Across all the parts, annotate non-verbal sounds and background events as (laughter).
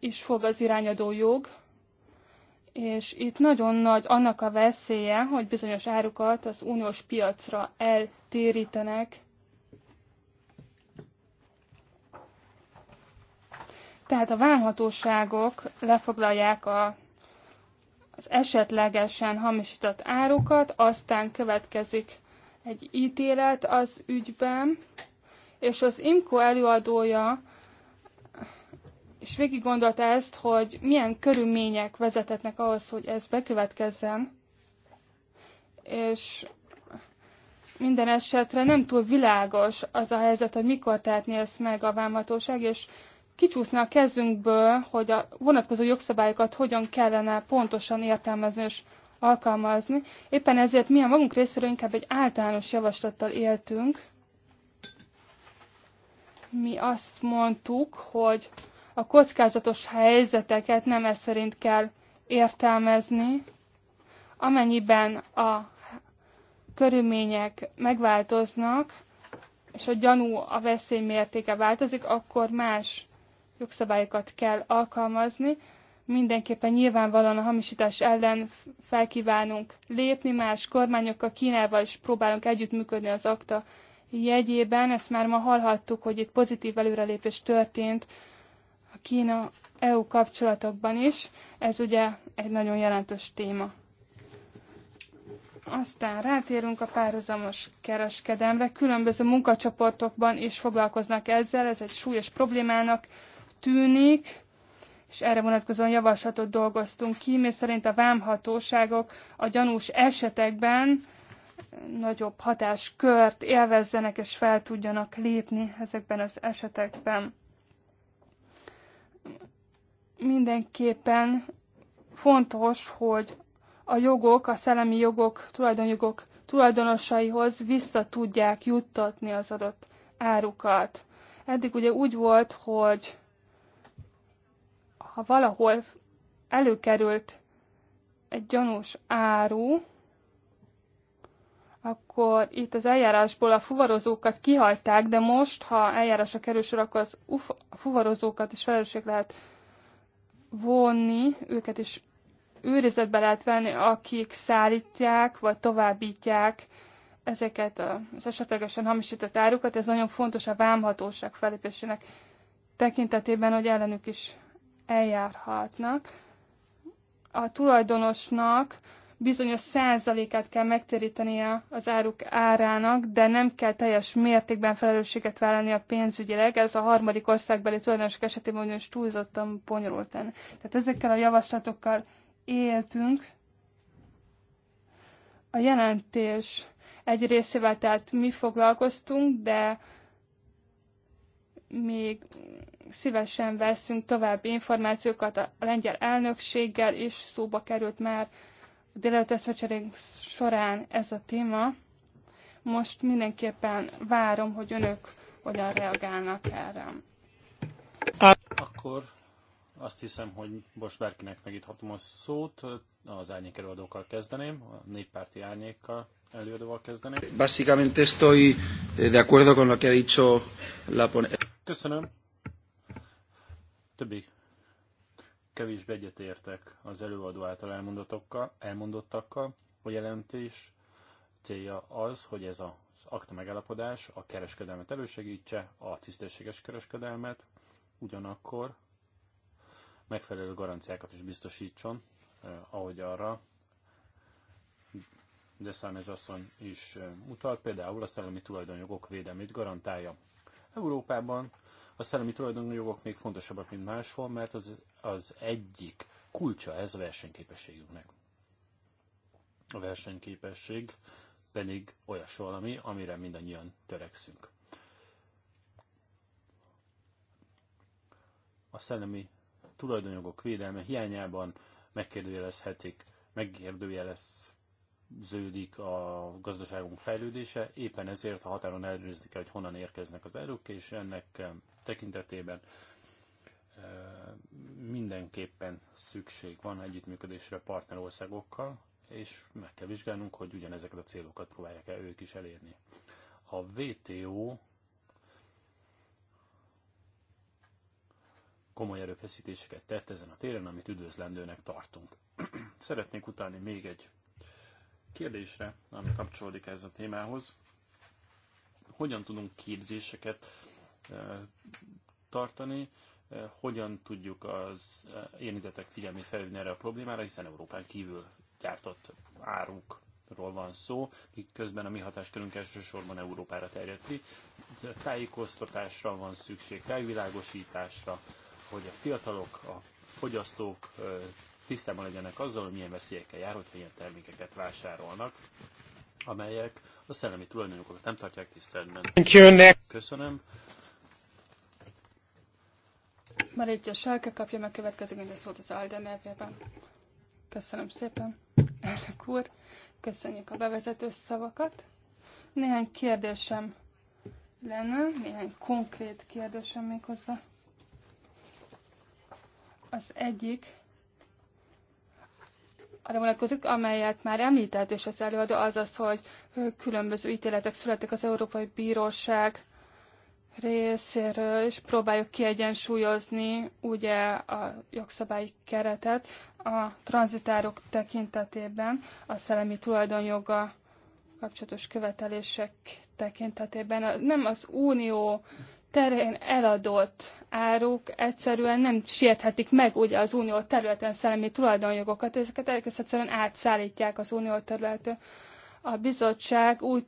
is fog az irányadó jog, és itt nagyon nagy annak a veszélye, hogy bizonyos árukat az uniós piacra eltérítenek. Tehát a válhatóságok lefoglalják a, az esetlegesen hamisított árukat, aztán következik egy ítélet az ügyben, és az IMCO előadója és végig gondolta ezt, hogy milyen körülmények vezetetnek ahhoz, hogy ez bekövetkezzen, és minden esetre nem túl világos az a helyzet, hogy mikor tehetné ezt meg a vámhatóság, és kicsúszna a kezünkből, hogy a vonatkozó jogszabályokat hogyan kellene pontosan értelmezni és alkalmazni. Éppen ezért mi a magunk részéről inkább egy általános javaslattal éltünk. Mi azt mondtuk, hogy a kockázatos helyzeteket nem ez szerint kell értelmezni, amennyiben a körülmények megváltoznak, és a gyanú a veszély mértéke változik, akkor más jogszabályokat kell alkalmazni. Mindenképpen nyilvánvalóan a hamisítás ellen felkívánunk lépni, más kormányokkal, Kínával is próbálunk együttműködni az akta jegyében. Ezt már ma hallhattuk, hogy itt pozitív előrelépés történt Kína-EU kapcsolatokban is. Ez ugye egy nagyon jelentős téma. Aztán rátérünk a párhuzamos kereskedelemre. Különböző munkacsoportokban is foglalkoznak ezzel, ez egy súlyos problémának tűnik, és erre vonatkozóan javaslatot dolgoztunk ki, mi szerint a vámhatóságok a gyanús esetekben nagyobb hatáskört élvezzenek és fel tudjanak lépni ezekben az esetekben mindenképpen fontos, hogy a jogok, a szellemi jogok, tulajdonjogok tulajdonosaihoz vissza tudják juttatni az adott árukat. Eddig ugye úgy volt, hogy ha valahol előkerült egy gyanús áru, akkor itt az eljárásból a fuvarozókat kihalták, de most, ha eljárásra kerül sor, akkor az a fuvarozókat is felelősség lehet vonni, őket is őrizetbe lehet venni, akik szállítják vagy továbbítják ezeket az esetlegesen hamisított árukat. Ez nagyon fontos a vámhatóság felépésének tekintetében, hogy ellenük is eljárhatnak. A tulajdonosnak bizonyos százalékát kell megtérítenie az áruk árának, de nem kell teljes mértékben felelősséget vállalni a pénzügyileg. Ez a harmadik országbeli tulajdonosok esetében ugyanis túlzottan bonyolult Tehát ezekkel a javaslatokkal éltünk. A jelentés egy részével tehát mi foglalkoztunk, de még szívesen veszünk további információkat a lengyel elnökséggel, és szóba került már délelőtt eszmecserénk során ez a téma. Most mindenképpen várom, hogy önök hogyan reagálnak erre. Akkor azt hiszem, hogy most bárkinek megíthatom a szót. Az árnyék előadókkal kezdeném, a néppárti árnyékkal előadóval kezdeném. Básicamente estoy de acuerdo con lo que ha dicho la Köszönöm. Többi kevésbé egyetértek az előadó által elmondottakkal. elmondottakkal, A jelentés célja az, hogy ez az akta megállapodás a kereskedelmet elősegítse, a tisztességes kereskedelmet, ugyanakkor megfelelő garanciákat is biztosítson, eh, ahogy arra de ez asszony is mutat, eh, például a szellemi tulajdonjogok védelmét garantálja. Európában a szellemi tulajdonjogok még fontosabbak, mint máshol, mert az, az egyik kulcsa ez a versenyképességünknek. A versenyképesség pedig olyas valami, amire mindannyian törekszünk. A szellemi tulajdonjogok védelme hiányában megkérdőjelezhetik, megkérdőjelez szerveződik a gazdaságunk fejlődése, éppen ezért a határon ellenőrizni kell, hogy honnan érkeznek az erők, és ennek eh, tekintetében eh, mindenképpen szükség van együttműködésre partnerországokkal, és meg kell vizsgálnunk, hogy ugyanezeket a célokat próbálják-e ők is elérni. A WTO komoly erőfeszítéseket tett ezen a téren, amit üdvözlendőnek tartunk. (clears throat) Szeretnék utáni még egy kérdésre, ami kapcsolódik ez a témához, hogyan tudunk képzéseket e, tartani, e, hogyan tudjuk az e, érintettek figyelmét felhívni erre a problémára, hiszen Európán kívül gyártott árukról van szó, miközben a mi hatáskörünk elsősorban Európára terjedt. ki. Tájékoztatásra van szükség, felvilágosításra, hogy a fiatalok, a fogyasztók tisztában legyenek azzal, hogy milyen veszélyekkel jár, hogyha ilyen termékeket vásárolnak, amelyek a szellemi tulajdonokat nem tartják tiszteletben. Köszönöm. a Selke kapja meg következő a szót az Alda nevében. Köszönöm szépen, elnök úr. Köszönjük a bevezető szavakat. Néhány kérdésem lenne, néhány konkrét kérdésem még hozzá. Az egyik arra vonatkozik, amelyet már említett, és az előadó az az, hogy különböző ítéletek születtek az Európai Bíróság részéről, és próbáljuk kiegyensúlyozni ugye a jogszabályi keretet a tranzitárok tekintetében, a szellemi tulajdonjoga kapcsolatos követelések tekintetében. Nem az unió terén eladott áruk egyszerűen nem siethetik meg ugye az unió területen szellemi tulajdonjogokat, ezeket egész egyszerűen átszállítják az unió területen. A bizottság úgy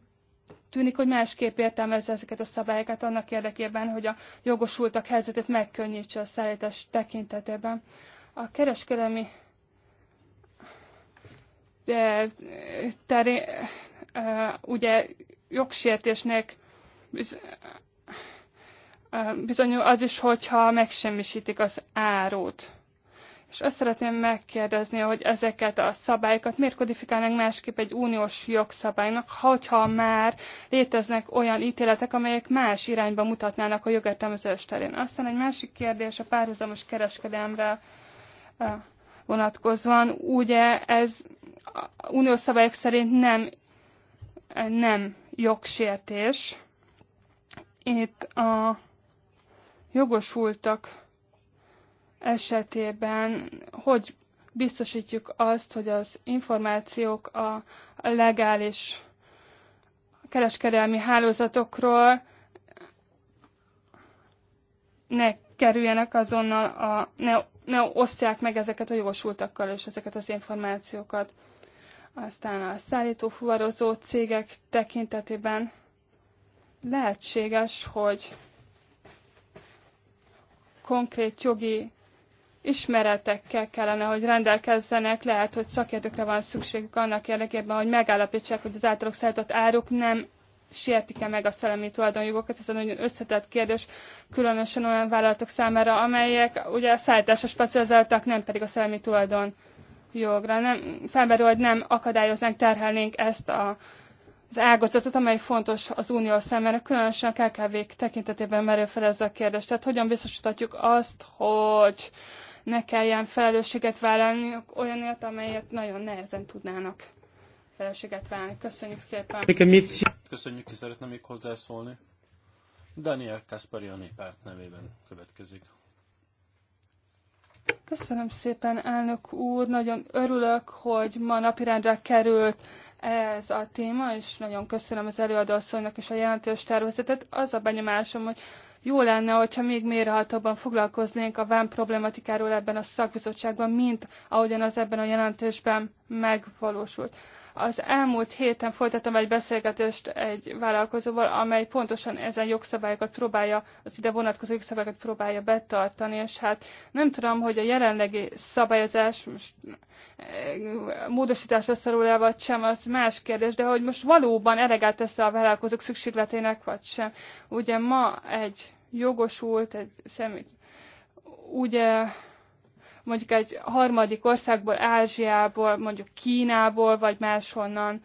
tűnik, hogy másképp értelmezze ezeket a szabályokat annak érdekében, hogy a jogosultak helyzetét megkönnyítse a szállítás tekintetében. A kereskedelmi de, eh, terén, eh, ugye jogsértésnek bizonyul az is, hogyha megsemmisítik az árut. És azt szeretném megkérdezni, hogy ezeket a szabályokat miért kodifikálnánk másképp egy uniós jogszabálynak, hogyha már léteznek olyan ítéletek, amelyek más irányba mutatnának a jogértelmezős terén. Aztán egy másik kérdés a párhuzamos kereskedelemre vonatkozóan. Ugye ez uniós szabályok szerint nem, nem jogsértés. Itt a jogosultak esetében hogy biztosítjuk azt, hogy az információk a legális kereskedelmi hálózatokról ne kerüljenek azonnal, a, ne, ne osztják meg ezeket a jogosultakkal és ezeket az információkat. Aztán a szállítófuvarozó cégek tekintetében lehetséges, hogy konkrét jogi ismeretekkel kellene, hogy rendelkezzenek, lehet, hogy szakértőkre van szükségük annak érdekében, hogy megállapítsák, hogy az általuk szállított áruk nem sértik-e meg a szellemi tulajdonjogokat, ez egy nagyon összetett kérdés, különösen olyan vállalatok számára, amelyek ugye a szállításra specializáltak, nem pedig a szellemi tulajdon jogra. Nem, felmerül, hogy nem akadályoznánk, terhelnénk ezt a az ágazatot, amely fontos az unió számára, különösen a KKV-k tekintetében merül fel ez a kérdés. Tehát hogyan biztosítatjuk azt, hogy ne kelljen felelősséget vállalni olyanért, amelyet nagyon nehezen tudnának felelősséget vállalni. Köszönjük szépen! Köszönjük, ki szeretne még hozzászólni. Daniel Kaspari a néppárt nevében következik. Köszönöm szépen, elnök úr! Nagyon örülök, hogy ma napirendre került ez a téma, és nagyon köszönöm az előadószónak és a jelentős tervezetet. Az a benyomásom, hogy jó lenne, hogyha még mélyrehatóbban foglalkoznénk a vám problematikáról ebben a szakbizottságban, mint ahogyan az ebben a jelentésben megvalósult. Az elmúlt héten folytattam egy beszélgetést egy vállalkozóval, amely pontosan ezen jogszabályokat próbálja, az ide vonatkozó jogszabályokat próbálja betartani, és hát nem tudom, hogy a jelenlegi szabályozás most eh, módosításra szorul-e vagy sem, az más kérdés, de hogy most valóban eleget tesz a vállalkozók szükségletének vagy sem. Ugye ma egy jogosult, egy személy, ugye mondjuk egy harmadik országból, Ázsiából, mondjuk Kínából, vagy máshonnan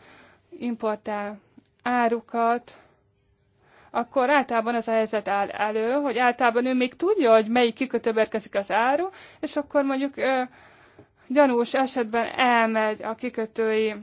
importál árukat, akkor általában az a helyzet áll elő, hogy általában ő még tudja, hogy melyik kikötőbe érkezik az áru, és akkor mondjuk ö, gyanús esetben elmegy a kikötői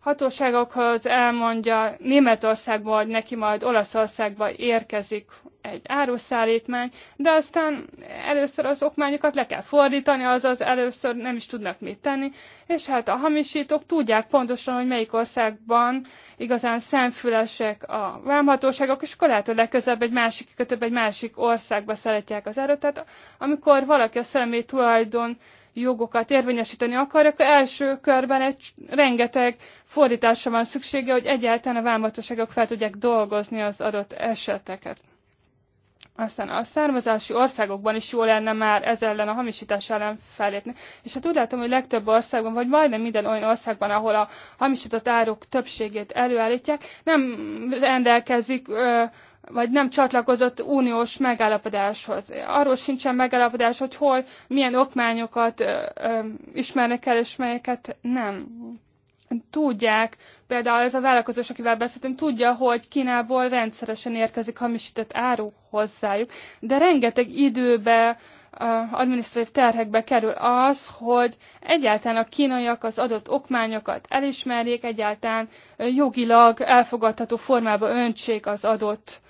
hatóságokhoz, elmondja Németországba, hogy neki majd Olaszországba érkezik egy áruszállítmány, de aztán először az okmányokat le kell fordítani, azaz először nem is tudnak mit tenni, és hát a hamisítók tudják pontosan, hogy melyik országban igazán szemfülesek a vámhatóságok, és akkor lehet, hogy legközelebb egy másik kötőbb egy másik országba szeretják az árut. Tehát amikor valaki a szellemi tulajdon jogokat érvényesíteni akar, akkor első körben egy rengeteg fordításra van szüksége, hogy egyáltalán a vámhatóságok fel tudják dolgozni az adott eseteket. Aztán a származási országokban is jó lenne már ez ellen a hamisítás ellen felépni. És hát úgy látom, hogy legtöbb országban, vagy majdnem minden olyan országban, ahol a hamisított árok többségét előállítják, nem rendelkezik ö, vagy nem csatlakozott uniós megállapodáshoz. Arról sincsen megállapodás, hogy hol, milyen okmányokat ö, ö, ismernek el, és melyeket nem. Tudják, például ez a vállalkozós, akivel beszéltünk, tudja, hogy Kínából rendszeresen érkezik hamisített áru hozzájuk, de rengeteg időbe, adminisztratív terhekbe kerül az, hogy egyáltalán a kínaiak az adott okmányokat elismerjék, egyáltalán jogilag elfogadható formába öntsék az adott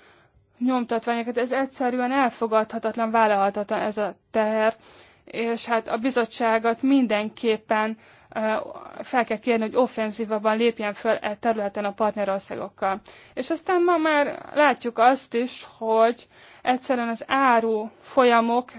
nyomtatványokat. Ez egyszerűen elfogadhatatlan, vállalhatatlan ez a teher, és hát a bizottságot mindenképpen fel kell kérni, hogy offenzívabban lépjen föl e területen a partnerországokkal. És aztán ma már látjuk azt is, hogy egyszerűen az áru folyamok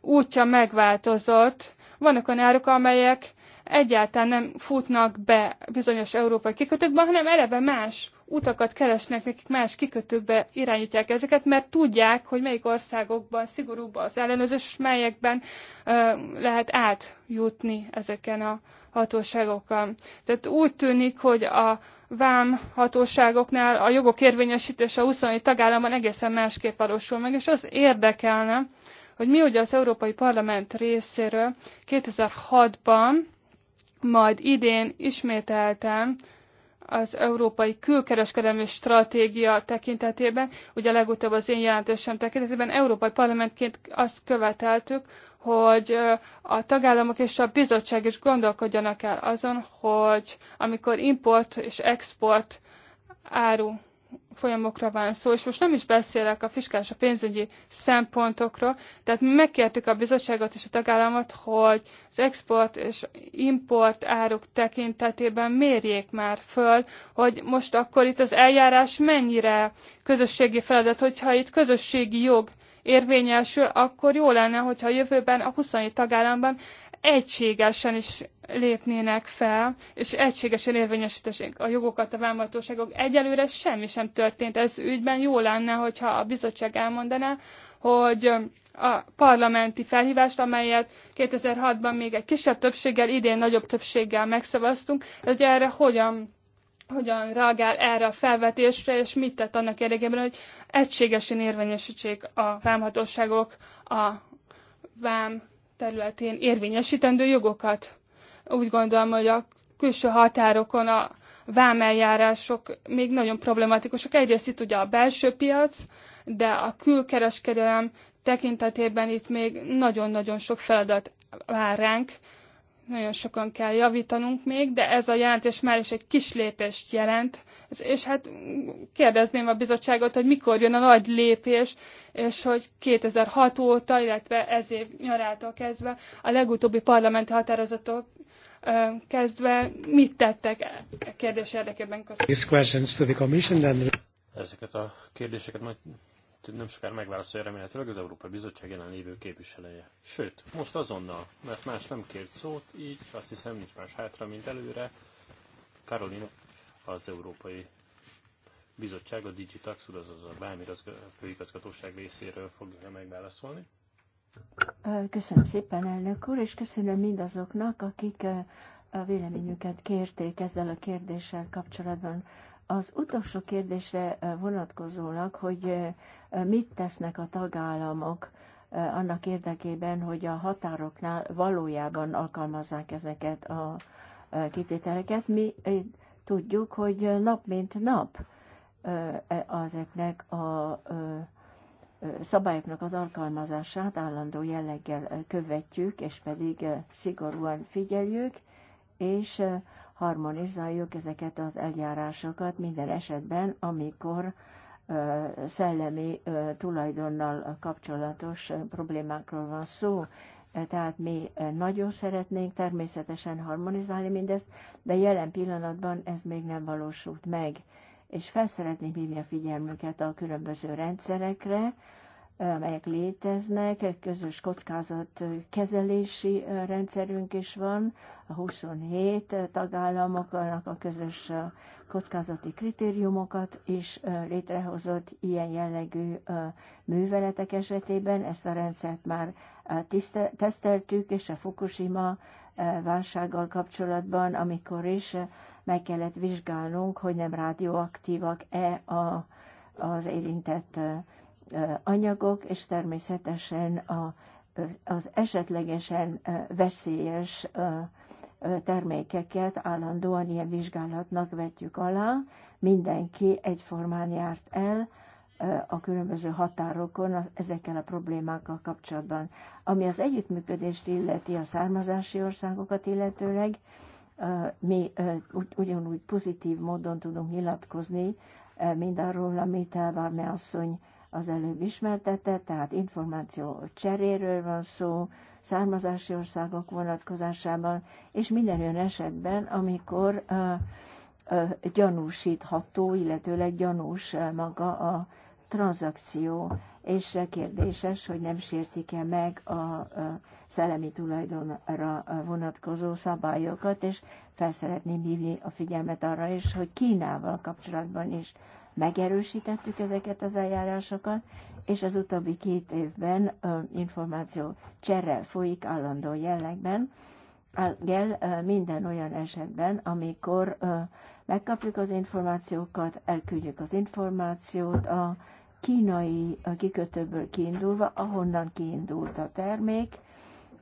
útja megváltozott. Vannak olyan áruk, amelyek egyáltalán nem futnak be bizonyos európai kikötőkben, hanem eleve más utakat keresnek, nekik más kikötőkbe irányítják ezeket, mert tudják, hogy melyik országokban szigorúbb az ellenőrzés, és melyekben ö, lehet átjutni ezeken a hatóságokkal. Tehát úgy tűnik, hogy a vám hatóságoknál a jogok érvényesítése a 27 tagállamban egészen másképp valósul meg, és az érdekelne, hogy mi ugye az Európai Parlament részéről 2006-ban, majd idén ismételtem az európai külkereskedelmi stratégia tekintetében, ugye legutóbb az én jelentésem tekintetében európai parlamentként azt követeltük, hogy a tagállamok és a bizottság is gondolkodjanak el azon, hogy amikor import és export áru folyamokra van szó, és most nem is beszélek a fiskális, a pénzügyi szempontokról, tehát megkértük a bizottságot és a tagállamot, hogy az export és import áruk tekintetében mérjék már föl, hogy most akkor itt az eljárás mennyire közösségi feladat, hogyha itt közösségi jog érvényesül, akkor jó lenne, hogyha a jövőben a 27 tagállamban egységesen is lépnének fel, és egységesen érvényesítessék a jogokat a vámhatóságok. Egyelőre semmi sem történt ez ügyben. Jó lenne, hogyha a bizottság elmondaná, hogy a parlamenti felhívást, amelyet 2006-ban még egy kisebb többséggel, idén nagyobb többséggel megszavaztunk, hogy erre hogyan hogyan reagál erre a felvetésre, és mit tett annak érdekében, hogy egységesen érvényesítsék a vámhatóságok a vám területén érvényesítendő jogokat úgy gondolom, hogy a külső határokon a vámeljárások még nagyon problematikusak. Egyrészt itt ugye a belső piac, de a külkereskedelem tekintetében itt még nagyon-nagyon sok feladat vár ránk, nagyon sokan kell javítanunk még, de ez a jelentés már is egy kis lépést jelent, és hát kérdezném a bizottságot, hogy mikor jön a nagy lépés, és hogy 2006 óta, illetve ez év nyarától kezdve a legutóbbi parlamenti határozatok kezdve mit tettek -e? a kérdés érdekében? Köszönöm. Ezeket a kérdéseket majd nem sokára megválaszolja remélhetőleg az Európai Bizottság jelenlévő képviselője. Sőt, most azonnal, mert más nem kért szót, így azt hiszem nincs más hátra, mint előre. Karolina, az Európai Bizottság a Digitax, azaz a Bámi főigazgatóság részéről fogja megválaszolni. Köszönöm szépen, elnök úr, és köszönöm mindazoknak, akik a véleményüket kérték ezzel a kérdéssel kapcsolatban. Az utolsó kérdésre vonatkozólag, hogy mit tesznek a tagállamok annak érdekében, hogy a határoknál valójában alkalmazzák ezeket a kitételeket. Mi tudjuk, hogy nap mint nap e, ezeknek a szabályoknak az alkalmazását állandó jelleggel követjük, és pedig szigorúan figyeljük, és harmonizáljuk ezeket az eljárásokat minden esetben, amikor szellemi tulajdonnal kapcsolatos problémákról van szó. Tehát mi nagyon szeretnénk természetesen harmonizálni mindezt, de jelen pillanatban ez még nem valósult meg és fel szeretnék hívni a figyelmüket a különböző rendszerekre, amelyek léteznek, közös kockázat kezelési rendszerünk is van, a 27 tagállamoknak a közös kockázati kritériumokat is létrehozott ilyen jellegű műveletek esetében. Ezt a rendszert már tiszte, teszteltük, és a Fukushima válsággal kapcsolatban, amikor is meg kellett vizsgálnunk, hogy nem rádióaktívak-e a, az érintett anyagok, és természetesen a, az esetlegesen veszélyes termékeket állandóan ilyen vizsgálatnak vetjük alá. Mindenki egyformán járt el a különböző határokon az, ezekkel a problémákkal kapcsolatban. Ami az együttműködést illeti, a származási országokat illetőleg, mi ugyanúgy pozitív módon tudunk nyilatkozni, mindarról, amit Barne asszony az előbb ismertette, tehát információ cseréről van szó, származási országok vonatkozásában, és minden olyan esetben, amikor uh, gyanúsítható, illetőleg gyanús maga a tranzakció, és kérdéses, hogy nem sértik-e meg a szellemi tulajdonra vonatkozó szabályokat, és felszeretném hívni a figyelmet arra is, hogy Kínával kapcsolatban is megerősítettük ezeket az eljárásokat, és az utóbbi két évben információ csere folyik állandó jellegben, Engel minden olyan esetben, amikor megkapjuk az információkat, elküldjük az információt a kínai kikötőből kiindulva, ahonnan kiindult a termék,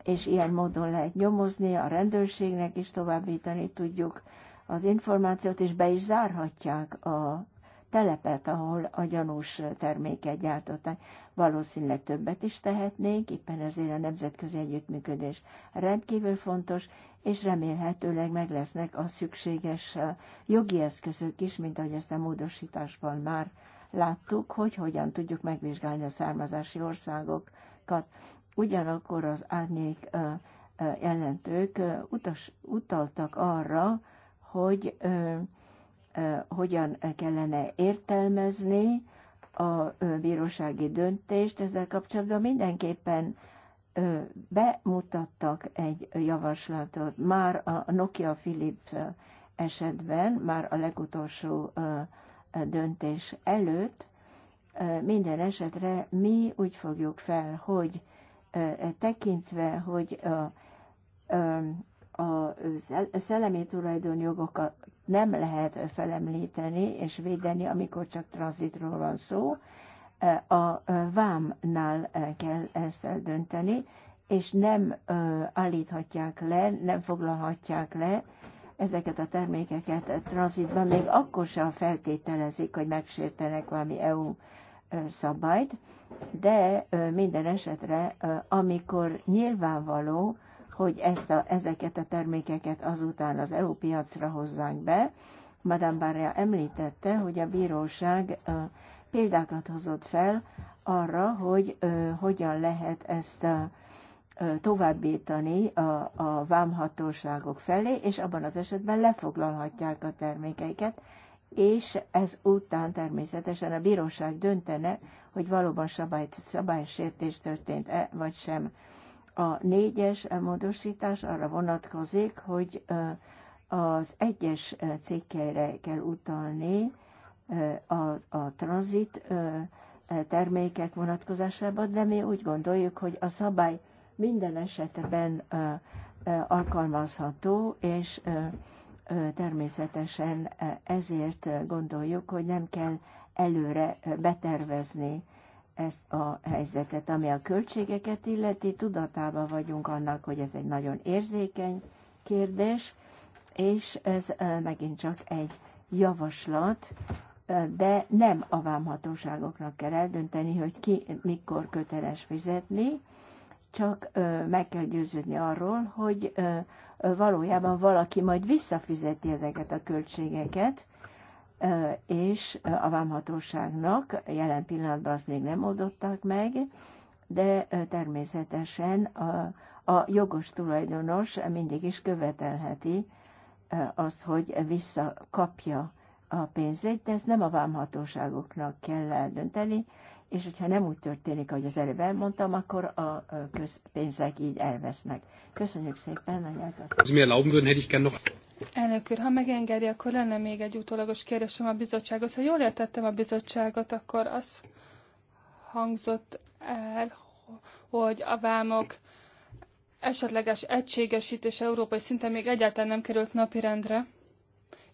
és ilyen módon lehet nyomozni, a rendőrségnek is továbbítani tudjuk az információt, és be is zárhatják a telepet, ahol a gyanús terméket gyártották valószínűleg többet is tehetnénk, éppen ezért a nemzetközi együttműködés rendkívül fontos, és remélhetőleg meg lesznek a szükséges jogi eszközök is, mint ahogy ezt a módosításban már láttuk, hogy hogyan tudjuk megvizsgálni a származási országokat. Ugyanakkor az árnyék jelentők utas, utaltak arra, hogy ö, ö, hogyan kellene értelmezni a bírósági döntést, ezzel kapcsolatban mindenképpen bemutattak egy javaslatot már a Nokia Philips esetben, már a legutolsó döntés előtt. Minden esetre mi úgy fogjuk fel, hogy tekintve, hogy a szellemi tulajdonjogokat nem lehet felemlíteni és védeni, amikor csak tranzitról van szó. E, a e, vámnál e, kell ezt eldönteni, és nem állíthatják le, nem foglalhatják le ezeket a termékeket tranzitban, még akkor sem feltételezik, hogy megsértenek valami EU szabályt, de minden esetre, amikor nyilvánvaló, hogy ezt a, ezeket a termékeket azután az EU piacra hozzák be. Madame Barrea említette, hogy a bíróság példákat hozott fel arra, hogy hogyan lehet ezt továbbítani a, a vámhatóságok felé, és abban az esetben lefoglalhatják a termékeiket, és ez után természetesen a bíróság döntene, hogy valóban szabály, szabálysértés történt-e, vagy sem. A négyes módosítás arra vonatkozik, hogy az egyes cikkeire kell utalni a, a tranzit termékek vonatkozásában, de mi úgy gondoljuk, hogy a szabály minden esetben alkalmazható, és természetesen ezért gondoljuk, hogy nem kell előre betervezni ezt a helyzetet, ami a költségeket illeti. Tudatában vagyunk annak, hogy ez egy nagyon érzékeny kérdés, és ez megint csak egy javaslat, de nem a vámhatóságoknak kell eldönteni, hogy ki mikor köteles fizetni, csak meg kell győződni arról, hogy valójában valaki majd visszafizeti ezeket a költségeket, és a vámhatóságnak jelen pillanatban azt még nem oldották meg, de természetesen a, a jogos tulajdonos mindig is követelheti azt, hogy visszakapja a pénzét, de ezt nem a vámhatóságoknak kell eldönteni, és hogyha nem úgy történik, ahogy az előbb elmondtam, akkor a közpénzek így elvesznek. Köszönjük szépen, anyák! Elnök úr, ha megengedi, akkor lenne még egy utólagos kérdésem a bizottsághoz. Ha jól értettem a bizottságot, akkor az hangzott el, hogy a vámok esetleges egységesítés európai szinten még egyáltalán nem került napirendre.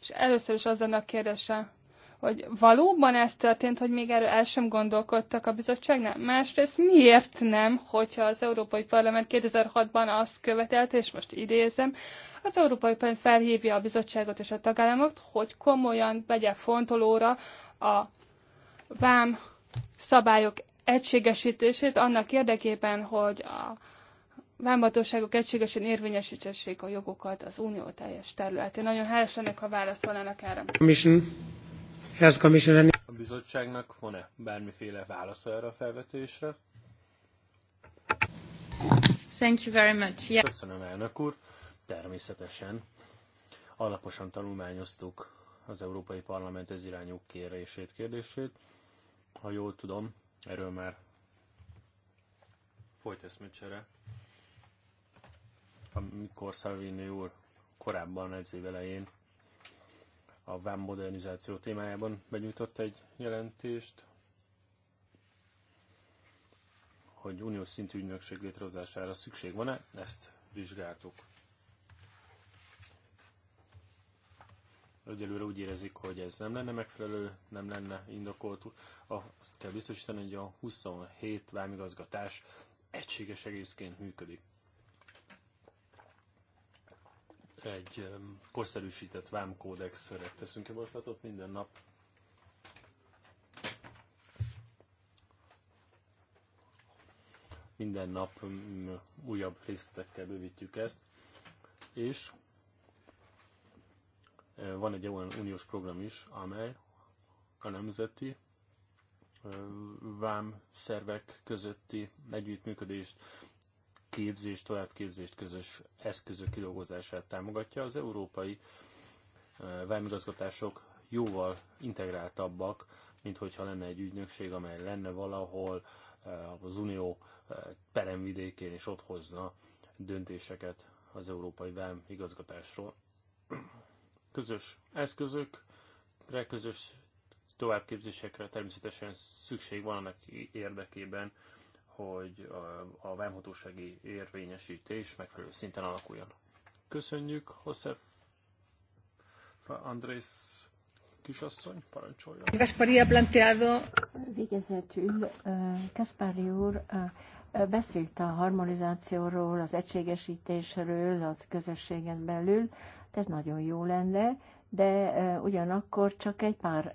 És először is az lenne a kérdése, hogy valóban ez történt, hogy még erről el sem gondolkodtak a bizottságnál? Másrészt miért nem, hogyha az Európai Parlament 2006-ban azt követelte, és most idézem, az Európai Parlament felhívja a bizottságot és a tagállamot, hogy komolyan vegye fontolóra a vám szabályok egységesítését annak érdekében, hogy a vámhatóságok egységesen érvényesítsék a jogokat az unió teljes területén. Nagyon hálás lennék, ha válaszolnának erre. A bizottságnak van-e bármiféle válasza erre a felvetésre? Thank you very much. Yeah. Köszönöm, elnök úr. Természetesen alaposan tanulmányoztuk az Európai Parlament ez irányú kérését, kérdését. Ha jól tudom, erről már folyt eszmecsere. Amikor Salvini úr korábban ez év elején a modernizáció témájában benyújtott egy jelentést, hogy uniós szintű ügynökség létrehozására szükség van-e, ezt vizsgáltuk. Egyelőre úgy érezik, hogy ez nem lenne megfelelő, nem lenne indokolt. Azt kell biztosítani, hogy a 27 vámigazgatás egységes egészként működik egy korszerűsített vámkódexre teszünk javaslatot minden nap. Minden nap újabb részletekkel bővítjük ezt, és e, van egy olyan uniós program is, amely a nemzeti vám szervek közötti együttműködést képzés, továbbképzést közös eszközök kidolgozását támogatja. Az európai vámigazgatások jóval integráltabbak, mint hogyha lenne egy ügynökség, amely lenne valahol az unió peremvidékén, és ott hozna döntéseket az európai vámigazgatásról. Közös Közös eszközökre, közös továbbképzésekre természetesen szükség van annak érdekében, hogy a vámhatósági érvényesítés megfelelő szinten alakuljon. Köszönjük, Josef Andrész kisasszony, parancsoljon. Gaspari ha planteado... Végezetül úr beszélt a harmonizációról, az egységesítésről, az közösségen belül, ez nagyon jó lenne, de ugyanakkor csak egy pár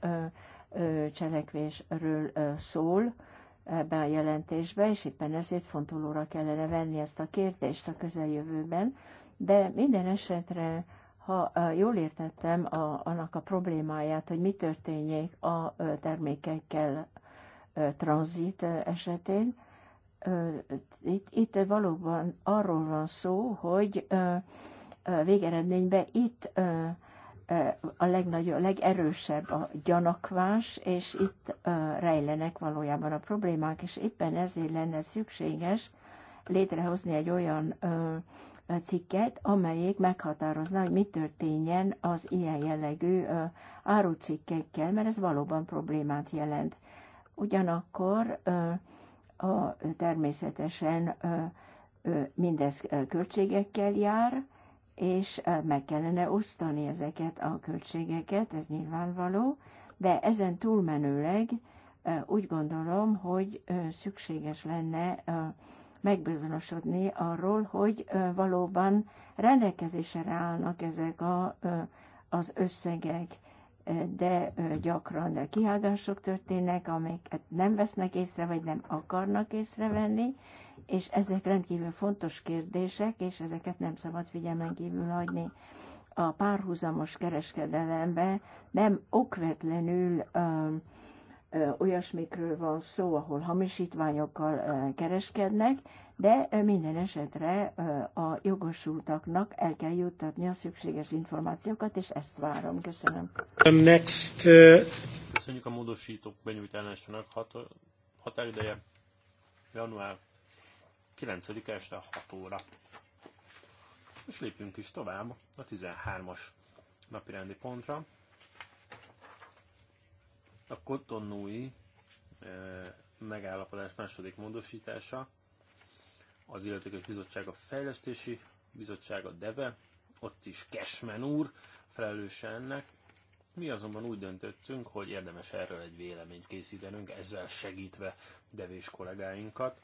cselekvésről szól, ebbe a jelentésbe, és éppen ezért fontolóra kellene venni ezt a kérdést a közeljövőben. De minden esetre, ha jól értettem a, annak a problémáját, hogy mi történjék a termékekkel tranzit esetén, itt, itt valóban arról van szó, hogy végeredményben itt a legnagyobb, a legerősebb a gyanakvás, és itt rejlenek valójában a problémák, és éppen ezért lenne szükséges létrehozni egy olyan cikket, amelyik meghatározna, hogy mi történjen az ilyen jellegű árucikkekkel, mert ez valóban problémát jelent. Ugyanakkor a természetesen mindez költségekkel jár, és meg kellene osztani ezeket a költségeket, ez nyilvánvaló, de ezen túlmenőleg úgy gondolom, hogy szükséges lenne megbizonyosodni arról, hogy valóban rendelkezésre állnak ezek a, az összegek, de gyakran de kihágások történnek, amiket nem vesznek észre, vagy nem akarnak észrevenni, és ezek rendkívül fontos kérdések, és ezeket nem szabad figyelmen kívül hagyni. A párhuzamos kereskedelembe nem okvetlenül ö, ö, olyasmikről van szó, ahol hamisítványokkal ö, kereskednek, de ö, minden esetre ö, a jogosultaknak el kell juttatni a szükséges információkat, és ezt várom. Köszönöm. Next, uh... Köszönjük a módosítók benyújtásának hat, határideje január 9 este 6 óra. És lépjünk is tovább a 13-as napirendi pontra. A kotonúi e, megállapodás második módosítása, az illetékes bizottság a fejlesztési bizottság a DEVE, ott is Kesmen úr felelőse ennek. Mi azonban úgy döntöttünk, hogy érdemes erről egy véleményt készítenünk, ezzel segítve devés kollégáinkat.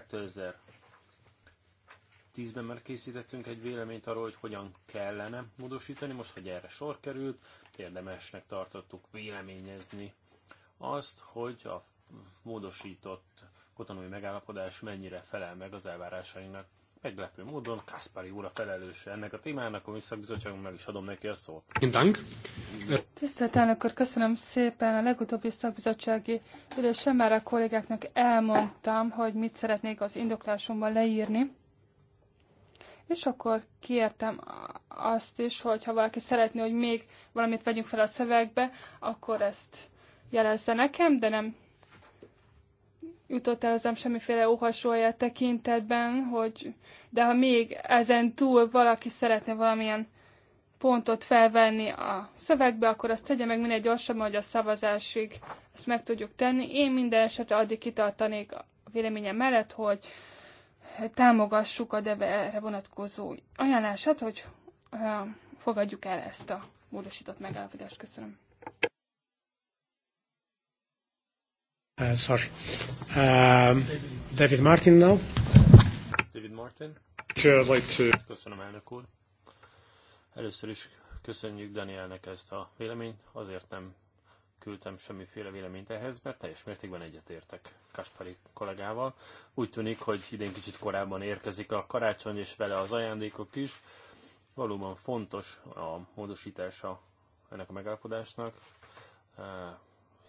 2010-ben már készítettünk egy véleményt arról, hogy hogyan kellene módosítani. Most, hogy erre sor került, érdemesnek tartottuk véleményezni azt, hogy a módosított kotonói megállapodás mennyire felel meg az elvárásainknak. Meglepő módon Kaspari úr a felelőse ennek a témának, a Visszakbizottságunk meg is adom neki a szót. Dank. Tisztelt elnök úr, köszönöm szépen a legutóbbi szakbizottsági ülésen már a kollégáknak elmondtam, hogy mit szeretnék az indoklásomban leírni. És akkor kértem azt is, hogy ha valaki szeretné, hogy még valamit vegyünk fel a szövegbe, akkor ezt jelezze nekem, de nem jutott el hozzám semmiféle óhasolja tekintetben, hogy de ha még ezen túl valaki szeretne valamilyen pontot felvenni a szövegbe, akkor azt tegye meg minél gyorsabban, hogy a szavazásig ezt meg tudjuk tenni. Én minden esetre addig kitartanék a véleményem mellett, hogy támogassuk a DEVE erre vonatkozó ajánlását, hogy fogadjuk el ezt a módosított megállapodást. Köszönöm. Uh, sorry. Um, David Martin now. David Martin. Sure, I'd like to... Köszönöm, elnök úr. Először is köszönjük Danielnek ezt a véleményt, azért nem küldtem semmiféle véleményt ehhez, mert teljes mértékben egyetértek Kaspari kollégával. Úgy tűnik, hogy idén kicsit korábban érkezik a karácsony, és vele az ajándékok is. Valóban fontos a módosítása ennek a megállapodásnak, eh,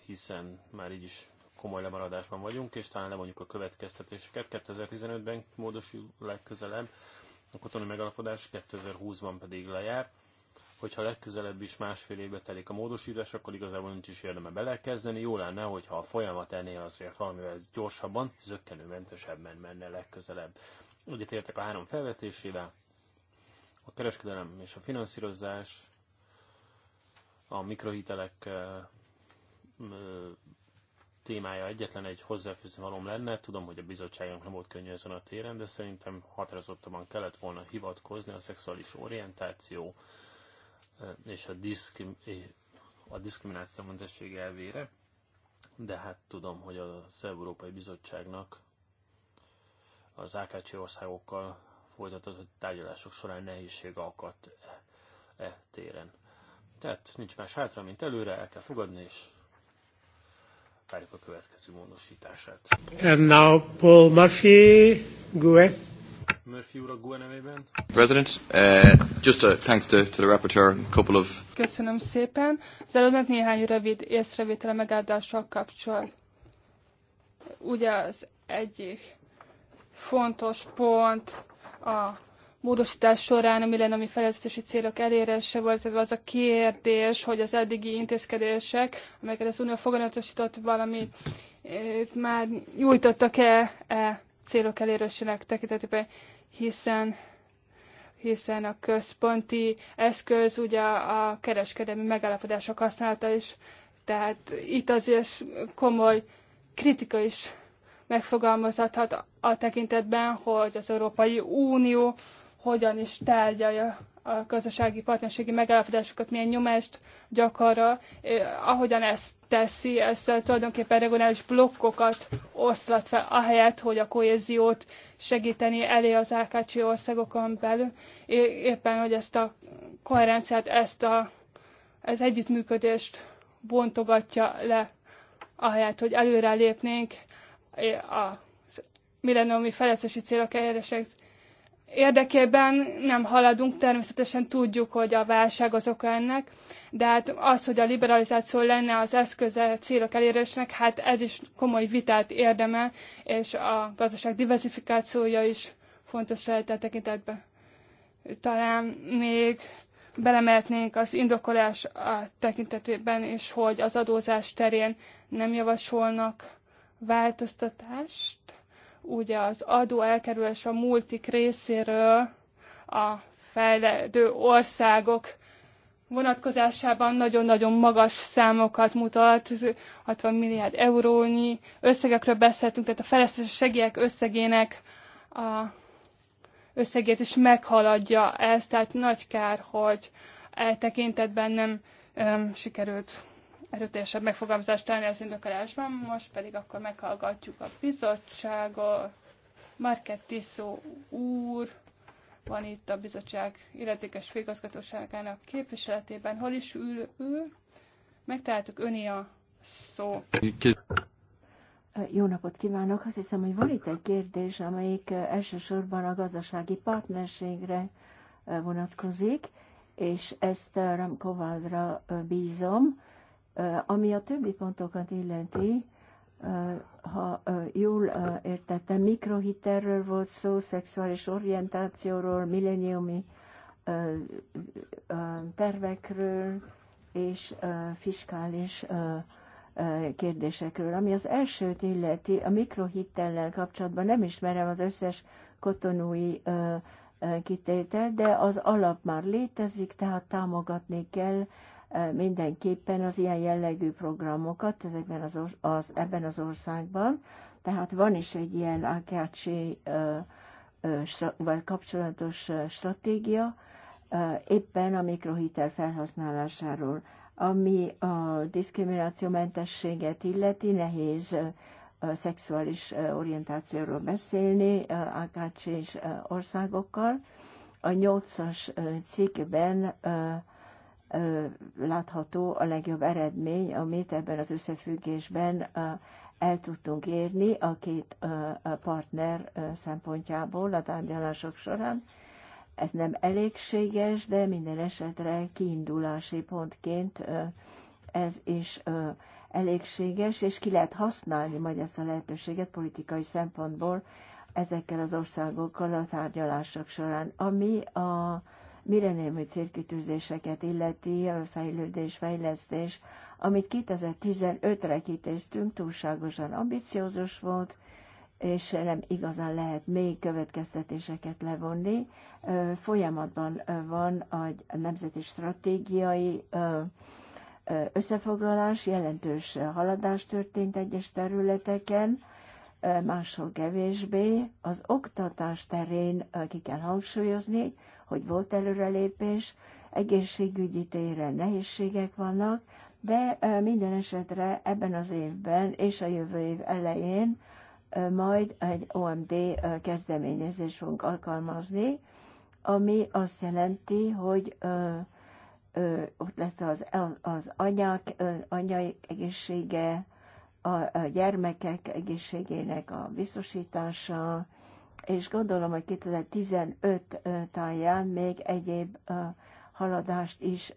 hiszen már így is komoly lemaradásban vagyunk, és talán levonjuk a következtetéseket. 2015-ben módosul legközelebb, a katonai megalapodás 2020-ban pedig lejár. Hogyha legközelebb is másfél évbe telik a módosítás, akkor igazából nincs is érdeme belekezdeni. Jó lenne, hogyha a folyamat ennél azért valamivel gyorsabban, zöggenőmentesebben menne legközelebb. Ugye értek a három felvetésével, a kereskedelem és a finanszírozás, a mikrohitelek témája egyetlen egy hozzáfűzni valóm lenne. Tudom, hogy a bizottságunk nem volt könnyű ezen a téren, de szerintem határozottabban kellett volna hivatkozni a szexuális orientáció eh, és a, diszkrim, eh, a diszkriminációmentesség elvére. De hát tudom, hogy az Európai Bizottságnak az AKC országokkal folytatott tárgyalások során nehézség akadt e, e téren. Tehát nincs más hátra, mint előre, el kell fogadni, és várjuk a következő módosítását. And now Paul Murphy, GUE. Murphy úr a GUE nevében. President, uh, just a thanks to, to the rapporteur, a couple of... Köszönöm szépen. Az előadnak néhány rövid észrevétele megáldással kapcsol. Ugye az egyik fontos pont a módosítás során mi lenne a mi fejlesztési célok elérése, volt az a kérdés, hogy az eddigi intézkedések, amelyeket az Unió foganatosított valami, eh, már nyújtottak-e e célok elérésének tekintetében, hiszen hiszen a központi eszköz ugye a kereskedelmi megállapodások használata is, tehát itt azért komoly kritika is megfogalmazhathat a tekintetben, hogy az Európai Unió hogyan is tárgyalja a közösségi partnerségi megállapodásokat, milyen nyomást gyakorra, eh, ahogyan ezt teszi, ezt eh, tulajdonképpen regionális blokkokat oszlat fel, ahelyett, hogy a kohéziót segíteni elé az AKC országokon belül. Éppen, hogy ezt a koherenciát, ezt a, az együttműködést bontogatja le, ahelyett, hogy előre lépnénk eh, a millenniumi fejlesztési célok elérését érdekében nem haladunk, természetesen tudjuk, hogy a válság az oka ennek, de hát az, hogy a liberalizáció lenne az eszköze a célok elérésnek, hát ez is komoly vitát érdemel, és a gazdaság diversifikációja is fontos lehet a e tekintetben. Talán még belemehetnénk az indokolás a tekintetében is, hogy az adózás terén nem javasolnak változtatást ugye az adó elkerülés a multik részéről a fejlődő országok vonatkozásában nagyon-nagyon magas számokat mutat, 60 milliárd eurónyi összegekről beszéltünk, tehát a fejlesztési segélyek összegének a összegét is meghaladja ezt, tehát nagy kár, hogy eltekintetben nem sikerült erőteljesebb megfogalmazást találni az indokolásban. Most pedig akkor meghallgatjuk a bizottságot. Market Tiszó úr van itt a bizottság illetékes főigazgatóságának képviseletében. Hol is ül ő? Megtaláltuk öni a szó. Jó napot kívánok! Azt hiszem, hogy van itt egy kérdés, amelyik eh, elsősorban a gazdasági partnerségre eh, vonatkozik, és ezt eh, Ramkovádra bízom ami a többi pontokat illeti, ha jól értettem, mikrohiterről volt szó, szexuális orientációról, milleniumi tervekről és fiskális kérdésekről. Ami az elsőt illeti, a mikrohitellel kapcsolatban nem ismerem az összes kotonúi kitételt, de az alap már létezik, tehát támogatni kell mindenképpen az ilyen jellegű programokat ezekben az, az, ebben az országban. Tehát van is egy ilyen AKC vagy kapcsolatos stratégia, éppen a mikrohitel felhasználásáról. Ami a diszkriminációmentességet illeti, nehéz szexuális orientációról beszélni AKC és országokkal. A nyolcas cikkben látható a legjobb eredmény, amit ebben az összefüggésben el tudtunk érni a két partner szempontjából a tárgyalások során. Ez nem elégséges, de minden esetre kiindulási pontként ez is elégséges, és ki lehet használni majd ezt a lehetőséget politikai szempontból ezekkel az országokkal a tárgyalások során. Ami a millenniumi célkitűzéseket illeti, a fejlődés, fejlesztés, amit 2015-re kitéztünk, túlságosan ambiciózus volt, és nem igazán lehet még következtetéseket levonni. Folyamatban van a nemzeti stratégiai összefoglalás, jelentős haladás történt egyes területeken, máshol kevésbé. Az oktatás terén ki kell hangsúlyozni, hogy volt előrelépés, egészségügyi téren nehézségek vannak, de minden esetre ebben az évben és a jövő év elején majd egy OMD kezdeményezést fogunk alkalmazni, ami azt jelenti, hogy ott lesz az, az anyák, anyai egészsége, a, a gyermekek egészségének a biztosítása, és gondolom, hogy 2015 táján még egyéb haladást is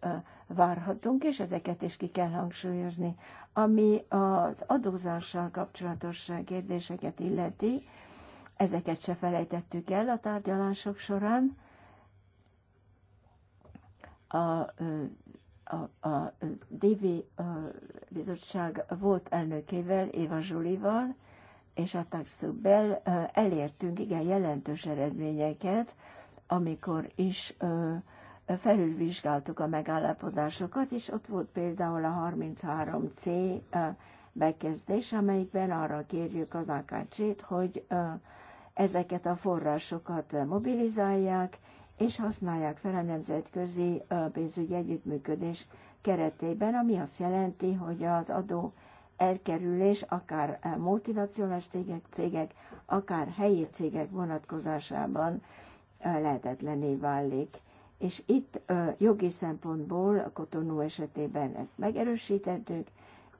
várhatunk, és ezeket is ki kell hangsúlyozni. Ami az adózással kapcsolatos kérdéseket illeti, ezeket se felejtettük el a tárgyalások során. A, a, a DV bizottság volt elnökével, Éva Zsulival, és a taxukbel elértünk igen jelentős eredményeket, amikor is felülvizsgáltuk a megállapodásokat, és ott volt például a 33C bekezdés, amelyikben arra kérjük az AKC-t, hogy ezeket a forrásokat mobilizálják, és használják fel a nemzetközi pénzügyi együttműködés keretében, ami azt jelenti, hogy az adó elkerülés, akár eh, multinacionális cégek, akár helyi cégek vonatkozásában eh, lehetetlené válik. És itt eh, jogi szempontból a Kotonó esetében ezt megerősítettük,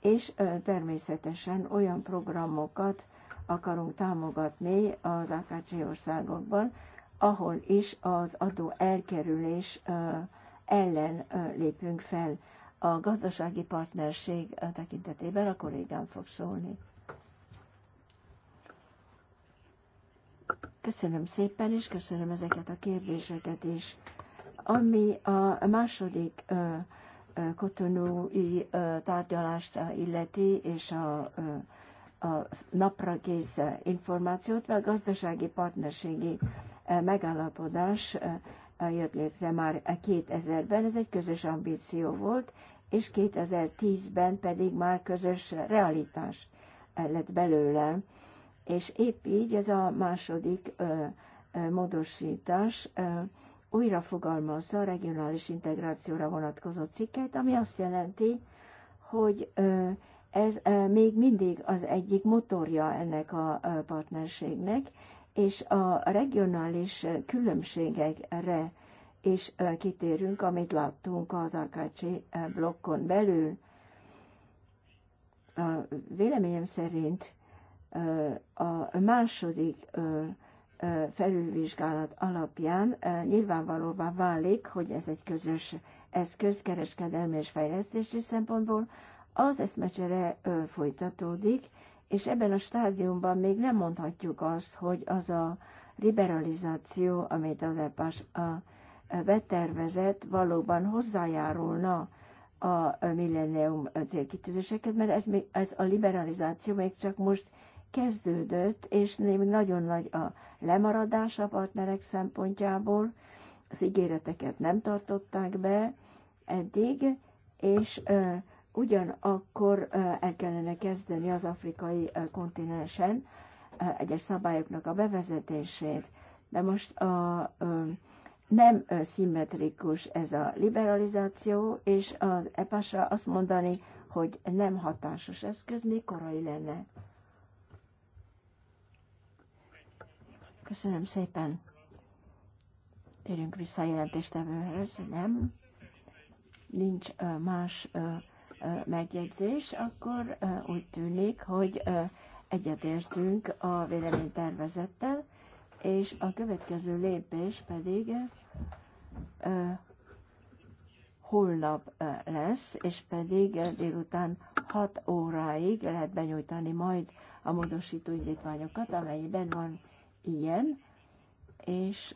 és természetesen olyan programokat akarunk támogatni az AKC országokban, ahol is az adó elkerülés ellen lépünk fel a gazdasági partnerség tekintetében a kollégám fog szólni. Köszönöm szépen, és köszönöm ezeket a kérdéseket is. Ami a második kotonúi tárgyalást illeti, és a a napra kész információt, a gazdasági partnerségi megállapodás jött létre már 2000-ben, ez egy közös ambíció volt, és 2010-ben pedig már közös realitás lett belőle. És épp így ez a második ö, ö, módosítás ö, újra fogalmazza a regionális integrációra vonatkozó cikket, ami azt jelenti, hogy ö, ez ö, még mindig az egyik motorja ennek a ö, partnerségnek, és a regionális különbségekre is kitérünk, amit láttunk az AKC blokkon belül. A véleményem szerint a második felülvizsgálat alapján nyilvánvalóvá válik, hogy ez egy közös eszköz kereskedelmi és fejlesztési szempontból. Az eszmecsere folytatódik, és ebben a stádiumban még nem mondhatjuk azt, hogy az a liberalizáció, amit az EPAS betervezett, valóban hozzájárulna a millennium célkitűzéseket, mert ez, még, ez a liberalizáció még csak most kezdődött, és még nagyon nagy a lemaradás a partnerek szempontjából, az ígéreteket nem tartották be eddig, és Ugyanakkor el kellene kezdeni az afrikai kontinensen egyes szabályoknak a bevezetését, de most a, nem szimmetrikus ez a liberalizáció, és az epas azt mondani, hogy nem hatásos eszköz, még korai lenne. Köszönöm szépen. Térjünk vissza a jelentéstevőhöz. Nem. Nincs más megjegyzés, akkor úgy tűnik, hogy egyetértünk a véleménytervezettel, és a következő lépés pedig holnap lesz, és pedig délután 6 óráig lehet benyújtani majd a módosító indítványokat, amelyben van ilyen, és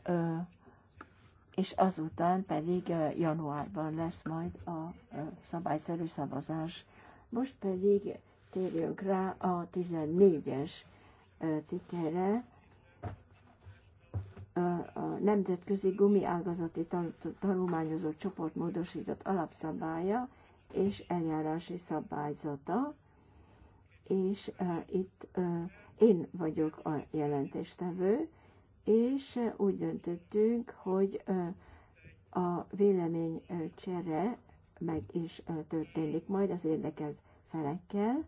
és azután pedig januárban lesz majd a szabályszerű szavazás. Most pedig térjünk rá a 14-es cikkére, a Nemzetközi Ágazati Tanulmányozó Csoport módosított alapszabálya és eljárási szabályzata, és itt én vagyok a jelentéstevő, és úgy döntöttünk, hogy a vélemény csere meg is történik majd az érdekelt felekkel.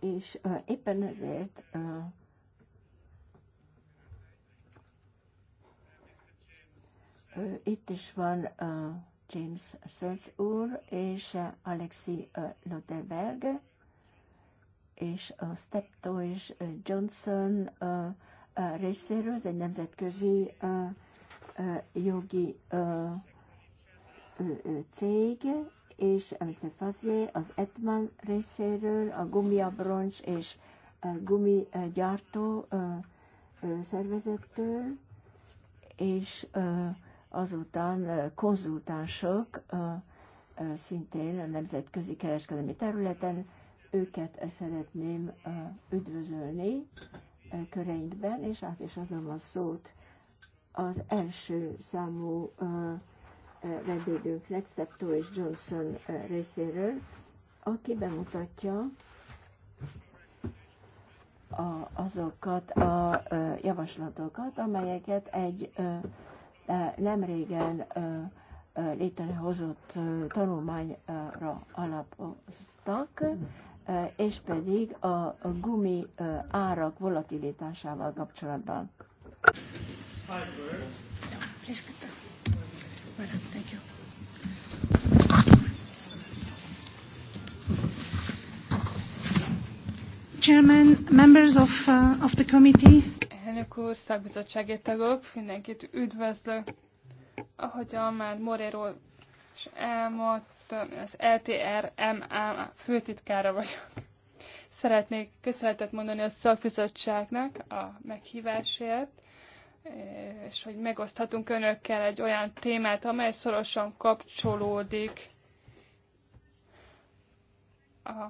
És éppen ezért itt is van uh, James Schultz úr és Alexi Lodeberg, és a Stepto Johnson részéről, ez egy nemzetközi jogi cég, és Mr. Fazier az Etman részéről, a gumiabroncs és gumigyártó szervezettől, és uh, azután konzultánsok szintén a nemzetközi kereskedelmi területen, őket e szeretném üdvözölni köreinkben, és át is adom a szót az első számú vendégünknek, Szeptó és Johnson részéről, aki bemutatja azokat a, javaslatokat, amelyeket egy nem régen létrehozott tanulmányra alapoztak, és pedig a gumi árak volatilitásával kapcsolatban. Chairman, members of, uh, of the committee, elnök úr, szakbizottsági tagok, mindenkit üdvözlök. Ahogyan már Morero is elmondta, az LTRMA főtitkára vagyok. Szeretnék köszönetet mondani a szakbizottságnak a meghívásért, és hogy megoszthatunk önökkel egy olyan témát, amely szorosan kapcsolódik a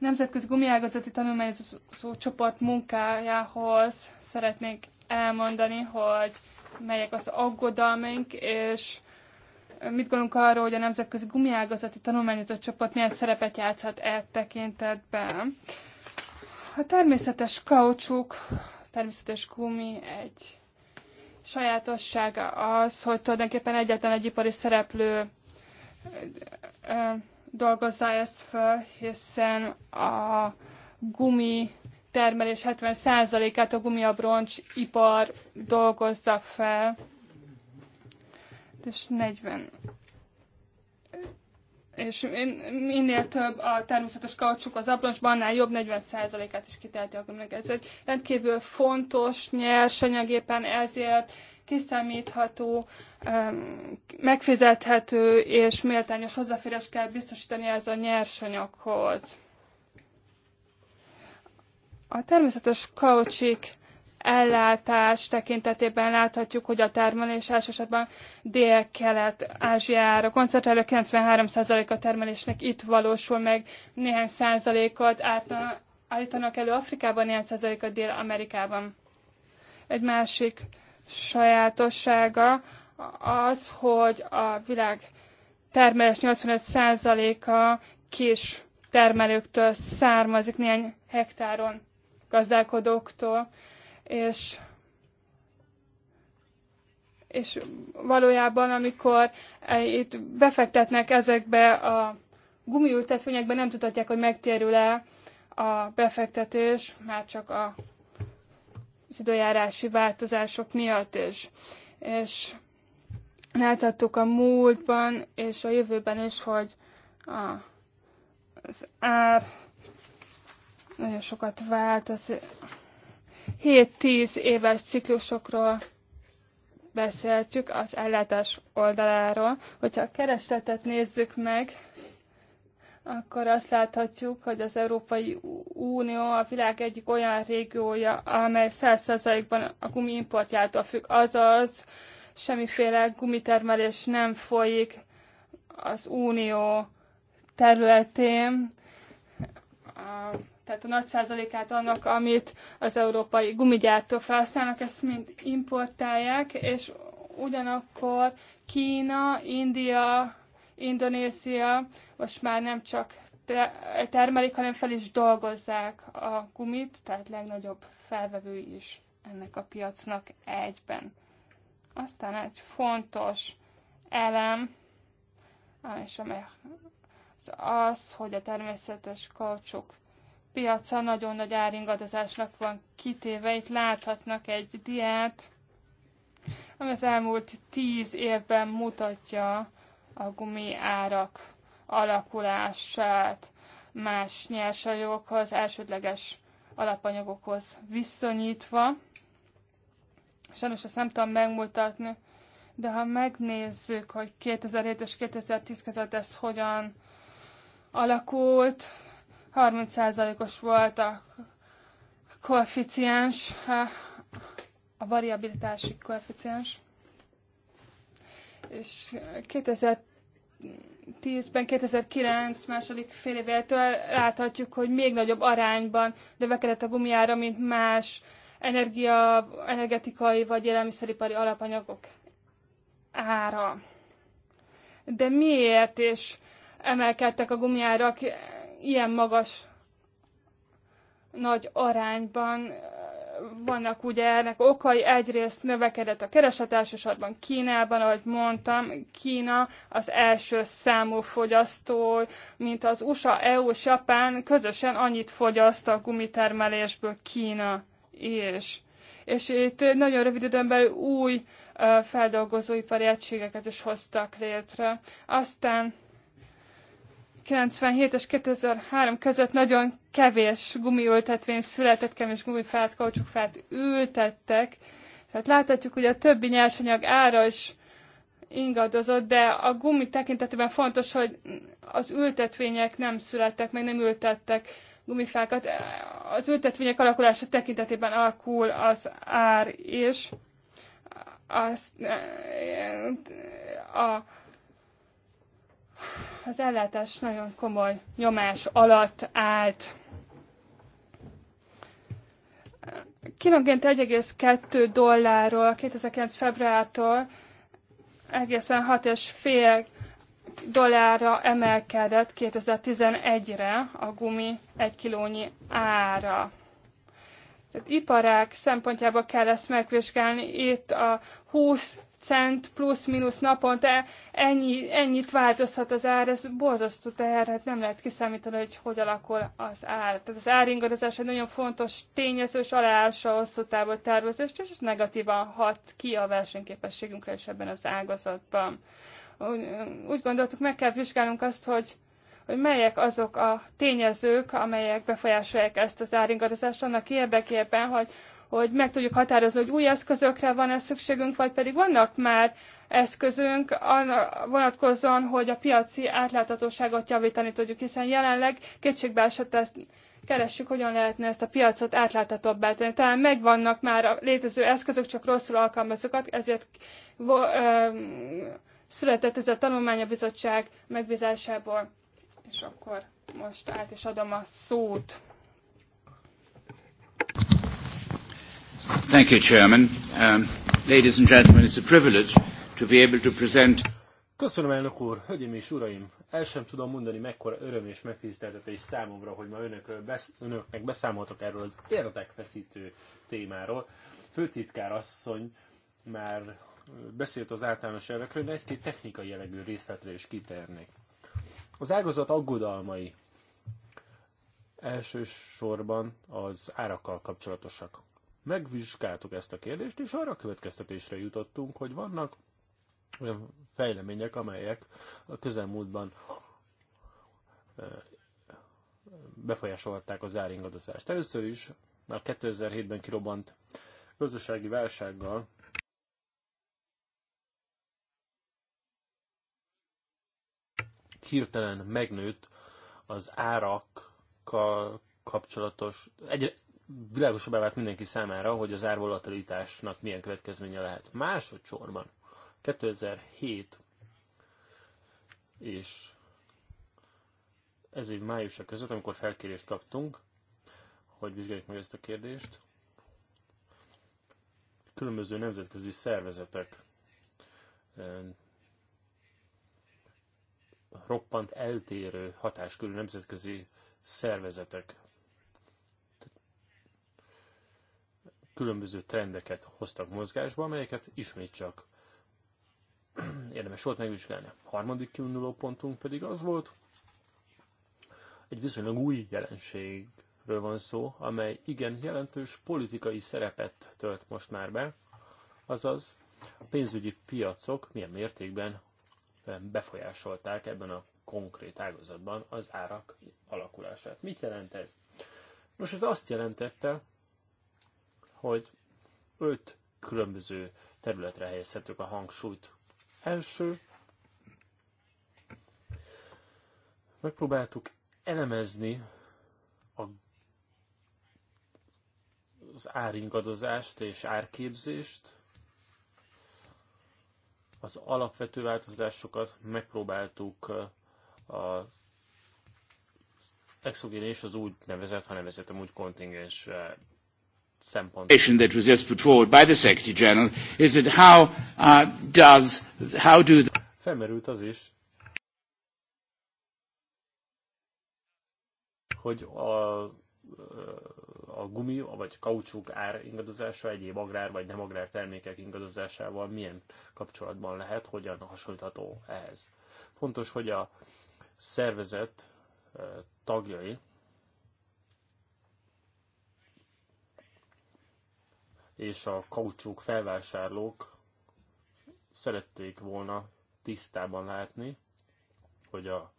Nemzetközi Gumiágazati Tanulmányozó Csoport munkájához szeretnék elmondani, hogy melyek az aggodalmaink, és mit gondolunk arról, hogy a Nemzetközi Gumiágazati Tanulmányozó Csoport milyen szerepet játszhat e tekintetben. A természetes kaucsuk, természetes gumi egy sajátossága az, hogy tulajdonképpen egyetlen egy ipari szereplő dolgozza ezt fel, hiszen a gumi termelés 70%-át a gumiabroncs ipar dolgozza fel, és 40 és minél több a természetes kaucsuk az abroncsban, annál jobb 40%-át is kitelti a gömnek. Ez egy rendkívül fontos nyersanyag éppen ezért kiszámítható, megfizethető és méltányos hozzáférés kell biztosítani ez a nyersanyaghoz. A természetes kaucsik ellátás tekintetében láthatjuk, hogy a termelés elsősorban dél-kelet-ázsiára koncentrálja, 93% a termelésnek itt valósul meg, néhány százalékot állítanak elő Afrikában, néhány százalékot Dél-Amerikában. Egy másik sajátossága az, hogy a világ termelés 85%-a kis termelőktől származik, néhány hektáron gazdálkodóktól, és és valójában, amikor e, itt befektetnek ezekbe a gumiültetvényekbe, nem tudhatják, hogy megtérül-e a befektetés, már csak a az időjárási változások miatt is. És láthattuk a múltban és a jövőben is, hogy a, az ár nagyon sokat változik. 7-10 éves ciklusokról beszéltük az ellátás oldaláról. Hogyha a keresletet nézzük meg, akkor azt láthatjuk, hogy az Európai Unió a világ egyik olyan régiója, amely 100%-ban a gumi importjától függ, azaz semmiféle gumitermelés nem folyik az Unió területén. tehát a nagy százalékát annak, amit az európai gumigyártók felhasználnak, ezt mind importálják, és ugyanakkor Kína, India, Indonézia most már nem csak termelik, hanem fel is dolgozzák a gumit, tehát legnagyobb felvevő is ennek a piacnak egyben. Aztán egy fontos elem, és amely az, az, hogy a természetes kaucsuk piaca nagyon nagy áringadozásnak van kitéve. Itt láthatnak egy diát, ami az elmúlt tíz évben mutatja a gumi árak alakulását más nyersanyagokhoz, elsődleges alapanyagokhoz viszonyítva. Sajnos ezt nem tudom megmutatni, de ha megnézzük, hogy 2007 és 2010 között ez hogyan alakult, 30%-os volt a koeficiens, a variabilitási koeficiens. És 2010 2010-ben, 2009 második fél évétől láthatjuk, hogy még nagyobb arányban növekedett a gumiára, mint más energia, energetikai vagy élelmiszeripari alapanyagok ára. De miért is emelkedtek a gumiárak ilyen magas nagy arányban vannak ugye ennek okai, egyrészt növekedett a kereset, elsősorban Kínában, ahogy mondtam, Kína az első számú fogyasztó, mint az USA, EU és Japán közösen annyit fogyaszt a gumitermelésből Kína is. És itt nagyon rövid időn belül új feldolgozóipari egységeket is hoztak létre. Aztán 97 és 2003 között nagyon kevés gumiültetvény született, kevés gumifát, kaucsukfát ültettek. Tehát láthatjuk, hogy a többi nyersanyag ára is ingadozott, de a gumi tekintetében fontos, hogy az ültetvények nem születtek, meg nem ültettek gumifákat. Az ültetvények alakulása tekintetében alakul az ár is. Azt, e, e, a, a az ellátás nagyon komoly nyomás alatt állt. Kilónként 1,2 dollárról 2009. februártól egészen 6,5 dollárra emelkedett 2011-re a gumi egy kilónyi ára. Tehát iparág szempontjából kell ezt megvizsgálni. Itt a 20 cent plusz-minusz naponta ennyi, ennyit változhat az ár, ez borzasztó teher, hát nem lehet kiszámítani, hogy hogy alakul az ár. Tehát az áringadozás egy nagyon fontos tényező, és aláássa a hosszú távú tervezést, és ez negatívan hat ki a versenyképességünkre is ebben az ágazatban. úgy gondoltuk, meg kell vizsgálnunk azt, hogy hogy melyek azok a tényezők, amelyek befolyásolják ezt az áringadozást annak érdekében, hogy, hogy meg tudjuk határozni, hogy új eszközökre van ez szükségünk, vagy pedig vannak már eszközünk vonatkozóan, hogy a piaci átláthatóságot javítani tudjuk, hiszen jelenleg kétségbe esett keressük, hogyan lehetne ezt a piacot átláthatóbbá tenni. Talán megvannak már a létező eszközök, csak rosszul alkalmazokat, ezért született ez a tanulmány a bizottság megbízásából. És akkor most át is adom a szót. Thank you, Chairman. Um, ladies and gentlemen, it's a privilege to be able to present Köszönöm, elnök úr, hölgyeim és uraim! El sem tudom mondani, mekkora öröm és megtiszteltetés számomra, hogy ma önökről besz- önöknek beszámoltak erről az érdekfeszítő témáról. Főtitkár asszony már beszélt az általános elvekről, de egy-két technikai jellegű részletre is kiternék. Az ágazat aggodalmai elsősorban az árakkal kapcsolatosak. Megvizsgáltuk ezt a kérdést, és arra a következtetésre jutottunk, hogy vannak olyan fejlemények, amelyek a közelmúltban befolyásolták az áringadozást. Először is a 2007-ben kirobbant gazdasági válsággal hirtelen megnőtt az árakkal kapcsolatos, egyre világosabbá vált mindenki számára, hogy az árvolatilitásnak milyen következménye lehet. Másodszorban 2007 és ez év májusa között, amikor felkérést kaptunk, hogy vizsgáljuk meg ezt a kérdést, különböző nemzetközi szervezetek eh, roppant eltérő hatáskörű nemzetközi szervezetek különböző trendeket hoztak mozgásba, amelyeket ismét csak érdemes volt megvizsgálni. Harmadik kiinduló pontunk pedig az volt, egy viszonylag új jelenségről van szó, amely igen jelentős politikai szerepet tölt most már be, azaz a pénzügyi piacok milyen mértékben befolyásolták ebben a konkrét ágazatban az árak alakulását. Mit jelent ez? Nos, ez azt jelentette, hogy öt különböző területre helyezhetők a hangsúlyt. Első, megpróbáltuk elemezni a, az áringadozást és árképzést, az alapvető változásokat megpróbáltuk a exogén és az úgy nevezett, ha nevezettem úgy kontingens szempontból. that was just put forward by the Secretary General is that how uh, does how do the... Felmerült az is, hogy a a gumi vagy kaucsuk ár ingadozása egyéb agrár vagy nem agrár termékek ingadozásával milyen kapcsolatban lehet, hogyan hasonlítható ehhez. Fontos, hogy a szervezet tagjai és a kaucsuk felvásárlók szerették volna tisztában látni, hogy a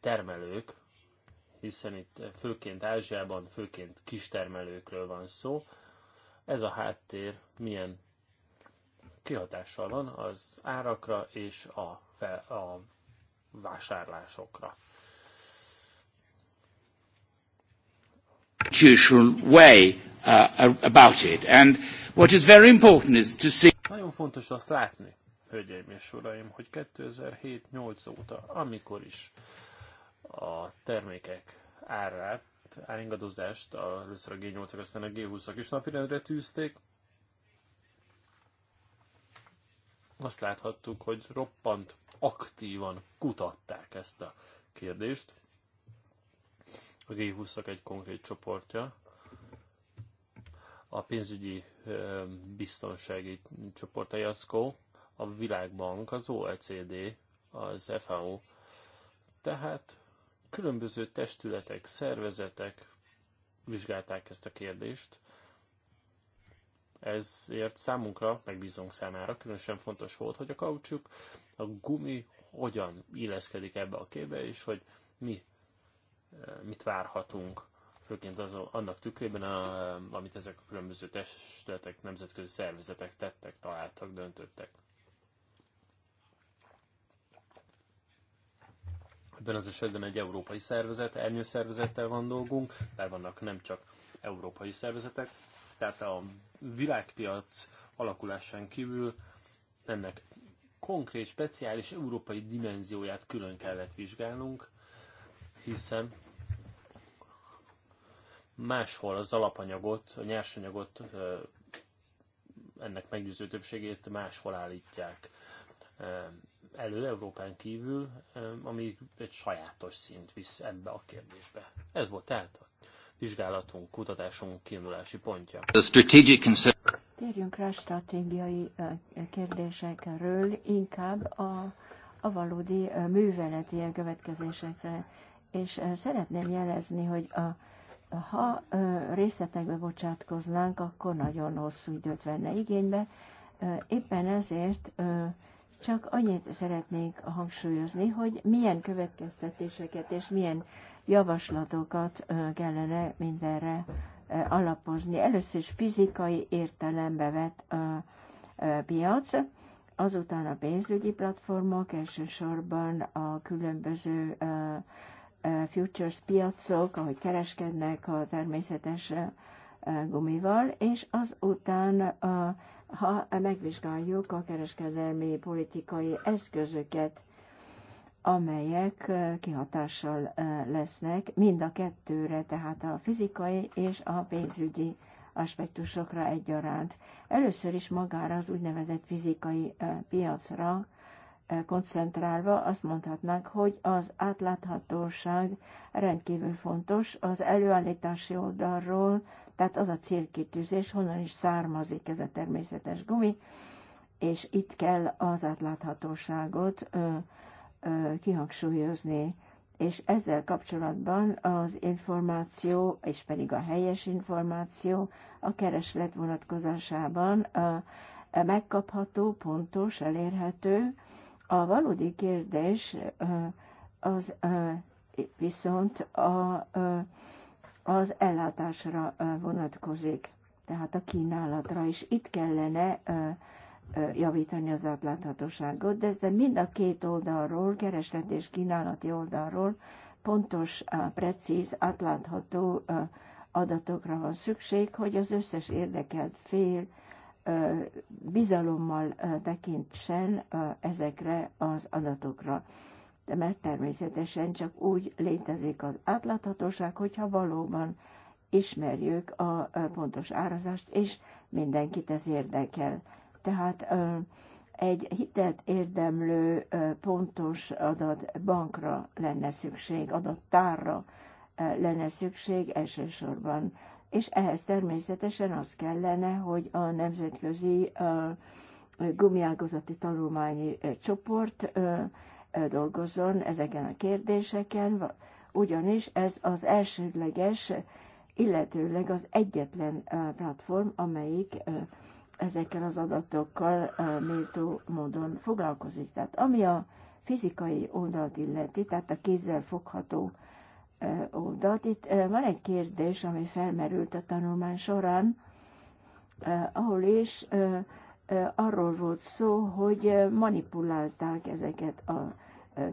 termelők hiszen itt főként Ázsiában, főként kistermelőkről van szó. Ez a háttér milyen kihatással van az árakra és a, fel, a vásárlásokra. way uh, about it. And what is very important is to see. Nagyon fontos azt látni, hölgyeim és uraim, hogy 2007-8 óta, amikor is a termékek árát, áringadozást, először a G8-ak, aztán a G20-ak is napirendre tűzték. Azt láthattuk, hogy roppant aktívan kutatták ezt a kérdést. A G20-ak egy konkrét csoportja, a pénzügyi biztonsági csoport, a JASCO, a Világbank, az OECD, az FAO, tehát Különböző testületek, szervezetek vizsgálták ezt a kérdést, ezért számunkra, meg megbízunk számára különösen fontos volt, hogy a kaucsuk, a gumi hogyan illeszkedik ebbe a képbe, és hogy mi eh, mit várhatunk, főként az, annak tükrében, a, amit ezek a különböző testületek, nemzetközi szervezetek tettek, találtak, döntöttek. Ebben az esetben egy európai szervezet, szervezettel van dolgunk, bár vannak nem csak európai szervezetek, tehát a világpiac alakulásán kívül ennek konkrét, speciális európai dimenzióját külön kellett vizsgálnunk, hiszen máshol az alapanyagot, a nyersanyagot, ennek meggyőző többségét máshol állítják elő Európán kívül, ami egy sajátos szint visz ebbe a kérdésbe. Ez volt tehát a vizsgálatunk, kutatásunk kiindulási pontja. Térjünk rá stratégiai kérdésekről, inkább a, a valódi műveleti következésekre. És szeretném jelezni, hogy a, ha részletekbe bocsátkoznánk, akkor nagyon hosszú időt venne igénybe. Éppen ezért csak annyit szeretnék hangsúlyozni, hogy milyen következtetéseket és milyen javaslatokat kellene mindenre alapozni. Először is fizikai értelembe vett piac, azután a pénzügyi platformok, elsősorban a különböző futures piacok, ahogy kereskednek a természetes gumival, és azután ha megvizsgáljuk a kereskedelmi politikai eszközöket, amelyek kihatással lesznek mind a kettőre, tehát a fizikai és a pénzügyi aspektusokra egyaránt. Először is magára az úgynevezett fizikai piacra, koncentrálva azt mondhatnánk, hogy az átláthatóság rendkívül fontos az előállítási oldalról, tehát az a célkitűzés, honnan is származik ez a természetes gumi, és itt kell az átláthatóságot ö, ö, kihangsúlyozni. És ezzel kapcsolatban az információ, és pedig a helyes információ a kereslet vonatkozásában ö, megkapható, pontos, elérhető, a valódi kérdés az viszont a, az ellátásra vonatkozik, tehát a kínálatra, és itt kellene javítani az átláthatóságot, de ezt mind a két oldalról, kereslet és kínálati oldalról pontos, precíz, átlátható adatokra van szükség, hogy az összes érdekelt fél bizalommal tekintsen ezekre az adatokra. De mert természetesen csak úgy létezik az átláthatóság, hogyha valóban ismerjük a pontos árazást, és mindenkit ez érdekel. Tehát egy hitelt érdemlő pontos adat bankra lenne szükség, adattárra lenne szükség, elsősorban és ehhez természetesen az kellene, hogy a nemzetközi gumiágazati tanulmányi csoport dolgozzon ezeken a kérdéseken, ugyanis ez az elsődleges, illetőleg az egyetlen platform, amelyik ezekkel az adatokkal méltó módon foglalkozik. Tehát ami a fizikai oldalt illeti, tehát a kézzel fogható oldalt. Itt van egy kérdés, ami felmerült a tanulmány során, ahol is arról volt szó, hogy manipulálták ezeket a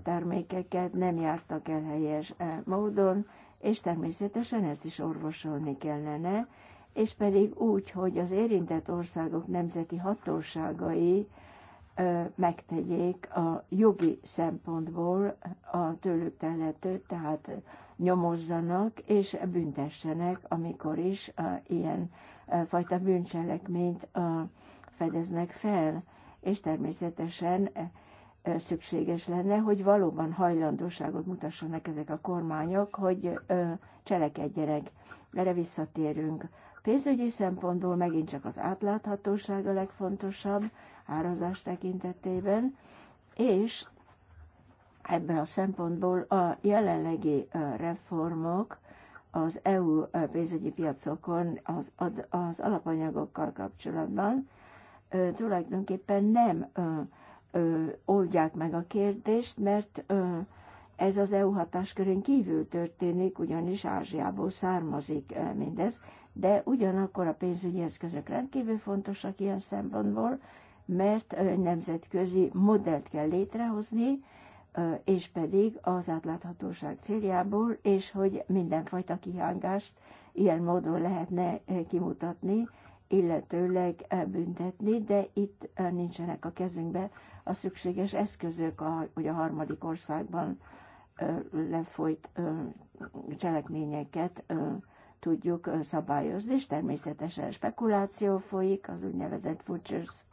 termékeket, nem jártak el helyes módon, és természetesen ezt is orvosolni kellene, és pedig úgy, hogy az érintett országok nemzeti hatóságai megtegyék a jogi szempontból a tőlük telhetőt, tehát nyomozzanak és büntessenek, amikor is ilyen e, fajta bűncselekményt fedeznek fel. És természetesen e, e, szükséges lenne, hogy valóban hajlandóságot mutassanak ezek a kormányok, hogy cselekedjenek. Erre visszatérünk. Pénzügyi szempontból megint csak az átláthatóság a legfontosabb árazás tekintetében, és Ebben a szempontból a jelenlegi reformok az EU pénzügyi piacokon az, az alapanyagokkal kapcsolatban tulajdonképpen nem oldják meg a kérdést, mert ez az EU hatáskörén kívül történik, ugyanis Ázsiából származik mindez, de ugyanakkor a pénzügyi eszközök rendkívül fontosak ilyen szempontból, mert nemzetközi modellt kell létrehozni, és pedig az átláthatóság céljából, és hogy mindenfajta kihángást ilyen módon lehetne kimutatni, illetőleg büntetni, de itt nincsenek a kezünkbe a szükséges eszközök, hogy a harmadik országban lefolyt cselekményeket tudjuk szabályozni, és természetesen spekuláció folyik az úgynevezett futures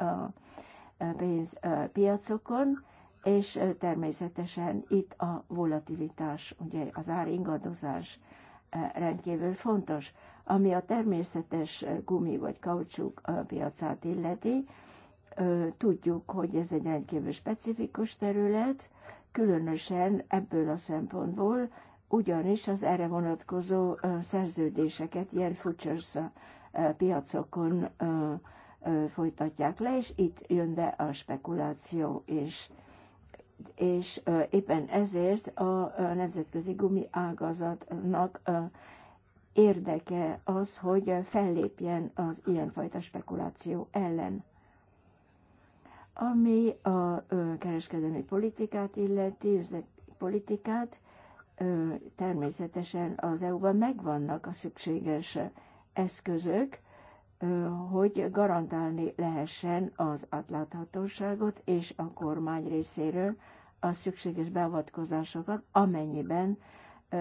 pénzpiacokon, és természetesen itt a volatilitás, ugye az ár ingadozás rendkívül fontos. Ami a természetes gumi vagy kaucsuk piacát illeti, tudjuk, hogy ez egy rendkívül specifikus terület, különösen ebből a szempontból, ugyanis az erre vonatkozó szerződéseket ilyen futures piacokon folytatják le, és itt jön be a spekuláció és és éppen ezért a nemzetközi gumi ágazatnak érdeke az, hogy fellépjen az ilyenfajta spekuláció ellen. Ami a kereskedelmi politikát illeti, politikát, természetesen az EU-ban megvannak a szükséges eszközök, hogy garantálni lehessen az átláthatóságot és a kormány részéről a szükséges beavatkozásokat, amennyiben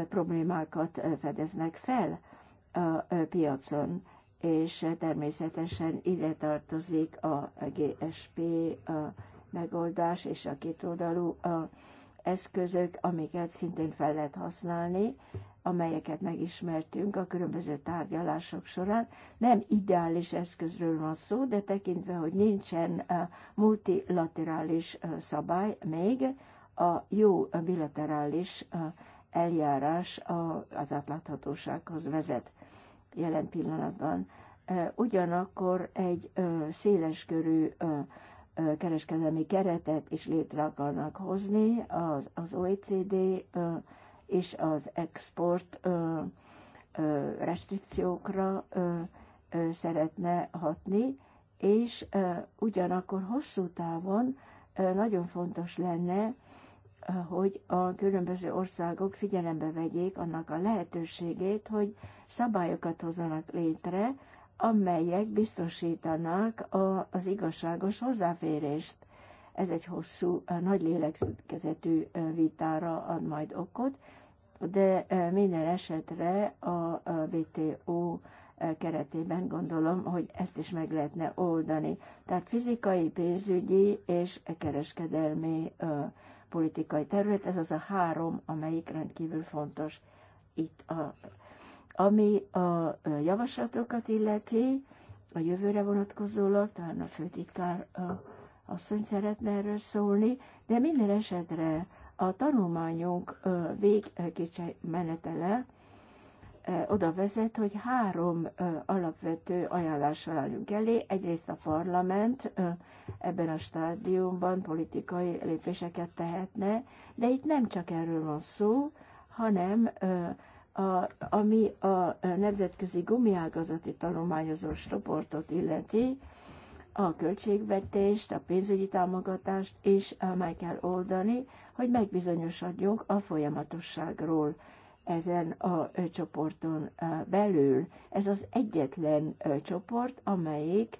problémákat fedeznek fel a piacon, és természetesen ide tartozik a GSP a megoldás és a kétoldalú eszközök, amiket szintén fel lehet használni amelyeket megismertünk a különböző tárgyalások során. Nem ideális eszközről van szó, de tekintve, hogy nincsen multilaterális szabály még, a jó bilaterális eljárás az átláthatósághoz vezet jelen pillanatban. Ugyanakkor egy széleskörű kereskedelmi keretet is létre akarnak hozni az, az OECD és az export ö, ö, restrikciókra ö, ö, szeretne hatni, és ö, ugyanakkor hosszú távon ö, nagyon fontos lenne, hogy a különböző országok figyelembe vegyék annak a lehetőségét, hogy szabályokat hozzanak létre, amelyek biztosítanak a, az igazságos hozzáférést ez egy hosszú, eh, nagy lélegzetkezetű eh, vitára ad majd okot, de eh, minden esetre a BTO keretében gondolom, hogy ezt is meg lehetne oldani. Tehát fizikai, pénzügyi és kereskedelmi politikai terület, ez az a három, amelyik rendkívül fontos itt. A, ami a javaslatokat illeti, a jövőre vonatkozólag, talán a főtitkár asszony szeretne erről szólni, de minden esetre a tanulmányunk végkicsi menetele oda vezet, hogy három alapvető ajánlással állunk elé. Egyrészt a parlament ebben a stádiumban politikai lépéseket tehetne, de itt nem csak erről van szó, hanem a, ami a nemzetközi gumiágazati tanulmányozó csoportot illeti, a költségvetést, a pénzügyi támogatást is eh, meg kell oldani, hogy megbizonyosodjunk a folyamatosságról ezen a eh, csoporton eh, belül. Ez az egyetlen csoport, amelyik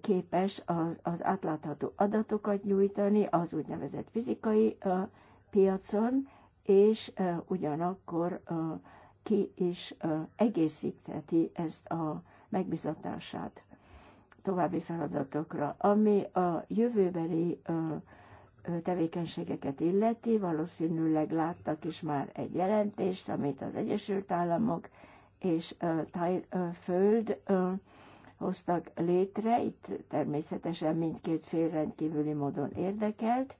képes az, átlátható adatokat nyújtani az úgynevezett fizikai piacon, és ugyanakkor ki is egészítheti ezt a megbizatását további feladatokra. Ami a jövőbeli tevékenységeket illeti, valószínűleg láttak is már egy jelentést, amit az Egyesült Államok és Föld hoztak létre, itt természetesen mindkét fél rendkívüli módon érdekelt,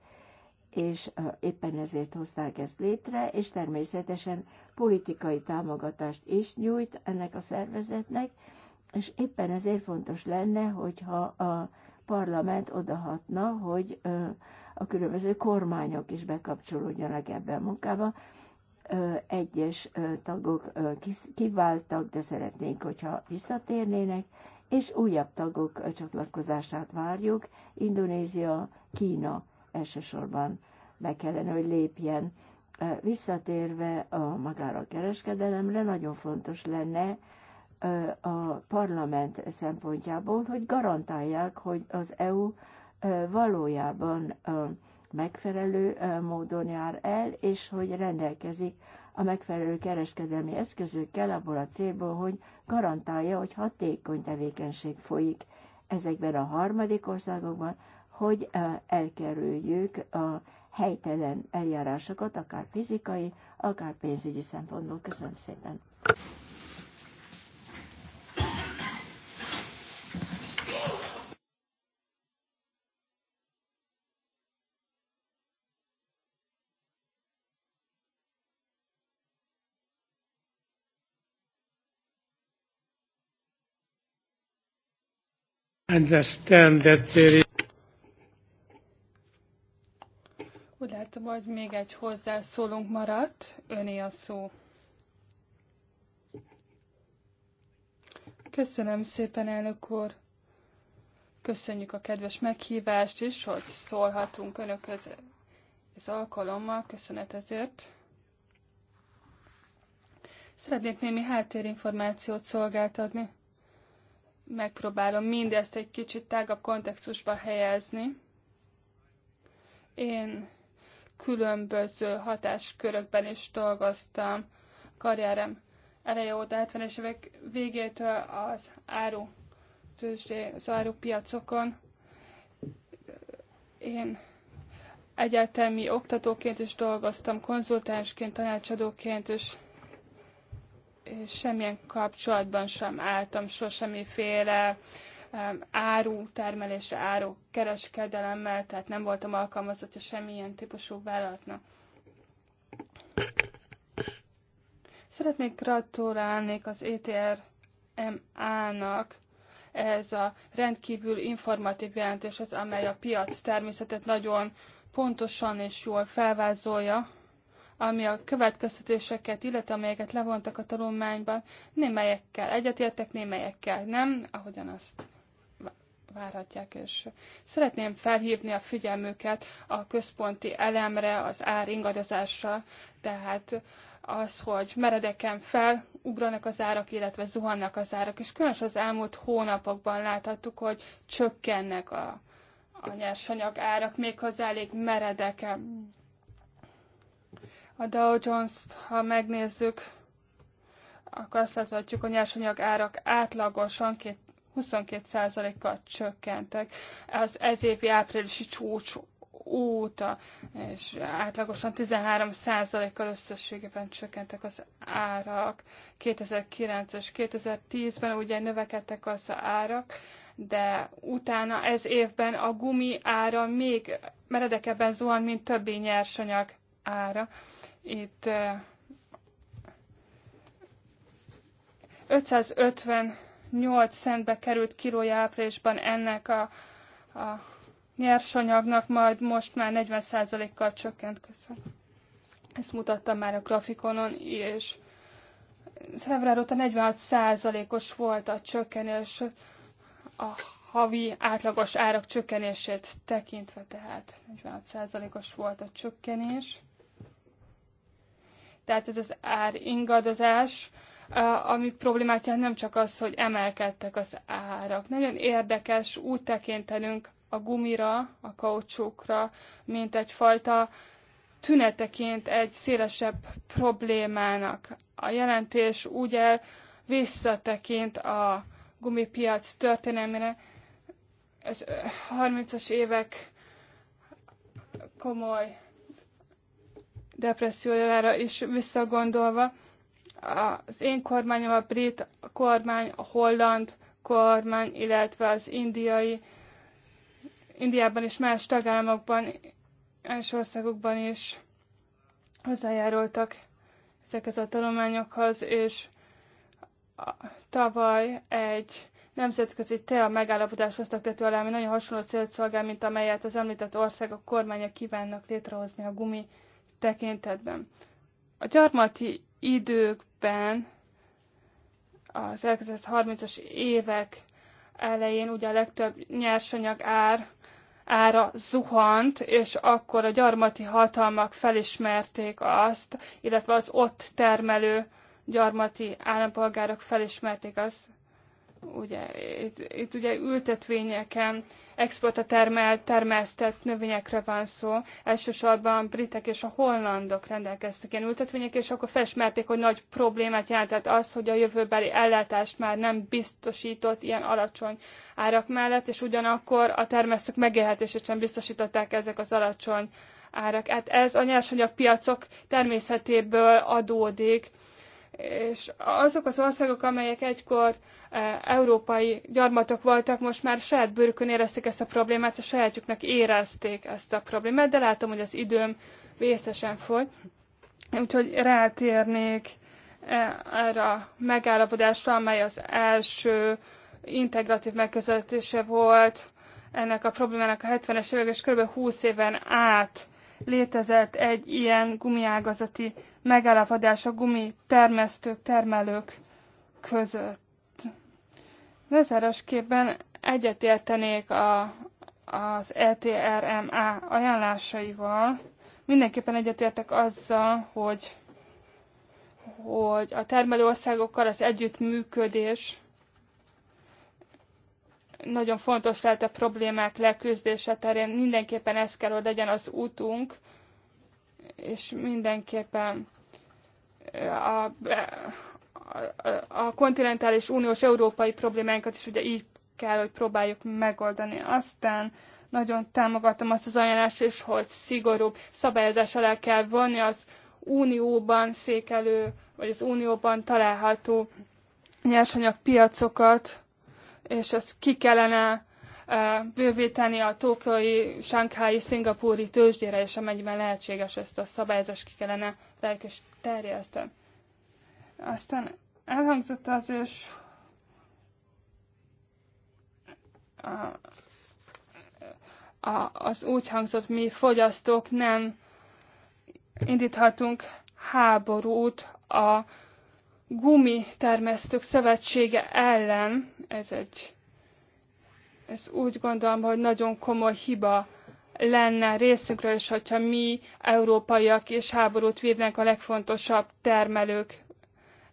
és éppen ezért hozták ezt létre, és természetesen politikai támogatást is nyújt ennek a szervezetnek, és éppen ezért fontos lenne, hogyha a parlament odahatna, hogy a különböző kormányok is bekapcsolódjanak ebbe a munkába. Egyes tagok kiváltak, de szeretnénk, hogyha visszatérnének, és újabb tagok csatlakozását várjuk. Indonézia, Kína elsősorban be kellene, hogy lépjen. Visszatérve a magára a kereskedelemre, nagyon fontos lenne, a parlament szempontjából, hogy garantálják, hogy az EU valójában megfelelő módon jár el, és hogy rendelkezik a megfelelő kereskedelmi eszközökkel abból a célból, hogy garantálja, hogy hatékony tevékenység folyik ezekben a harmadik országokban, hogy elkerüljük a helytelen eljárásokat, akár fizikai, akár pénzügyi szempontból. Köszönöm szépen! Understand that there is... Úgy látom, hogy még egy hozzászólunk maradt. Öné a szó. Köszönöm szépen, elnök úr. Köszönjük a kedves meghívást is, hogy szólhatunk önökhöz az alkalommal. Köszönet ezért. Szeretnék némi háttérinformációt szolgáltatni megpróbálom mindezt egy kicsit tágabb kontextusba helyezni. Én különböző hatáskörökben is dolgoztam karrierem eleje óta, 70-es évek végétől az áru tőzsdé, az áru piacokon. Én egyetemi oktatóként is dolgoztam, konzultánsként, tanácsadóként is semmilyen kapcsolatban sem álltam, sosemiféle áru termelése áru kereskedelemmel, tehát nem voltam alkalmazott, alkalmazottja semmilyen típusú vállalatnak. Szeretnék gratulálni az ETRMA-nak ez a rendkívül informatív jelentéshez, amely a piac természetet nagyon pontosan és jól felvázolja ami a következtetéseket, illetve amelyeket levontak a tanulmányban, némelyekkel egyetértek, némelyekkel nem, ahogyan azt várhatják, és szeretném felhívni a figyelmüket a központi elemre, az ár ingadozásra, tehát az, hogy meredeken felugranak az árak, illetve zuhannak az árak, és különös az elmúlt hónapokban láthattuk, hogy csökkennek a, a nyersanyag árak, méghozzá elég meredeken a Dow Jones-t, ha megnézzük, akkor azt láthatjuk, a nyersanyag árak átlagosan 22%-kal csökkentek az ez évi áprilisi csúcs óta, és átlagosan 13%-kal összességében csökkentek az árak. 2009 és 2010-ben ugye növekedtek az árak, de utána ez évben a gumi ára még meredekebben zuhan, mint többi nyersanyag ára. Itt 558 centbe került kilója áprilisban ennek a, a nyersanyagnak, majd most már 40%-kal csökkent. Köszönöm. Ezt mutattam már a grafikonon, és február óta 46%-os volt a csökkenés a havi átlagos árak csökkenését tekintve, tehát 46%-os volt a csökkenés. Tehát ez az ár ingadozás, ami problémát jelent nem csak az, hogy emelkedtek az árak. Nagyon érdekes úgy tekintenünk a gumira, a kaucsukra, mint egyfajta tüneteként egy szélesebb problémának. A jelentés ugye visszatekint a gumipiac történelmére, Ez 30-as évek komoly depressziójára is visszagondolva, az én kormányom a brit kormány, a holland kormány, illetve az indiai, Indiában és más tagállamokban és országokban is hozzájárultak ezekhez a tanulmányokhoz, és tavaly egy nemzetközi tea megállapodás hoztak tető alá, ami nagyon hasonló célt szolgál, mint amelyet az említett országok kormánya kívánnak létrehozni a gumi tekintetben. A gyarmati időkben, az elkezdett 30-as évek elején ugye a legtöbb nyersanyag ár ára zuhant, és akkor a gyarmati hatalmak felismerték azt, illetve az ott termelő gyarmati állampolgárok felismerték azt, ugye, itt, itt ugye ültetvényeken, exporta termel, termesztett növényekre van szó. Elsősorban a britek és a hollandok rendelkeztek ilyen ültetvények, és akkor felismerték, hogy nagy problémát jelentett az, hogy a jövőbeli ellátást már nem biztosított ilyen alacsony árak mellett, és ugyanakkor a termesztők megélhetését sem biztosították ezek az alacsony árak. Hát ez a nyersanyagpiacok természetéből adódik, és azok az országok, amelyek egykor e, európai gyarmatok voltak, most már saját bőrükön érezték ezt a problémát, a sajátjuknak érezték ezt a problémát, de látom, hogy az időm vészesen fogy. Úgyhogy rátérnék e, erre a megállapodásra, amely az első integratív megközelítése volt ennek a problémának a 70-es évek, és kb. 20 éven át létezett egy ilyen gumiágazati megállapodás a gumi termesztők, termelők között. képen egyetértenék a, az ETRMA ajánlásaival. Mindenképpen egyetértek azzal, hogy, hogy a termelő országokkal az együttműködés nagyon fontos lehet a problémák leküzdése terén. Mindenképpen ez kell, hogy legyen az útunk, és mindenképpen a, a, a kontinentális uniós európai problémáinkat is ugye így kell, hogy próbáljuk megoldani. Aztán nagyon támogatom azt az ajánlást is, hogy szigorúbb szabályozás alá kell vonni az unióban székelő, vagy az unióban található nyersanyagpiacokat, és ezt ki kellene e, bővíteni a tókai, sánkhái, szingapúri tőzsdére, és amennyiben lehetséges ezt a szabályozást ki kellene terjeszte. Aztán elhangzott az is, a, a, az úgy hangzott, mi fogyasztók nem indíthatunk háborút a gumi termesztők szövetsége ellen. Ez egy, ez úgy gondolom, hogy nagyon komoly hiba lenne részünkről is, hogyha mi, európaiak és háborút vívnánk a legfontosabb termelők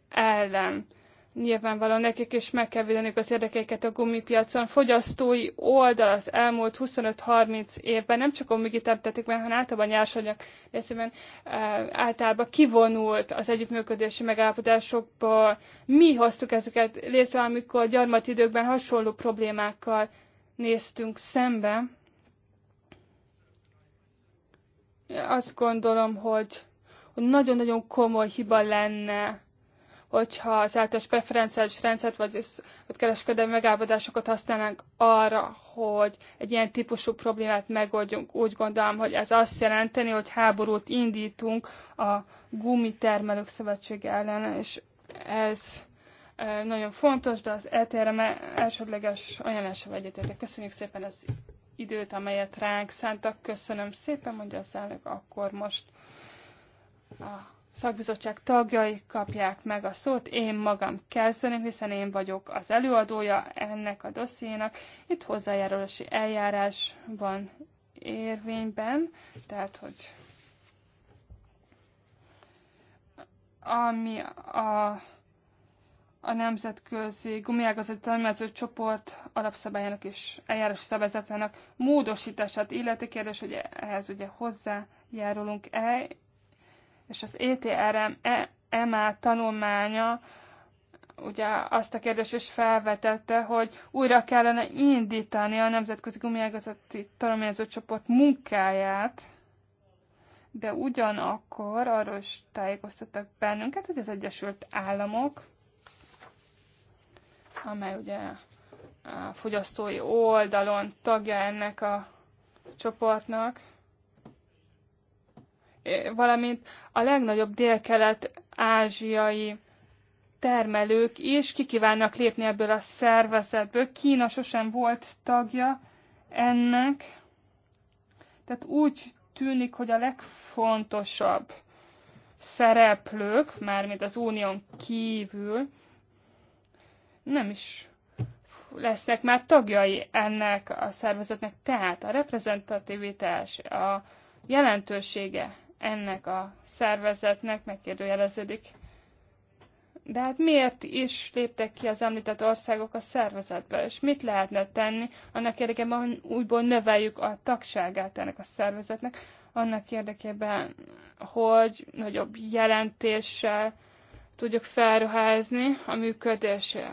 ellen. Nyilvánvalóan nekik is meg kell védeniük az érdekeiket a gumipiacon. Fogyasztói oldal az elmúlt 25-30 évben nem csak a gumigit tették hanem általában nyersanyag részében e, általában kivonult az együttműködési megállapodásokból. Mi hoztuk ezeket létre, amikor időkben hasonló problémákkal néztünk szembe. azt gondolom, hogy nagyon-nagyon komoly hiba lenne, hogyha az általános preferenciális rendszert, vagy, vagy kereskedelmi megállapodásokat használnánk arra, hogy egy ilyen típusú problémát megoldjunk. Úgy gondolom, hogy ez azt jelenteni, hogy háborút indítunk a gumitermelők szövetsége ellen, és ez e, nagyon fontos, de az etr e elsődleges ajánlása egyetértek. Köszönjük szépen, ezt időt, amelyet ránk szántak. Köszönöm szépen, mondja az elnök, akkor most a szakbizottság tagjai kapják meg a szót. Én magam kezdeném, hiszen én vagyok az előadója ennek a dossziénak. Itt hozzájárulási eljárás van érvényben, tehát hogy ami a a Nemzetközi Gumiágazati Tanulmányozó Csoport alapszabályának és eljárás szabályzatának módosítását illeti kérdés, hogy ehhez ugye hozzájárulunk-e, és az ETRM EMA tanulmánya ugye azt a kérdést is felvetette, hogy újra kellene indítani a Nemzetközi Gumiágazati Tanulmányozó Csoport munkáját, de ugyanakkor arról is tájékoztattak bennünket, hogy az Egyesült Államok amely ugye a fogyasztói oldalon tagja ennek a csoportnak, valamint a legnagyobb dél-kelet-ázsiai termelők is kikívánnak lépni ebből a szervezetből. Kína sosem volt tagja ennek. Tehát úgy tűnik, hogy a legfontosabb szereplők, mármint az unión kívül, nem is lesznek már tagjai ennek a szervezetnek. Tehát a reprezentativitás, a jelentősége ennek a szervezetnek megkérdőjeleződik. De hát miért is léptek ki az említett országok a szervezetbe, és mit lehetne tenni annak érdekében, hogy úgyból növeljük a tagságát ennek a szervezetnek, annak érdekében, hogy nagyobb jelentéssel tudjuk felruházni a működése.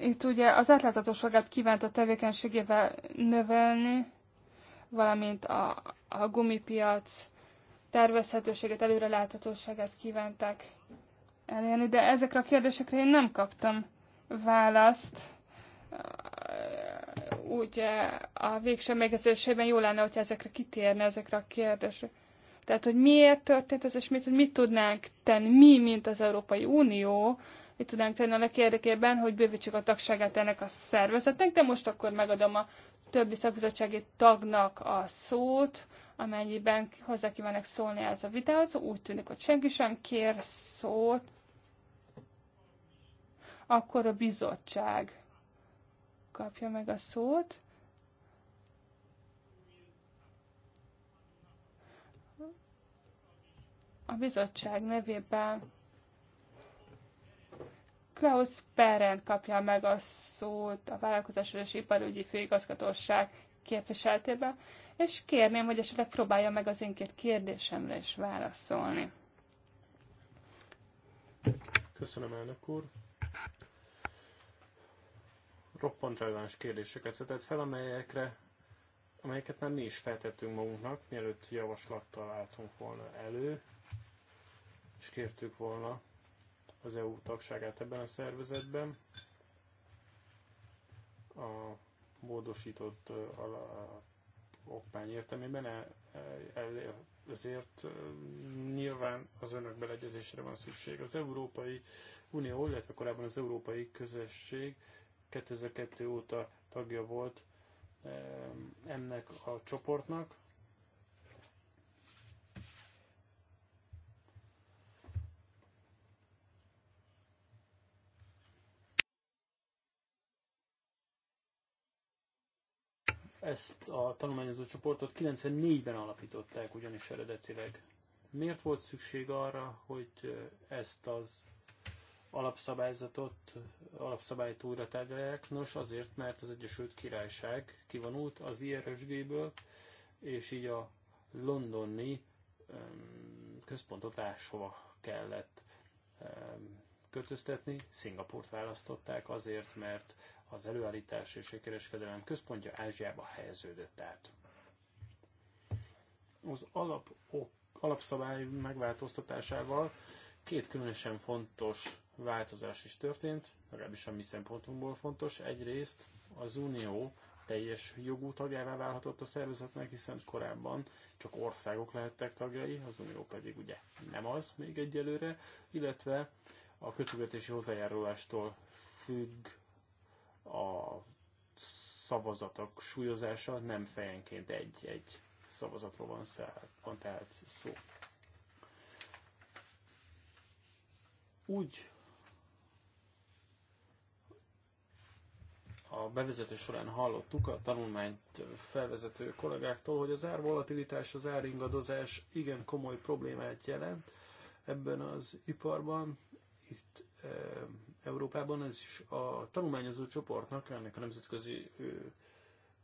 Itt ugye az átláthatóságát kívánt a tevékenységével növelni, valamint a, a gumipiac tervezhetőséget, előreláthatóságát kívánták elérni, de ezekre a kérdésekre én nem kaptam választ. Ugye a végső megjegyzésében jó lenne, hogyha ezekre kitérne, ezekre a kérdésekre. Tehát, hogy miért történt ez, és mit, hogy mit tudnánk tenni mi, mint az Európai Unió, mit tudnánk tenni annak érdekében, hogy bővítsük a tagságát ennek a szervezetnek, de most akkor megadom a többi szakbizottsági tagnak a szót, amennyiben hozzá kívánok szólni ez a videóhoz. Úgy tűnik, hogy senki sem kér szót. Akkor a bizottság kapja meg a szót. A bizottság nevében Klaus Peren kapja meg a szót a Vállalkozásról és Iparügyi Főigazgatóság képviseltében, és kérném, hogy esetleg próbálja meg az én két kérdésemre is válaszolni. Köszönöm, elnök úr. Roppant releváns kérdéseket vetett fel, amelyekre, amelyeket már mi is feltettünk magunknak, mielőtt javaslattal álltunk volna elő, és kértük volna az EU tagságát ebben a szervezetben. A módosított okmány értelmében e, e, e, ezért nyilván az önök beleegyezésre van szükség. Az Európai Unió, illetve korábban az Európai Közösség 2002 óta tagja volt ennek a csoportnak, Ezt a tanulmányozó csoportot 94-ben alapították ugyanis eredetileg. Miért volt szükség arra, hogy ezt az alapszabályzatot, alapszabályt újra tárgyalják? Nos, azért, mert az Egyesült Királyság kivonult az IRSG-ből, és így a londoni központot áshova kellett költöztetni. Szingapurt választották azért, mert az előállítás és a kereskedelem központja Ázsiába helyeződött át. Az alap, alapszabály megváltoztatásával két különösen fontos változás is történt, legalábbis a mi szempontunkból fontos. Egyrészt az Unió teljes jogú tagjává válhatott a szervezetnek, hiszen korábban csak országok lehettek tagjai, az Unió pedig ugye nem az még egyelőre, illetve a költségvetési hozzájárulástól függ a szavazatok súlyozása, nem fejenként egy-egy szavazatról van, van tehát szó. Úgy a bevezető során hallottuk a tanulmányt felvezető kollégáktól, hogy az árvolatilitás, az áringadozás igen komoly problémát jelent ebben az iparban, itt e, Európában, ez is a tanulmányozó csoportnak, ennek a nemzetközi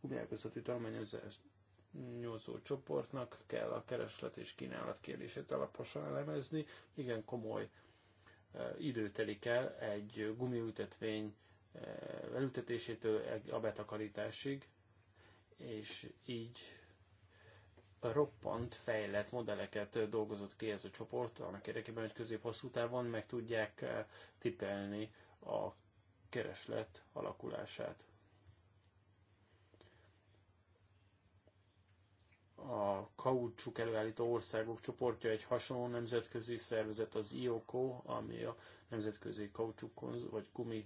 gumiágazatú tanulmányozó csoportnak kell a kereslet és kínálat kérdését alaposan elemezni. Igen komoly e, idő telik el egy gumiültetvény elültetésétől a betakarításig, és így roppant fejlett modelleket dolgozott ki ez a csoport, annak érdekében, hogy közép-hosszú távon meg tudják tipelni a kereslet alakulását. a kaucsuk előállító országok csoportja egy hasonló nemzetközi szervezet, az IOCO, ami a Nemzetközi Kaucsuk Konz- vagy Gumi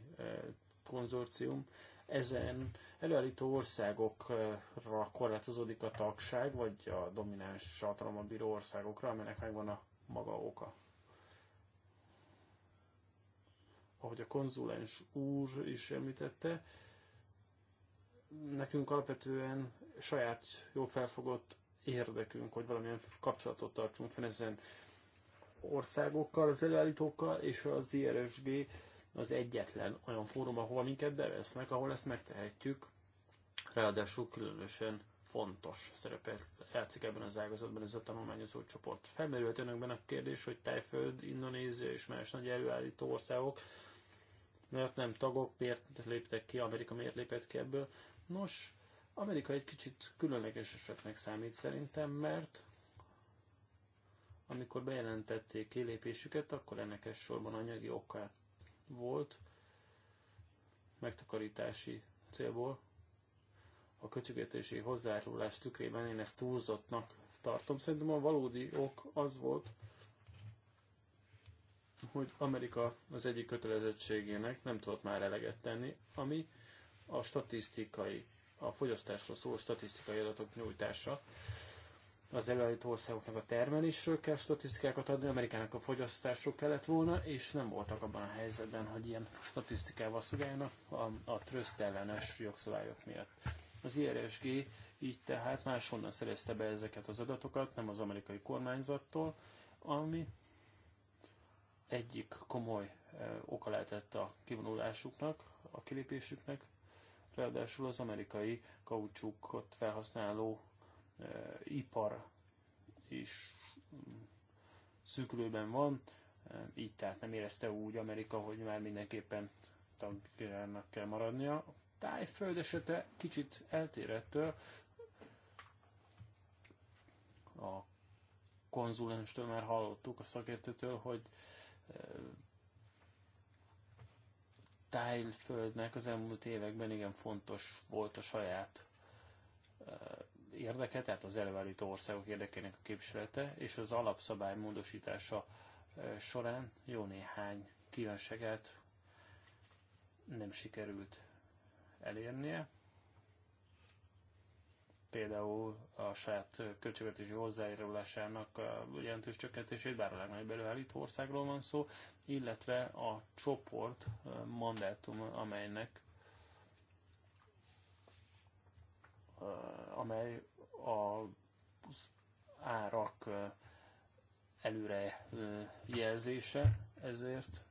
Konzorcium ezen előállító országokra korlátozódik a tagság, vagy a domináns hatalomat bíró országokra, aminek megvan a maga oka. Ahogy a konzulens úr is említette, nekünk alapvetően saját jó felfogott érdekünk, hogy valamilyen kapcsolatot tartsunk fenn ezen országokkal, az előállítókkal és az IRSG az egyetlen olyan fórum, ahova minket bevesznek, ahol ezt megtehetjük. Ráadásul különösen fontos szerepet játszik ebben az ágazatban ez a tanulmányozó csoport. Felmerült önökben a kérdés, hogy Tájföld, Indonézia és más nagy előállító országok mert nem tagok, miért léptek ki, Amerika miért lépett ki ebből. Nos, Amerika egy kicsit különleges esetnek számít szerintem, mert amikor bejelentették kilépésüket, akkor ennek sorban anyagi okát volt megtakarítási célból. A költségvetési hozzárulás tükrében én ezt túlzottnak tartom. Szerintem a valódi ok az volt, hogy Amerika az egyik kötelezettségének nem tudott már eleget tenni, ami a statisztikai, a fogyasztásról szóló statisztikai adatok nyújtása az előállító országoknak a termelésről kell statisztikákat adni, Amerikának a fogyasztásról kellett volna, és nem voltak abban a helyzetben, hogy ilyen statisztikával szolgáljanak a, a tröszt ellenes jogszabályok miatt. Az IRSG így tehát máshonnan szerezte be ezeket az adatokat, nem az amerikai kormányzattól, ami egyik komoly e, oka lehetett a kivonulásuknak, a kilépésüknek, ráadásul az amerikai kaucsukot felhasználó ipar is mm, szűkülőben van, így tehát nem érezte úgy Amerika, hogy már mindenképpen tagjának kell maradnia. A tájföld esete kicsit eltér ettől. A konzulenstől már hallottuk a szakértőtől, hogy tájföldnek az elmúlt években igen fontos volt a saját érdeke, tehát az előállító országok érdekének a képviselete, és az alapszabály módosítása e, során jó néhány kívánságát nem sikerült elérnie. Például a saját költségvetési hozzájárulásának jelentős csökkentését, bár a legnagyobb előállító országról van szó, illetve a csoport e, mandátum, amelynek Eh, amely az árak eh, előre eh, jelzése, ezért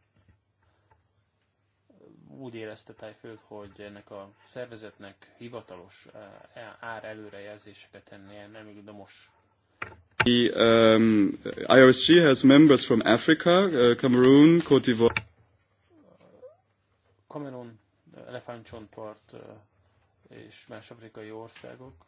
úgy érezte Tájföld, hogy ennek a szervezetnek hivatalos ár előrejelzéseket tennie nem most The um, IRSG has members from Africa, uh, Cameroon, Cote d'Ivoire. Cameroon, Elefántcsontpart, és más afrikai országok.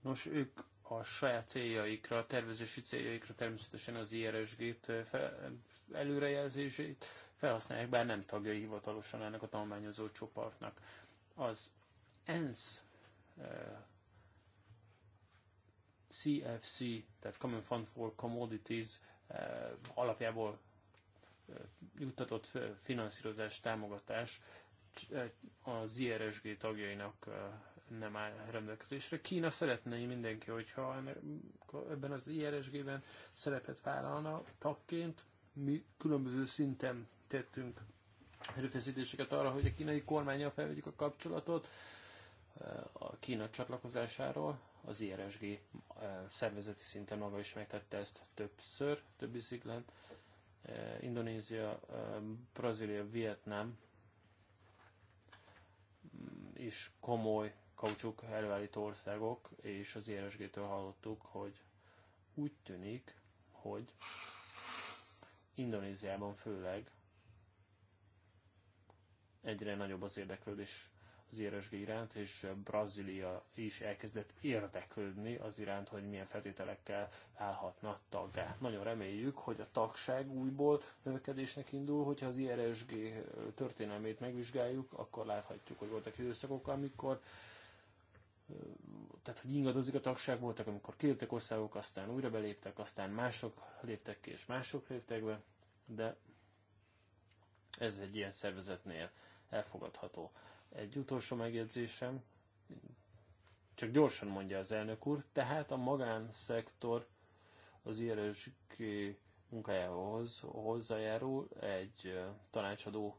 Nos, ők a saját céljaikra, a tervezési céljaikra természetesen az IRSG-t fel, előrejelzését felhasználják, bár nem tagjai hivatalosan ennek a tanulmányozó csoportnak. Az ENSZ CFC, tehát Common Fund for Commodities eh, alapjából eh, juttatott finanszírozás, támogatás eh, az IRSG tagjainak nem áll rendelkezésre. Kína szeretné mindenki, hogyha ebben az IRSG-ben szerepet vállalna tagként. Mi különböző szinten tettünk erőfeszítéseket arra, hogy a kínai kormányjal felvegyük a kapcsolatot a Kína csatlakozásáról. Az IRSG eh, szervezeti szinten maga is megtette ezt többször, többi biciklen. Eh, Indonézia, eh, Brazília, Vietnám mm, is komoly kaucsuk előállító országok, és az IRSG-től hallottuk, hogy úgy tűnik, hogy Indonéziában főleg egyre nagyobb az érdeklődés az IRSG iránt, és Brazília is elkezdett érdeklődni az iránt, hogy milyen feltételekkel állhatna taggá. Nagyon reméljük, hogy a tagság újból növekedésnek indul, hogyha az IRSG történelmét megvizsgáljuk, akkor láthatjuk, hogy voltak időszakok, amikor tehát, hogy ingadozik a tagság, voltak, amikor kiléptek országok, aztán újra beléptek, aztán mások léptek ki, és mások léptek be, de ez egy ilyen szervezetnél elfogadható. Egy utolsó megjegyzésem, csak gyorsan mondja az elnök úr, tehát a magánszektor az IRSG munkájához hozzájárul egy tanácsadó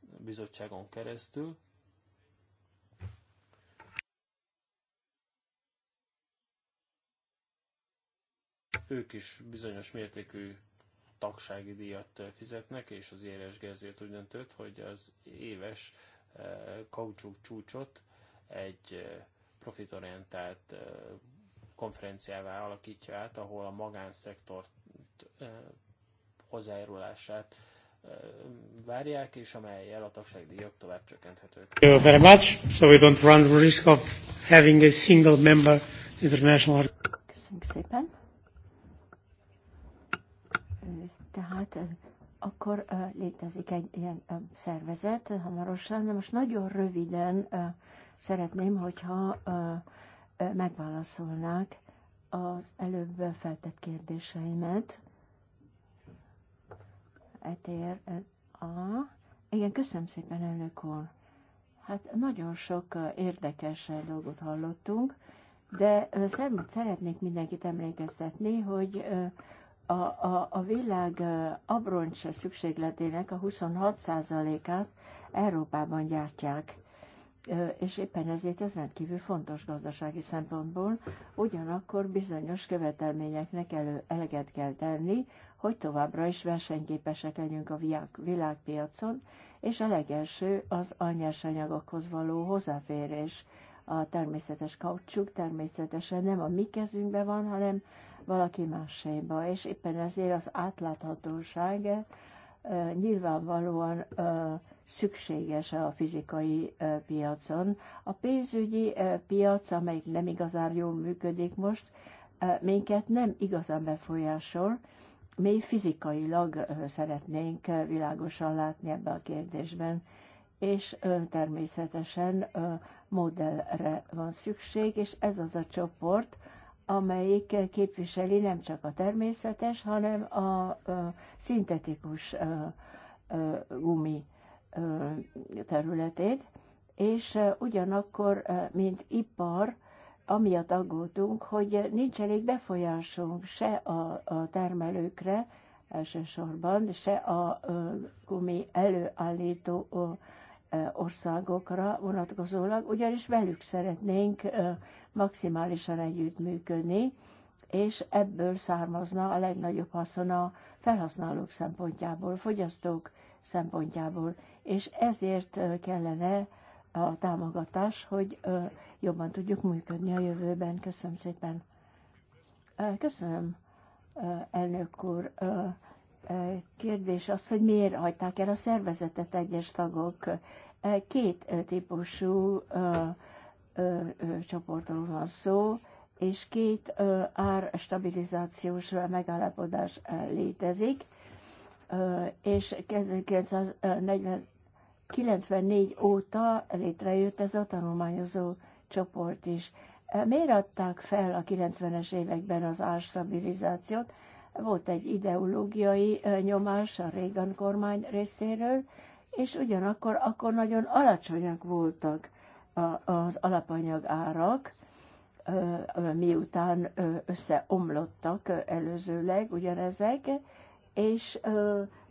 bizottságon keresztül. Ők is bizonyos mértékű tagsági díjat fizetnek, és az IRSG ezért úgy döntött, hogy az éves kaucsuk csúcsot egy profitorientált konferenciává alakítja át, ahol a magánszektor hozzájárulását várják, és amelyel a tagságdíjak tovább csökkenthetők. Thank you very much. So we don't run the risk of having a single member international. Köszönjük szépen. Tehát akkor létezik egy ilyen szervezet hamarosan, de most nagyon röviden szeretném, hogyha megválaszolnák az előbb feltett kérdéseimet. Etér a... Igen, köszönöm szépen, elnök úr. Hát nagyon sok érdekes dolgot hallottunk, de szeretnék mindenkit emlékeztetni, hogy a, a, a világ abroncs szükségletének a 26%-át Európában gyártják. És éppen ezért ez rendkívül fontos gazdasági szempontból, ugyanakkor bizonyos követelményeknek elő, eleget kell tenni, hogy továbbra is versenyképesek legyünk a világ, világpiacon, és a legelső az anyásanyagokhoz való hozzáférés. A természetes kaucsuk természetesen nem a mi kezünkben van, hanem valaki máséba, és éppen ezért az átláthatóság nyilvánvalóan szükséges a fizikai piacon. A pénzügyi piac, amelyik nem igazán jól működik most, minket nem igazán befolyásol, mi fizikailag szeretnénk világosan látni ebbe a kérdésben, és természetesen modellre van szükség, és ez az a csoport, amelyik képviseli nem csak a természetes, hanem a szintetikus gumi területét, és ugyanakkor, mint ipar, amiatt aggódunk, hogy nincs elég befolyásunk se a, a termelőkre, elsősorban, se a a gumi előállító országokra vonatkozólag, ugyanis velük szeretnénk maximálisan együttműködni, és ebből származna a legnagyobb haszon a felhasználók szempontjából, fogyasztók szempontjából, és ezért kellene a támogatás, hogy jobban tudjuk működni a jövőben. Köszönöm szépen. Köszönöm, elnök úr kérdés az, hogy miért hagyták el a szervezetet egyes tagok. Két típusú csoportról van szó, és két árstabilizációs megállapodás létezik, és 1994 óta létrejött ez a tanulmányozó csoport is. Miért adták fel a 90-es években az árstabilizációt? Volt egy ideológiai nyomás a Reagan kormány részéről, és ugyanakkor akkor nagyon alacsonyak voltak az alapanyag árak, miután összeomlottak előzőleg ugyanezek, és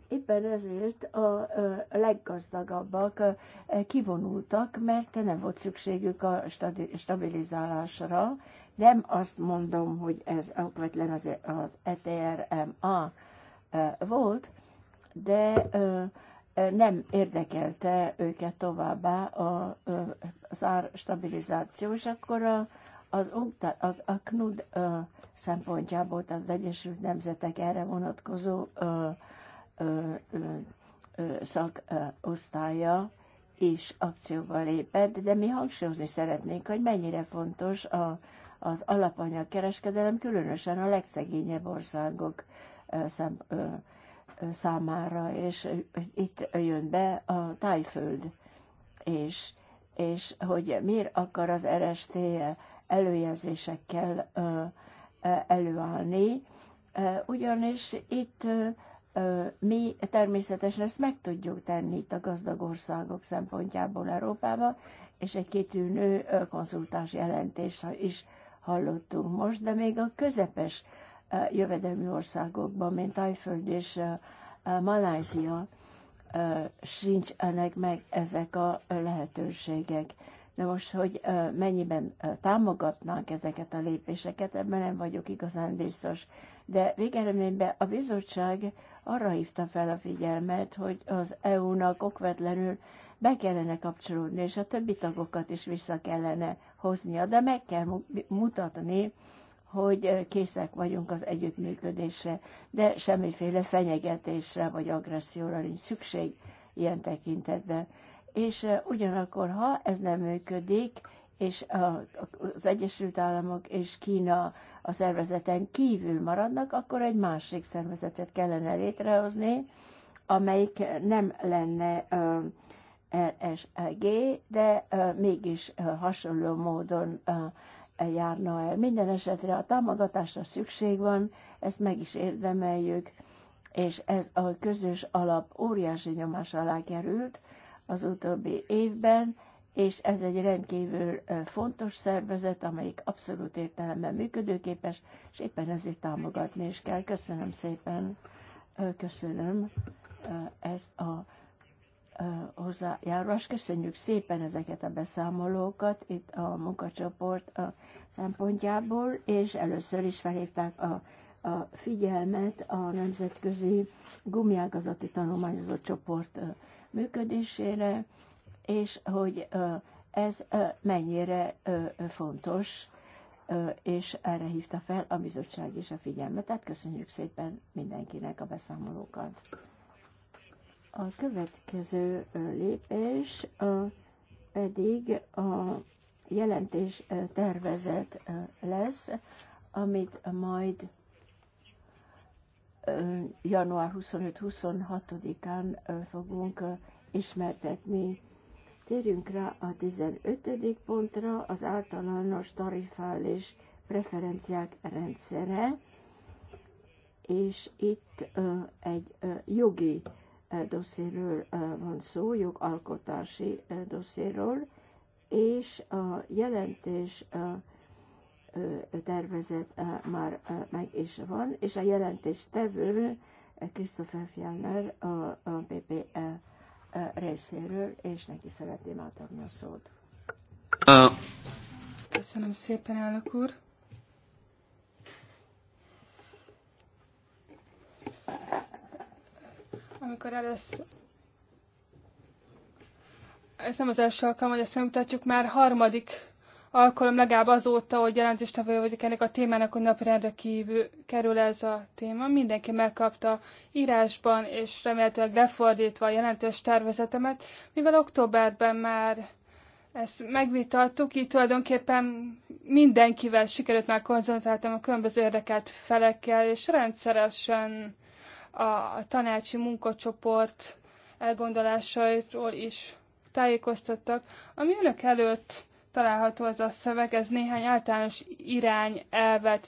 éppen ezért a leggazdagabbak kivonultak, mert nem volt szükségük a stabilizálásra, nem azt mondom, hogy ez okvetlen az, az ETRMA volt, de nem érdekelte őket továbbá a, szár stabilizáció, és akkor a, az UNCTA, a, a KNUD szempontjából, tehát az Egyesült Nemzetek erre vonatkozó a, a, a szakosztálya is akcióba lépett, de mi hangsúlyozni szeretnénk, hogy mennyire fontos a az alapanyag kereskedelem különösen a legszegényebb országok számára, és itt jön be a tájföld, és, és hogy miért akar az RST előjelzésekkel előállni, ugyanis itt mi természetesen ezt meg tudjuk tenni itt a gazdag országok szempontjából Európában, és egy kitűnő konzultás jelentés is hallottunk most, de még a közepes eh, jövedelmi országokban, mint Tájföld és eh, eh, Malázia ennek meg ezek a lehetőségek. De most, hogy mennyiben támogatnánk ezeket a lépéseket, ebben nem vagyok igazán biztos. De végeleményben a bizottság arra hívta fel a figyelmet, hogy az EU-nak okvetlenül be kellene kapcsolódni, és a többi tagokat is vissza kellene hoznia, de meg kell mutatni, hogy eh, készek vagyunk az együttműködésre, de semmiféle fenyegetésre vagy agresszióra nincs szükség ilyen tekintetben. És eh, ugyanakkor, ha ez nem működik, és az Egyesült Államok és Kína a szervezeten kívül maradnak, akkor egy másik szervezetet kellene létrehozni, amelyik nem lenne LSG, e de mégis hasonló módon járna el. Minden esetre a támogatásra szükség van, ezt meg is érdemeljük, és ez a közös alap óriási nyomás alá került az utóbbi évben, és ez egy rendkívül fontos szervezet, amelyik abszolút értelemben működőképes, és éppen ezért támogatni is kell. Köszönöm szépen, köszönöm ezt a hozzájárulás. Köszönjük szépen ezeket a beszámolókat itt a munkacsoport a szempontjából, és először is felhívták a, a figyelmet a Nemzetközi Gumiágazati Tanulmányozó Csoport működésére, és hogy ez mennyire fontos, és erre hívta fel a bizottság is a figyelmet. Tehát köszönjük szépen mindenkinek a beszámolókat. A következő lépés pedig a jelentés tervezet lesz, amit majd január 25-26-án fogunk ismertetni. Térjünk rá a 15. pontra, az általános tarifális preferenciák rendszere, és itt egy jogi E, dosszéről e, van szó, jogalkotási e, dosszéről, és a jelentés tervezet már meg is van, és a jelentés tevő Christopher Fjellner a PPE részéről, és neki szeretném átadni a szót. Uh, Köszönöm szépen, elnök úr! amikor először ez nem az első alkalom, hogy ezt megmutatjuk, már harmadik alkalom legalább azóta, hogy jelentéstevő vagyok ennek a témának, hogy napirendre kívül kerül ez a téma. Mindenki megkapta írásban, és remélhetőleg lefordítva a jelentős tervezetemet, mivel októberben már ezt megvitattuk, így tulajdonképpen mindenkivel sikerült már konzultáltam a különböző érdekelt felekkel, és rendszeresen a tanácsi munkacsoport elgondolásairól is tájékoztattak. Ami önök előtt található az a szöveg, ez néhány általános irányelvet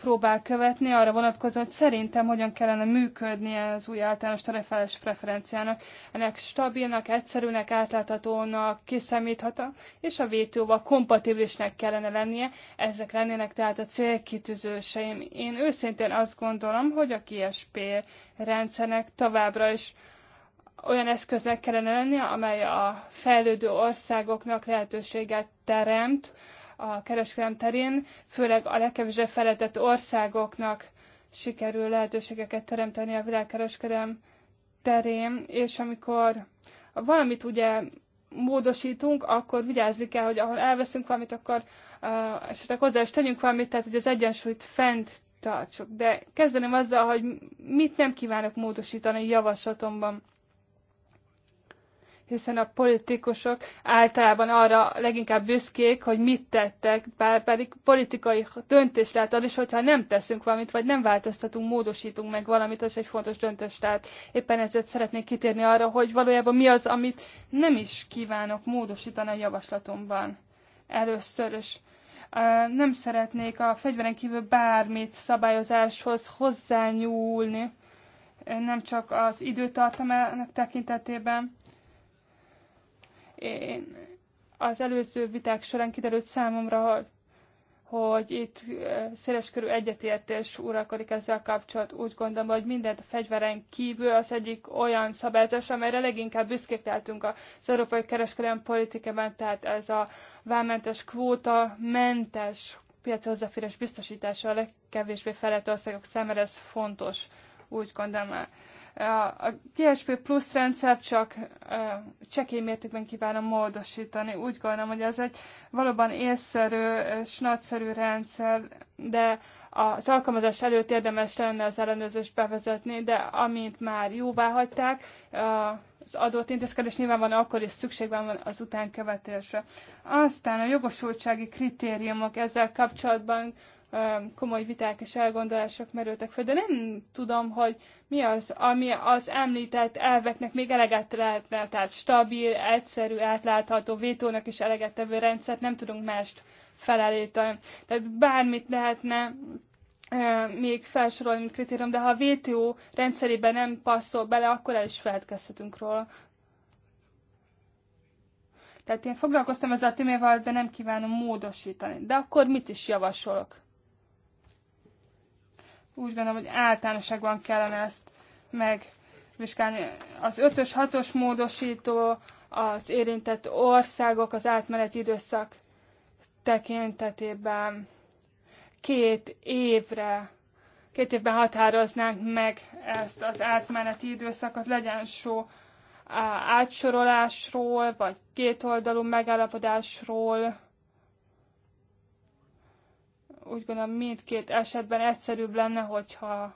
próbál követni, arra vonatkozóan, hogy szerintem hogyan kellene működni az új általános tarifális preferenciának. Ennek stabilnak, egyszerűnek, átláthatónak, kiszámítható, és a VTO-val kompatibilisnek kellene lennie. Ezek lennének tehát a célkitűzőseim. Én őszintén azt gondolom, hogy a KSP rendszernek továbbra is olyan eszköznek kellene lennie, amely a fejlődő országoknak lehetőséget teremt, a kereskedelem terén, főleg a legkevésbé feledett országoknak sikerül lehetőségeket teremteni a világkereskedelem terén, és amikor valamit ugye módosítunk, akkor vigyázni kell, hogy ahol elveszünk valamit, akkor uh, esetleg hozzá is tegyünk valamit, tehát hogy az egyensúlyt fent tartsuk. De kezdeném azzal, hogy mit nem kívánok módosítani javaslatomban hiszen a politikusok általában arra leginkább büszkék, hogy mit tettek, bár pedig politikai döntés lehet az is, hogyha nem teszünk valamit, vagy nem változtatunk, módosítunk meg valamit, az egy fontos döntés. Tehát éppen ezért szeretnék kitérni arra, hogy valójában mi az, amit nem is kívánok módosítani a javaslatomban. Először is nem szeretnék a fegyveren kívül bármit szabályozáshoz hozzányúlni, nem csak az időtartamának tekintetében, én az előző viták során kiderült számomra, hogy itt széleskörű egyetértés uralkodik ezzel kapcsolat. Úgy gondolom, hogy mindent a fegyveren kívül az egyik olyan szabályozás, amelyre leginkább büszkék lehetünk az európai kereskedelmi politikában, tehát ez a vámmentes kvóta, mentes piaci hozzáférés biztosítása a legkevésbé felett országok számára, ez fontos, úgy gondolom. A GSP plusz rendszer csak csekély mértékben kívánom módosítani. Úgy gondolom, hogy ez egy valóban észszerű és nagyszerű rendszer, de az alkalmazás előtt érdemes lenne az ellenőrzést bevezetni, de amint már jóvá hagyták, az adott intézkedés van akkor is szükség van az utánkövetésre. Aztán a jogosultsági kritériumok ezzel kapcsolatban komoly viták és elgondolások merültek fel, de nem tudom, hogy mi az, ami az említett elveknek még eleget lehetne, tehát stabil, egyszerű, átlátható vétónak is eleget tevő rendszert, nem tudunk mást felállítani. Tehát bármit lehetne még felsorolni, mint kritérium, de ha a VTO rendszerében nem passzol bele, akkor el is feledkezhetünk róla. Tehát én foglalkoztam ezzel a témával, de nem kívánom módosítani. De akkor mit is javasolok? úgy gondolom, hogy általánosságban kellene ezt megvizsgálni. Az 5-ös, 6-os módosító, az érintett országok az átmeneti időszak tekintetében két évre, két évben határoznánk meg ezt az átmeneti időszakot, legyen szó átsorolásról, vagy kétoldalú megállapodásról, úgy gondolom mindkét esetben egyszerűbb lenne, hogyha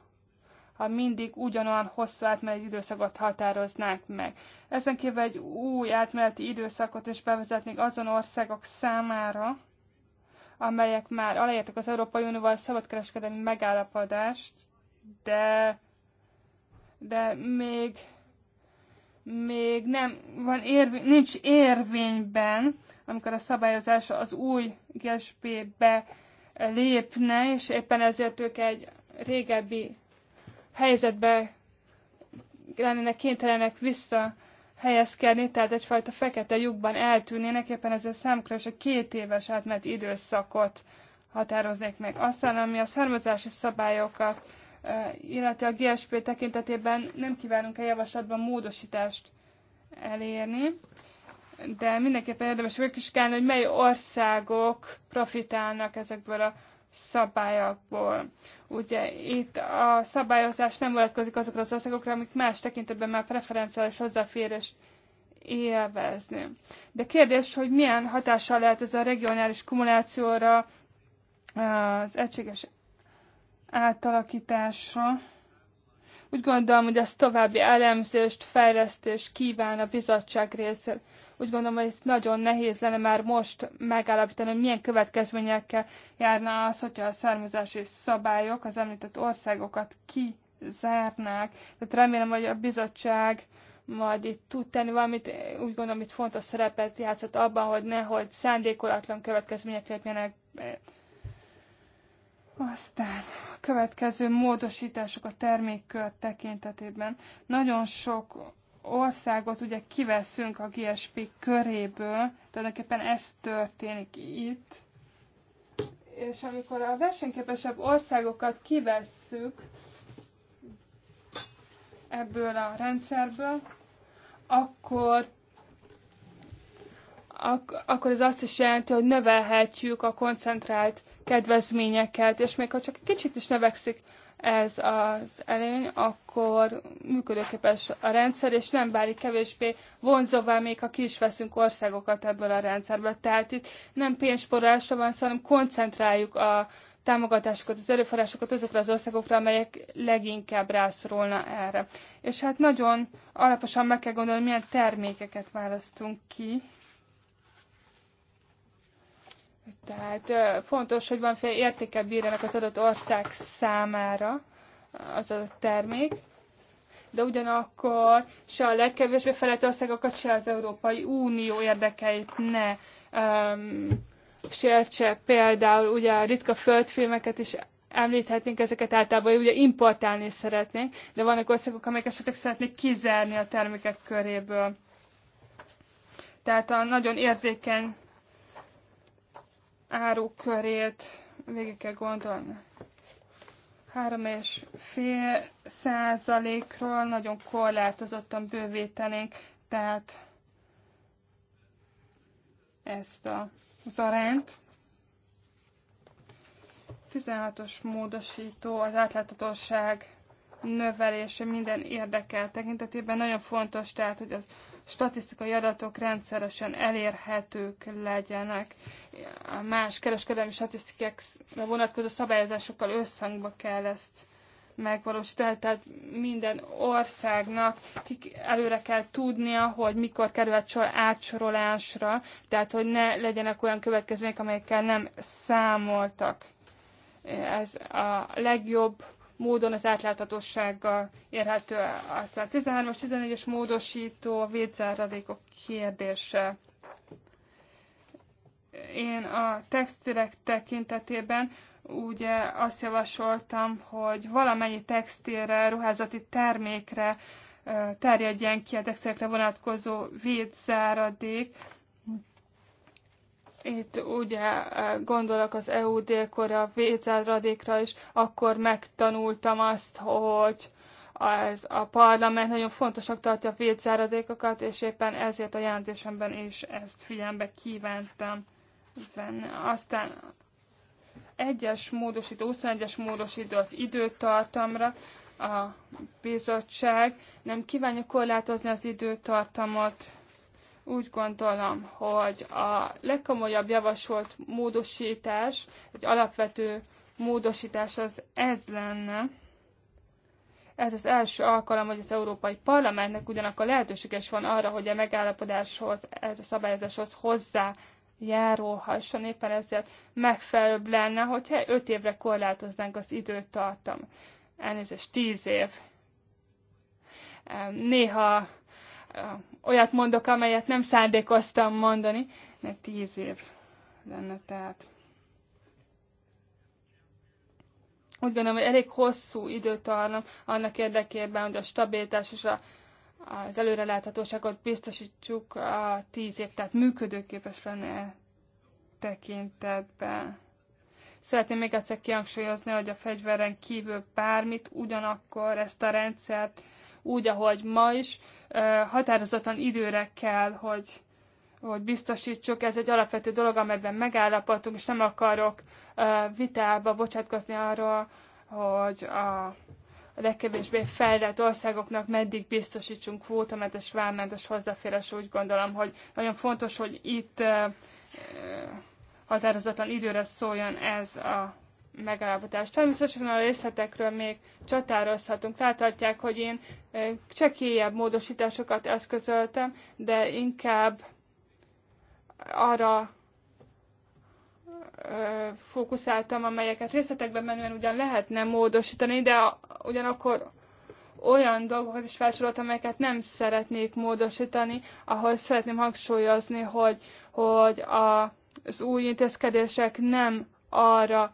ha mindig ugyanolyan hosszú átmeneti időszakot határoznánk meg. Ezen kívül egy új átmeneti időszakot is bevezetnék azon országok számára, amelyek már aláírtak az Európai Unióval szabadkereskedelmi megállapodást, de, de még, még nem van érvény, nincs érvényben, amikor a szabályozás az új GSP-be lépne, és éppen ezért ők egy régebbi helyzetbe lennének kénytelenek vissza helyezkedni, tehát egyfajta fekete lyukban eltűnének, éppen ezért számukra is a két éves átmeneti időszakot határoznék meg. Aztán, ami a származási szabályokat, illetve a GSP tekintetében nem kívánunk a javaslatban módosítást elérni, de mindenképpen érdemes megvizsgálni, hogy mely országok profitálnak ezekből a szabályokból. Ugye itt a szabályozás nem vonatkozik azokra az országokra, amik más tekintetben már preferenciális hozzáférést élvezni. De kérdés, hogy milyen hatással lehet ez a regionális kumulációra, az egységes átalakításra. Úgy gondolom, hogy ez további elemzést, fejlesztést kíván a bizottság részéről úgy gondolom, hogy nagyon nehéz lenne már most megállapítani, hogy milyen következményekkel járna az, hogyha a származási szabályok az említett országokat kizárnák. Tehát remélem, hogy a bizottság majd itt tud tenni valamit, úgy gondolom itt fontos szerepet játszott abban, hogy nehogy szándékolatlan következmények lépjenek aztán a következő módosítások a termékkör tekintetében. Nagyon sok országot ugye kiveszünk a GSP köréből, tulajdonképpen ez történik itt. És amikor a versenyképesebb országokat kivesszük ebből a rendszerből, akkor ak- akkor ez azt is jelenti, hogy növelhetjük a koncentrált kedvezményeket, és még ha csak kicsit is növekszik ez az előny, akkor működőképes a rendszer, és nem válik kevésbé vonzóvá, még ha kis veszünk országokat ebből a rendszerből. Tehát itt nem pénzsporolásra van szó, hanem koncentráljuk a támogatásokat, az erőforrásokat azokra az országokra, amelyek leginkább rászorulna erre. És hát nagyon alaposan meg kell gondolni, milyen termékeket választunk ki, tehát fontos, hogy van fél értéke bírjanak az adott ország számára az adott termék, de ugyanakkor se a legkevésbé felett országokat, se az Európai Unió érdekeit ne um, sértse. Például ugye a ritka földfilmeket is említhetnénk, ezeket általában ugye importálni szeretnénk, de vannak országok, amelyek esetleg szeretnék kizárni a termékek köréből. Tehát a nagyon érzékeny áruk körét végig kell gondolni. 3,5 százalékról nagyon korlátozottan bővítenénk, tehát ezt a, az 16-os módosító az átláthatóság növelése minden érdekel tekintetében nagyon fontos, tehát hogy az statisztikai adatok rendszeresen elérhetők legyenek. A más kereskedelmi statisztikákra vonatkozó szabályozásokkal összhangba kell ezt megvalósítani, tehát minden országnak előre kell tudnia, hogy mikor kerülhet sor átsorolásra, tehát hogy ne legyenek olyan következmények, amelyekkel nem számoltak. Ez a legjobb módon az átláthatósággal érhető Aztán 13-as, 14-es módosító, védzáradékok kérdése. Én a textilek tekintetében ugye azt javasoltam, hogy valamennyi textilre, ruházati termékre terjedjen ki a textilekre vonatkozó védzáradék, itt ugye eh, gondolok az EU délkora védzáradékra is, akkor megtanultam azt, hogy az, a parlament nagyon fontosnak tartja a vétszáradékokat, és éppen ezért a jelentésemben is ezt figyelembe kívántam venni. Aztán egyes módosító, 21-es módosító az időtartamra, a bizottság nem kívánja korlátozni az időtartamot, úgy gondolom, hogy a legkomolyabb javasolt módosítás, egy alapvető módosítás az ez lenne. Ez az első alkalom, hogy az Európai Parlamentnek ugyanakkor lehetőséges van arra, hogy a megállapodáshoz, ez a szabályozáshoz hozzá járulhasson, éppen ezért megfelelőbb lenne, hogyha 5 évre korlátoznánk az időtartam. Elnézést, 10 év. Néha olyat mondok, amelyet nem szándékoztam mondani, mert tíz év lenne tehát. Úgy gondolom, hogy elég hosszú időtartam annak érdekében, hogy a stabilitás és a, az előreláthatóságot biztosítsuk a tíz év, tehát működőképes lenne e tekintetben. Szeretném még egyszer kihangsúlyozni, hogy a fegyveren kívül bármit, ugyanakkor ezt a rendszert úgy, ahogy ma is, határozatlan időre kell, hogy, hogy biztosítsuk. Ez egy alapvető dolog, amelyben megállapodtunk, és nem akarok vitába bocsátkozni arról, hogy a a legkevésbé fejlett országoknak meddig biztosítsunk kvótamentes, vámmentes hozzáférés. Úgy gondolom, hogy nagyon fontos, hogy itt határozatlan időre szóljon ez a megállapodás. Természetesen a részletekről még csatározhatunk. Feltartják, hogy én csekélyebb módosításokat eszközöltem, de inkább arra fókuszáltam, amelyeket részletekben menően ugyan lehetne módosítani, de ugyanakkor olyan dolgokat is felsoroltam, amelyeket nem szeretnék módosítani, ahol szeretném hangsúlyozni, hogy, hogy a, az új intézkedések nem arra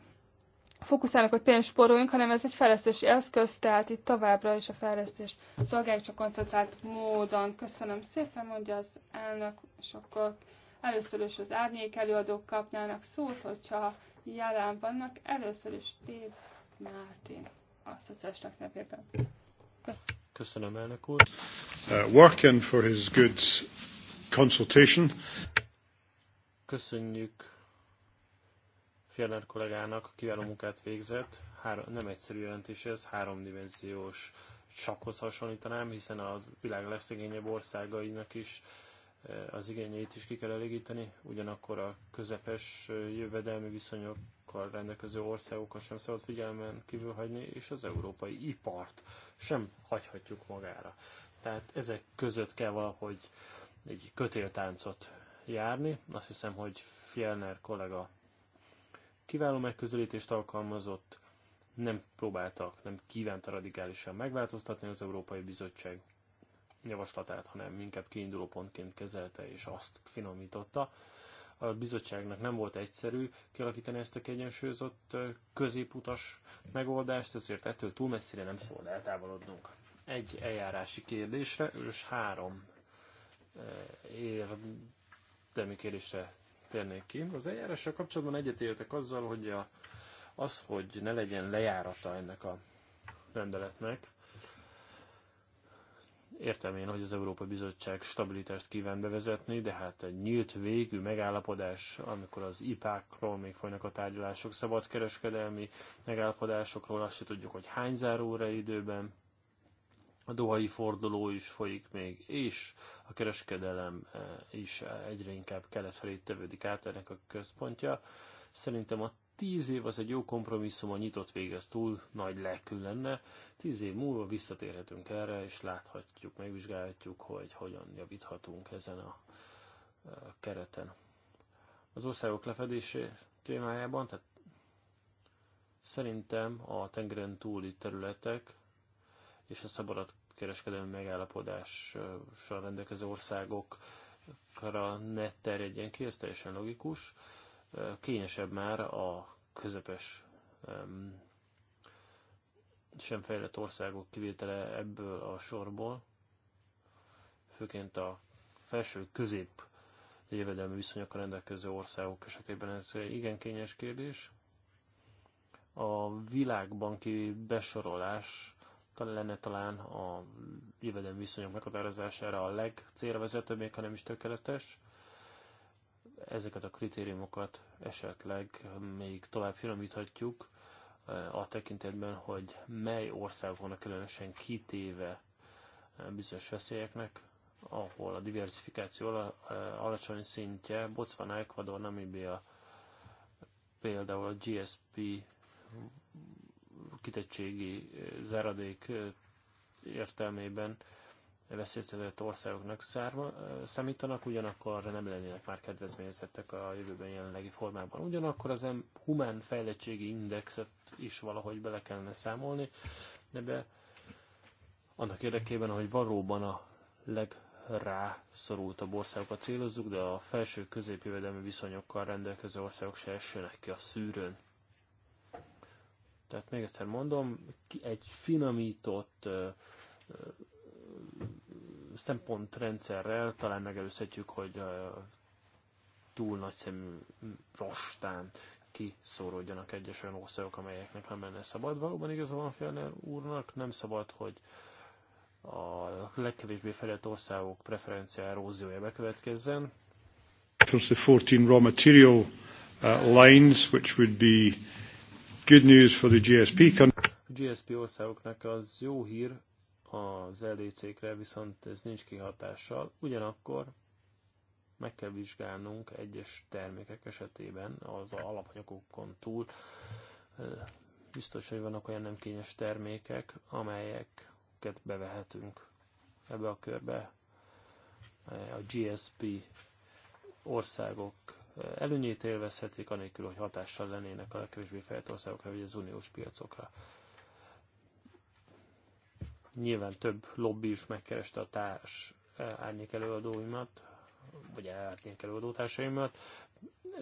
fókuszálnak, hogy pénzt sporoljunk, hanem ez egy fejlesztési eszköz, tehát itt továbbra is a fejlesztés szolgáljuk csak koncentrált módon. Köszönöm szépen, mondja az elnök, és akkor először is az árnyék előadók kapnának szót, hogyha jelen vannak. Először is Dév Mártin a szocialisták nevében. Köszönöm, elnök úr. Uh, Workin for his good consultation. Köszönjük Fjellner kollégának kiváló munkát végzett. Három, nem egyszerű jelentés ez, háromdimenziós csakhoz hasonlítanám, hiszen a világ legszegényebb országainak is e, az igényeit is ki kell elégíteni, ugyanakkor a közepes e, jövedelmi viszonyokkal rendelkező országokat sem szabad figyelmen kívül hagyni, és az európai ipart sem hagyhatjuk magára. Tehát ezek között kell valahogy egy kötéltáncot járni. Azt hiszem, hogy Fjellner kollega kiváló megközelítést alkalmazott, nem próbáltak, nem kívánta radikálisan megváltoztatni az Európai Bizottság javaslatát, hanem inkább kiinduló pontként kezelte és azt finomította. A bizottságnak nem volt egyszerű kialakítani ezt a kiegyensúlyozott középutas megoldást, ezért ettől túl messzire nem szabad eltávolodnunk. Egy eljárási kérdésre és három érdemi kérdésre térnék ki. Az eljárással kapcsolatban egyetértek azzal, hogy a, az, hogy ne legyen lejárata ennek a rendeletnek, értem én, hogy az Európai Bizottság stabilitást kíván bevezetni, de hát egy nyílt végű megállapodás, amikor az IPÁK-ról még folynak a tárgyalások, szabadkereskedelmi megállapodásokról, azt se tudjuk, hogy hány záróra időben a dohai forduló is folyik még, és a kereskedelem eh, is egyre inkább kelet felé tevődik át ennek a központja. Szerintem a tíz év az egy jó kompromisszum, a nyitott vége az túl nagy lelkű lenne. Tíz év múlva visszatérhetünk erre, és láthatjuk, megvizsgálhatjuk, hogy hogyan javíthatunk ezen a eh, kereten. Az országok lefedésé témájában, tehát szerintem a tengeren túli területek és a szabad kereskedelmi megállapodással rendelkező országokra ne terjedjen ki, ez teljesen logikus. Kényesebb már a közepes sem fejlett országok kivétele ebből a sorból, főként a felső közép jövedelmi viszonyokkal rendelkező országok esetében ez igen kényes kérdés. A világbanki besorolás talán lenne talán a jövedelmi viszonyok meghatározására a legcélra vezető, még ha nem is tökéletes. Ezeket a kritériumokat esetleg még tovább finomíthatjuk eh, a tekintetben, hogy mely ország vannak különösen kitéve eh, bizonyos veszélyeknek, ahol a diversifikáció eh, alacsony szintje, Botswana, Ecuador, Namibia, például a GSP kitettségi eh, zeradék eh, értelmében veszélyeztetett országoknak szárma, eh, számítanak, ugyanakkor nem lennének már kedvezményezettek a jövőben jelenlegi formában. Ugyanakkor az humán fejlettségi indexet is valahogy bele kellene számolni, de be annak érdekében, hogy valóban a legrászorultabb országokat célozzuk, de a felső középjövedelmi viszonyokkal rendelkező országok se essenek ki a szűrőn. Tehát még egyszer mondom, egy finomított szempontrendszerrel talán megelőzhetjük, hogy túl nagy szemű rostán kiszóródjanak egyes olyan országok, amelyeknek nem lenne szabad. Valóban igaza van Fjellner úrnak, nem szabad, hogy a legkevésbé fejlett országok preferencia eróziója bekövetkezzen. There's 14 raw material uh, lines which would be good news for the GSP countries. GSP országoknak az jó hír az LDC-kre, viszont ez nincs kihatással. Ugyanakkor meg kell vizsgálnunk egyes termékek esetében az alapanyagokon túl. Biztos, hogy vannak olyan nem kényes termékek, amelyeket bevehetünk ebbe a körbe. A GSP országok előnyét élvezhetik, anélkül, hogy hatással lennének a legkevésbé fejlett országokra, vagy az uniós piacokra. Nyilván több lobby is megkereste a társ e, árnyék előadóimat, vagy árnyék előadótársaimat,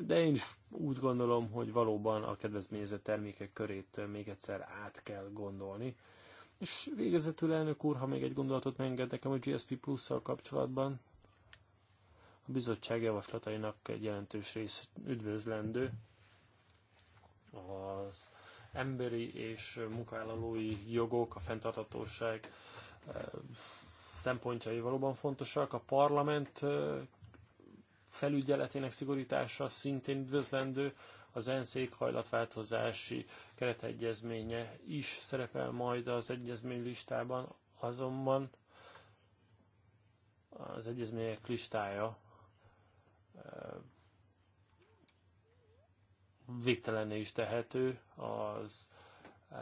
de én is úgy gondolom, hogy valóban a kedvezményezett termékek körét még egyszer át kell gondolni. És végezetül elnök úr, ha még egy gondolatot megenged nekem a GSP Plus-szal kapcsolatban, a bizottság javaslatainak egy jelentős része üdvözlendő. Az emberi és munkavállalói jogok, a fenntarthatóság eh, szempontjai valóban fontosak. A parlament eh, felügyeletének szigorítása szintén üdvözlendő, az ENSZ éghajlatváltozási keretegyezménye is szerepel majd az egyezmény listában, azonban az egyezmények listája végtelenné is tehető. Az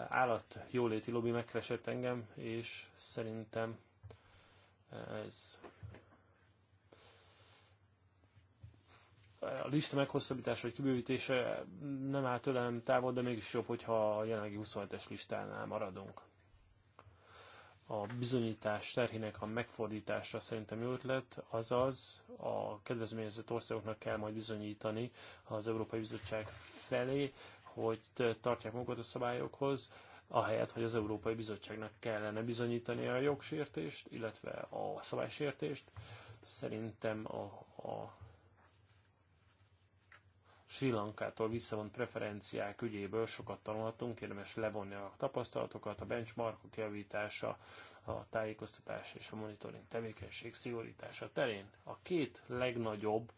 állat jóléti lobby megkeresett engem, és szerintem ez a lista meghosszabbítása vagy kibővítése nem áll tőlem távol, de mégis jobb, hogyha a jelenlegi 27-es listánál maradunk a bizonyítás terhének a megfordítása szerintem jó ötlet, azaz a kedvezményezett országoknak kell majd bizonyítani az Európai Bizottság felé, hogy tartják magukat a szabályokhoz, ahelyett, hogy az Európai Bizottságnak kellene bizonyítani a jogsértést, illetve a szabálysértést. Szerintem a, a Sri Lankától visszavont preferenciák ügyéből sokat tanultunk, érdemes levonni a tapasztalatokat, a benchmarkok javítása, a tájékoztatás és a monitoring tevékenység szigorítása terén. A két legnagyobb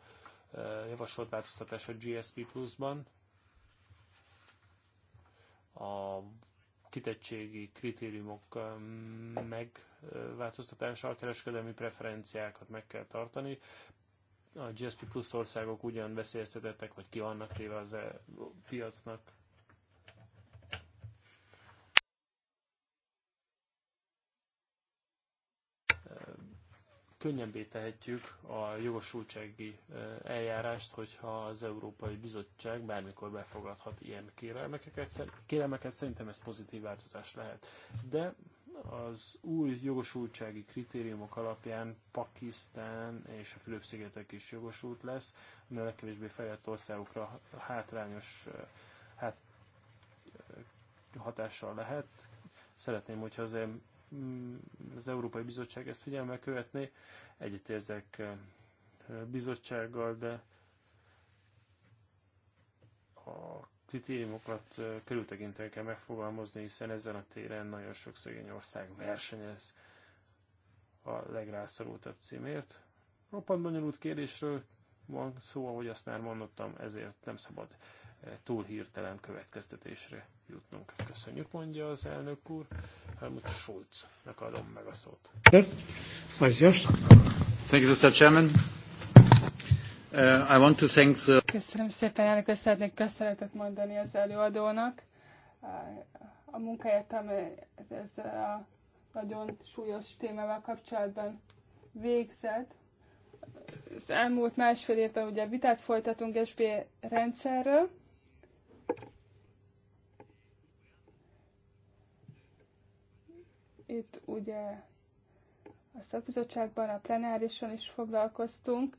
javasolt változtatás a GSP Plus-ban, a kitettségi kritériumok megváltoztatása, a kereskedelmi preferenciákat meg kell tartani, a GSP plusz országok ugyan veszélyeztetettek, vagy ki vannak téve az -e piacnak? Könnyebbé tehetjük a jogosultsági e, eljárást, hogyha az Európai Bizottság bármikor befogadhat ilyen kérelmeket. Kérelmeket szerintem ez pozitív változás lehet. De az új jogosultsági kritériumok alapján Pakisztán és a Fülöp-szigetek is jogosult lesz, ami a legkevésbé fejlett országokra hátrányos hát, hatással lehet. Szeretném, hogyha az, az Európai Bizottság ezt figyelme követné. Egyetérzek bizottsággal, de a kritériumokat körültekintően kell megfogalmazni, hiszen ezen a téren nagyon sok szegény ország versenyez a legrászorultabb címért. Roppant bonyolult kérdésről van szó, ahogy azt már mondottam, ezért nem szabad túl hirtelen következtetésre jutnunk. Köszönjük, mondja az elnök úr. Helmut Schulz, adom meg a szót. Thank you, Mr. Chairman. Uh, I want to thank the... Köszönöm szépen, elnök, szeretnék köszönetet mondani az előadónak. Uh, a munkáját, amely ez a nagyon súlyos témával kapcsolatban végzett. Az elmúlt másfél évben ugye vitát folytatunk SB rendszerről, itt ugye a szakbizottságban, a plenárison is foglalkoztunk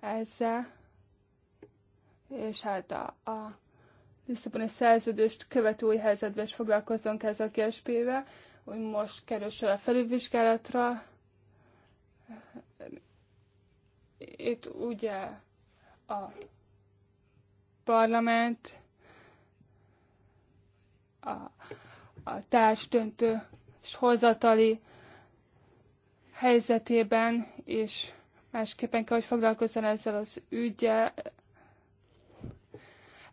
ezzel, és hát a, a Lisszaboni szerződést követő új helyzetben is foglalkozunk ezzel a GSP-vel, hogy most kerül a felülvizsgálatra. Itt ugye a parlament, a, a társdöntő és hozatali helyzetében is másképpen kell, hogy foglalkozzon ezzel az ügyel.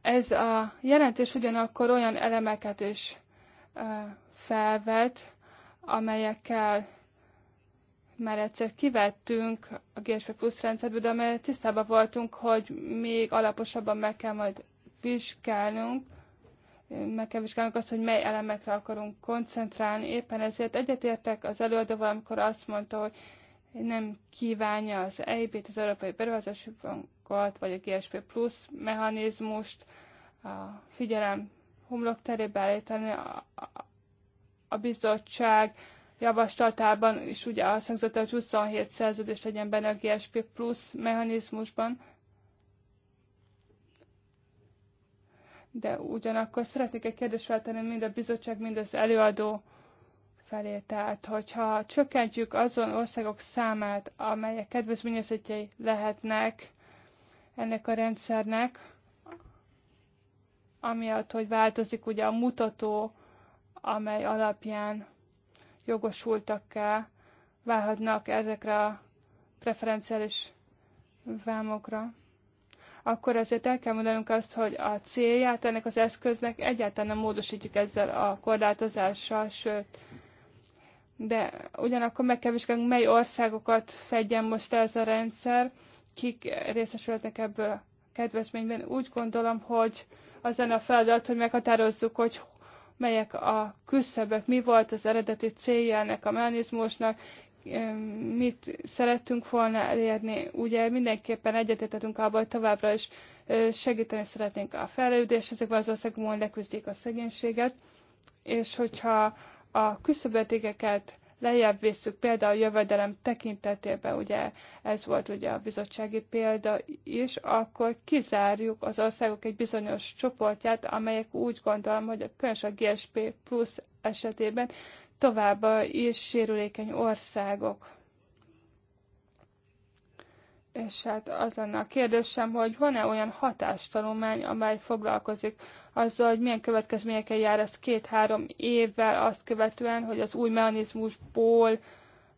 Ez a jelentés ugyanakkor olyan elemeket is felvet, amelyekkel már egyszer kivettünk a GSP Plus rendszerből, de amelyet tisztában voltunk, hogy még alaposabban meg kell majd vizsgálnunk, meg kell vizsgálnunk azt, hogy mely elemekre akarunk koncentrálni. Éppen ezért egyetértek az előadóval, amikor azt mondta, hogy nem kívánja az EIB-t, az Európai Beruházási Bankot, vagy a GSP Plus mechanizmust a figyelem terébe állítani. A, a, a bizottság javaslatában is ugye azt hangzott, hogy 27 szerződés legyen benne a GSP Plus mechanizmusban, de ugyanakkor szeretnék egy kérdést feltenni mind a bizottság, mind az előadó felé. Tehát, hogyha csökkentjük azon országok számát, amelyek kedvezményezetjei lehetnek ennek a rendszernek, amiatt, hogy változik ugye a mutató, amely alapján jogosultakká válhatnak ezekre a preferenciális vámokra, akkor azért el kell mondanunk azt, hogy a célját ennek az eszköznek egyáltalán nem módosítjuk ezzel a korlátozással, sőt, de ugyanakkor meg kell vizsgálni, mely országokat fedjen most ez a rendszer, kik részesültek ebből a kedvezményben. Úgy gondolom, hogy az lenne a feladat, hogy meghatározzuk, hogy melyek a küszöbök, mi volt az eredeti célja ennek a mechanizmusnak, mit szerettünk volna elérni. Ugye mindenképpen egyetértetünk abban, hogy továbbra is segíteni szeretnénk a fejlődést, ezekben az országban leküzdjék a szegénységet, és hogyha a küszöbötégeket lejjebb visszük, például a jövedelem tekintetében, ugye ez volt ugye a bizottsági példa is, akkor kizárjuk az országok egy bizonyos csoportját, amelyek úgy gondolom, hogy különösen a GSP plusz esetében továbbá is sérülékeny országok. És hát az lenne a kérdésem, hogy van-e olyan hatástanulmány, amely foglalkozik azzal, hogy milyen következményekkel jár ez két-három évvel azt követően, hogy az új mechanizmusból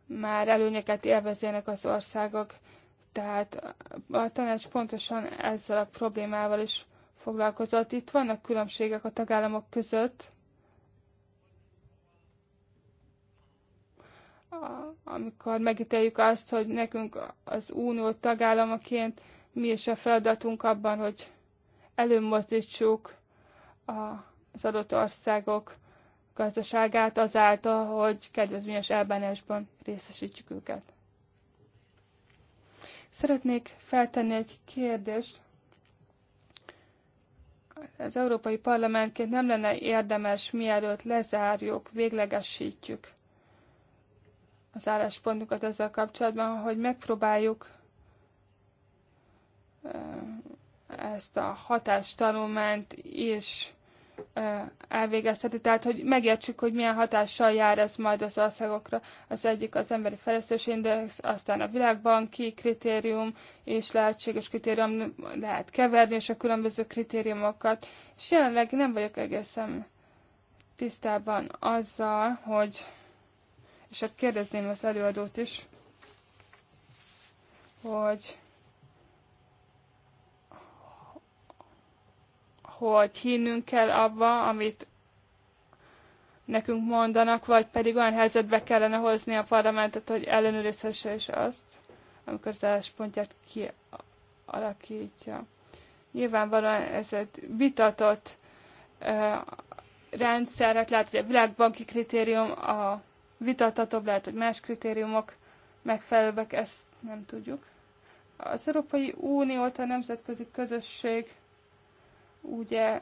már előnyeket élvezének az országok. Tehát a tanács pontosan ezzel a problémával is foglalkozott. Itt vannak különbségek a tagállamok között, amikor megítéljük azt, hogy nekünk az unió tagállamaként mi is a feladatunk abban, hogy előmozdítsuk a, az adott országok gazdaságát azáltal, hogy kedvezményes elbánásban részesítjük őket. Szeretnék feltenni egy kérdést. Az Európai Parlamentként nem lenne érdemes, mielőtt lezárjuk, véglegesítjük az álláspontunkat ezzel kapcsolatban, hogy megpróbáljuk ezt a hatástanulmányt is elvégezteti, tehát hogy megértsük, hogy milyen hatással jár ez majd az országokra. Az egyik az emberi fejlesztési index, aztán a világbanki kritérium és lehetséges kritérium lehet keverni, és a különböző kritériumokat. És jelenleg nem vagyok egészen tisztában azzal, hogy és hát kérdezném az előadót is, hogy hogy hinnünk kell abba, amit nekünk mondanak, vagy pedig olyan helyzetbe kellene hozni a parlamentet, hogy ellenőrizhesse is azt, amikor az álláspontját kialakítja. Nyilvánvalóan ez egy vitatott uh, hát lehet, hogy a világbanki kritérium a vitathatóbb, lehet, hogy más kritériumok megfelelőbbek, ezt nem tudjuk. Az Európai Unió, a nemzetközi közösség ugye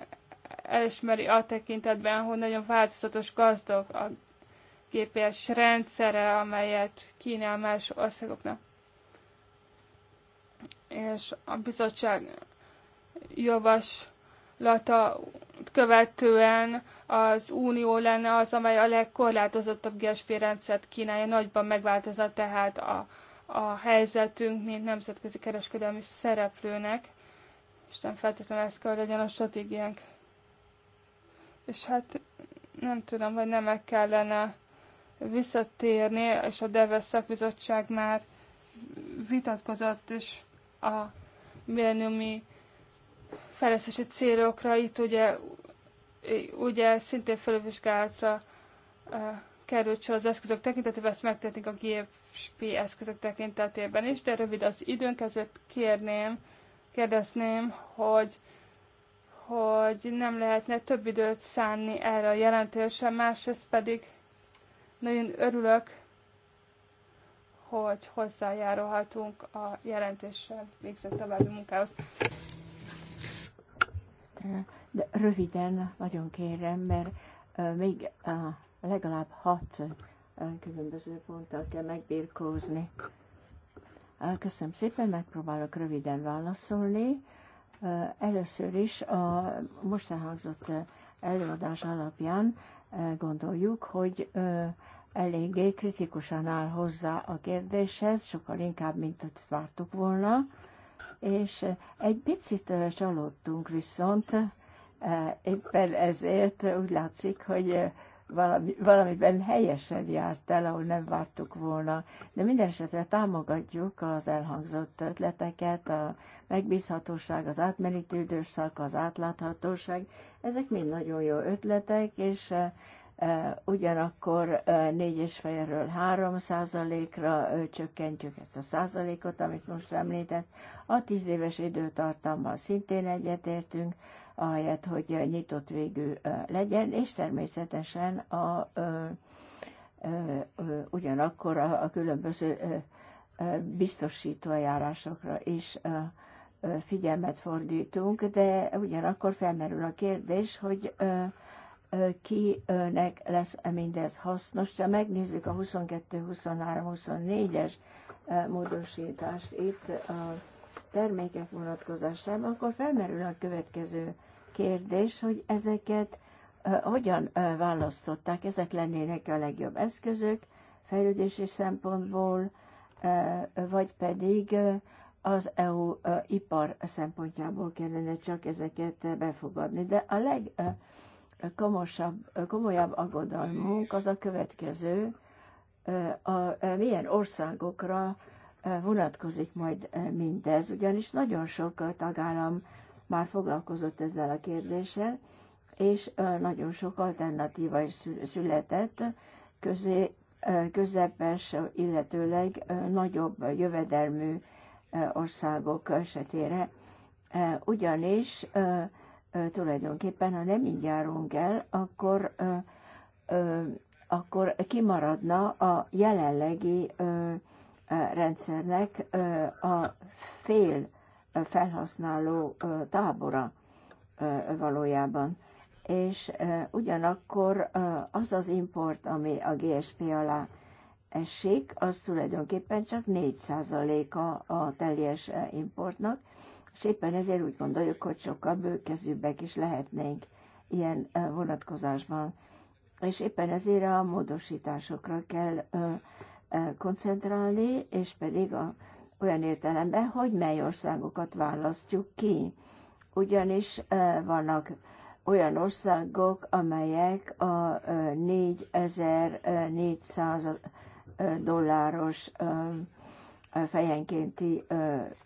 elismeri a tekintetben, hogy nagyon változatos gazdag a GPS rendszere, amelyet kínál más országoknak. És a bizottság javas lata követően az Unió lenne az, amely a legkorlátozottabb GSP rendszert kínálja. Nagyban megváltozna tehát a, a helyzetünk, mint nemzetközi kereskedelmi szereplőnek, és nem feltétlenül ez kell, hogy legyen a stratégiánk. És hát nem tudom, hogy nem meg kellene visszatérni, és a Deves szakbizottság már vitatkozott is a Bélnyomi fejlesztési célokra, itt ugye, ugye szintén felülvizsgálatra eh, került sor az eszközök tekintetében, ezt megtetnénk a GFP eszközök tekintetében is, de rövid az időnk, ezért kérném, kérdezném, hogy hogy nem lehetne több időt szánni erre a jelentésre, másrészt pedig nagyon örülök, hogy hozzájárulhatunk a jelentéssel végzett további munkához de röviden, nagyon kérem, mert még legalább hat különböző ponttal kell megbírkózni. Köszönöm szépen, megpróbálok röviden válaszolni. Először is a most elhangzott előadás alapján gondoljuk, hogy eléggé kritikusan áll hozzá a kérdéshez, sokkal inkább, mint azt vártuk volna. És egy picit csalódtunk viszont, éppen ezért úgy látszik, hogy valami, valamiben helyesen járt el, ahol nem vártuk volna. De minden esetre támogatjuk az elhangzott ötleteket, a megbízhatóság, az átmeneti időszak, az átláthatóság. Ezek mind nagyon jó ötletek, és ugyanakkor 4 és félről 3 százalékra csökkentjük ezt a százalékot, amit most említett. A 10 éves időtartammal szintén egyetértünk, ahelyett, hogy nyitott végű legyen, és természetesen a, ugyanakkor a, a különböző biztosítójárásokra eljárásokra is figyelmet fordítunk, de ugyanakkor felmerül a kérdés, hogy kinek lesz e mindez hasznos. Ha megnézzük a 22, 23, 24-es módosítást itt a termékek vonatkozásában, akkor felmerül a következő kérdés, hogy ezeket hogyan választották, ezek lennének a legjobb eszközök fejlődési szempontból, vagy pedig az EU ipar szempontjából kellene csak ezeket befogadni. De a leg komosabb, komolyabb aggodalmunk az a következő, a, a, milyen országokra vonatkozik majd mindez, ugyanis nagyon sok tagállam már foglalkozott ezzel a kérdéssel, és nagyon sok alternatíva is született, közé, közepes, illetőleg nagyobb jövedelmű országok esetére. Ugyanis tulajdonképpen, ha nem így járunk el, akkor, akkor kimaradna a jelenlegi rendszernek a fél felhasználó tábora valójában. És ugyanakkor az az import, ami a GSP alá esik, az tulajdonképpen csak 4%-a a teljes importnak, és éppen ezért úgy gondoljuk, hogy sokkal bőkezűbbek is lehetnénk ilyen vonatkozásban. És éppen ezért a módosításokra kell koncentrálni, és pedig a, olyan értelemben, hogy mely országokat választjuk ki. Ugyanis vannak olyan országok, amelyek a 4400 dolláros fejenkénti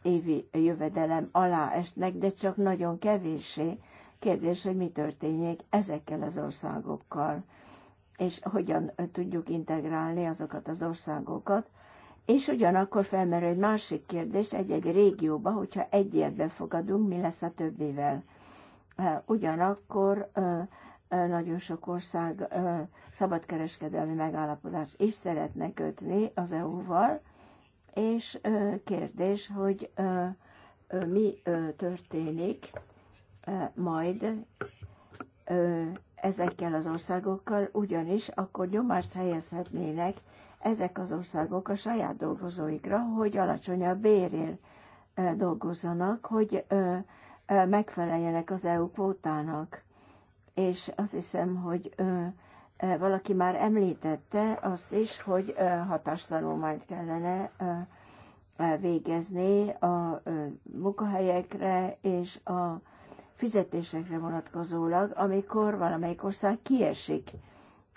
évi jövedelem alá esnek, de csak nagyon kevéssé. Kérdés, hogy mi történjék ezekkel az országokkal, és hogyan tudjuk integrálni azokat az országokat, és ugyanakkor felmerül egy másik kérdés egy-egy régióba, hogyha egy ilyet befogadunk, mi lesz a többivel. Ugyanakkor nagyon sok ország szabadkereskedelmi megállapodást is szeretne kötni az EU-val, és kérdés, hogy mi történik majd ezekkel az országokkal, ugyanis akkor nyomást helyezhetnének ezek az országok a saját dolgozóikra, hogy alacsonyabb bérél dolgozzanak, hogy megfeleljenek az EU kvótának. És azt hiszem, hogy E, valaki már említette azt is, hogy e, hatástanulmányt kellene e, végezni a munkahelyekre és a fizetésekre vonatkozólag, amikor valamelyik ország kiesik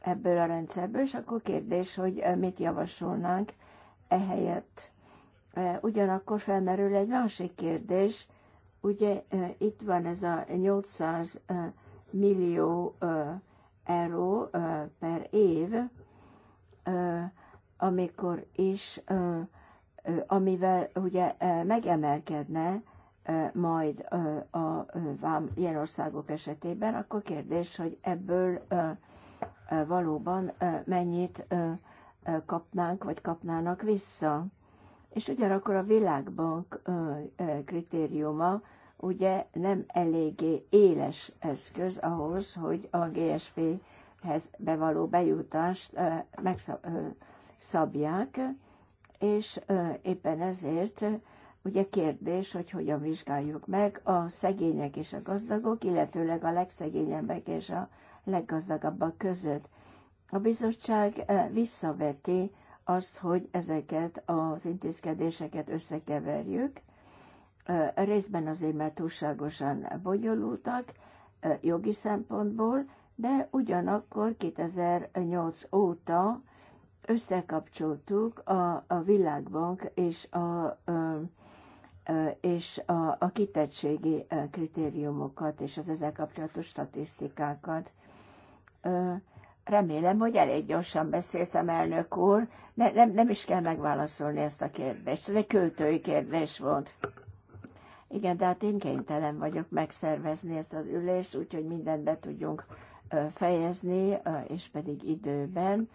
ebből a rendszerből, és akkor kérdés, hogy mit javasolnánk ehelyett. Ugyanakkor felmerül egy másik kérdés, ugye itt van ez a 800 millió euró per év, amikor is, amivel ugye megemelkedne majd a vám ilyen országok esetében, akkor kérdés, hogy ebből valóban mennyit kapnánk, vagy kapnának vissza. És ugyanakkor a Világbank kritériuma ugye nem eléggé éles eszköz ahhoz, hogy a GSP-hez bevaló bejutást megszabják, és éppen ezért ugye kérdés, hogy hogyan vizsgáljuk meg a szegények és a gazdagok, illetőleg a legszegényebbek és a leggazdagabbak között. A bizottság visszaveti azt, hogy ezeket az intézkedéseket összekeverjük, részben azért, mert túlságosan bonyolultak jogi szempontból, de ugyanakkor 2008 óta összekapcsoltuk a, a Világbank és a, a és a, a kitettségi kritériumokat és az ezzel kapcsolatos statisztikákat. Remélem, hogy elég gyorsan beszéltem, elnök úr. Ne, nem, nem is kell megválaszolni ezt a kérdést. Ez egy költői kérdés volt. Igen, de hát én kénytelen vagyok megszervezni ezt az ülést, úgyhogy mindent be tudjunk fejezni, és pedig időben.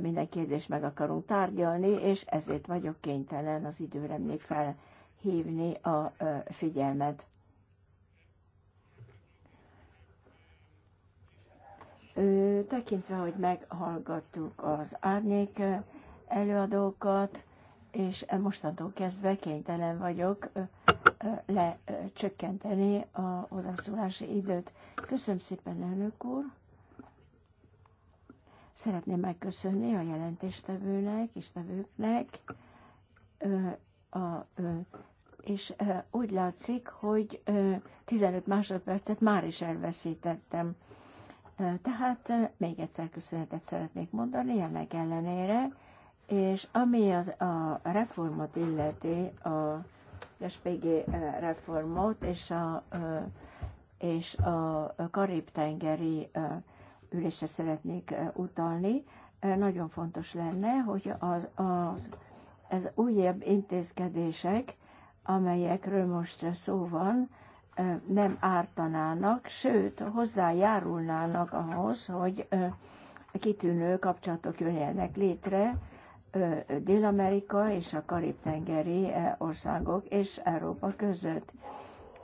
Minden kérdést meg akarunk tárgyalni, és ezért vagyok kénytelen az időre még felhívni a figyelmet. Tekintve, hogy meghallgattuk az árnyék előadókat, és mostantól kezdve kénytelen vagyok lecsökkenteni a hozzászólási időt. Köszönöm szépen, elnök úr! Szeretném megköszönni a jelentéstevőnek és tevőknek, a, a, és úgy látszik, hogy 15 másodpercet már is elveszítettem. Tehát még egyszer köszönetet szeretnék mondani ennek ellenére, és ami az, a reformot illeti, a SPG eh, reformot és a, eh, és a Karib-tengeri eh, ülésre szeretnék utalni. Nagyon fontos lenne, hogy az, az, az újabb intézkedések, amelyekről most szó van, nem ártanának, sőt, hozzájárulnának ahhoz, hogy kitűnő kapcsolatok jönjenek létre Dél-Amerika és a Karib-tengeri országok és Európa között.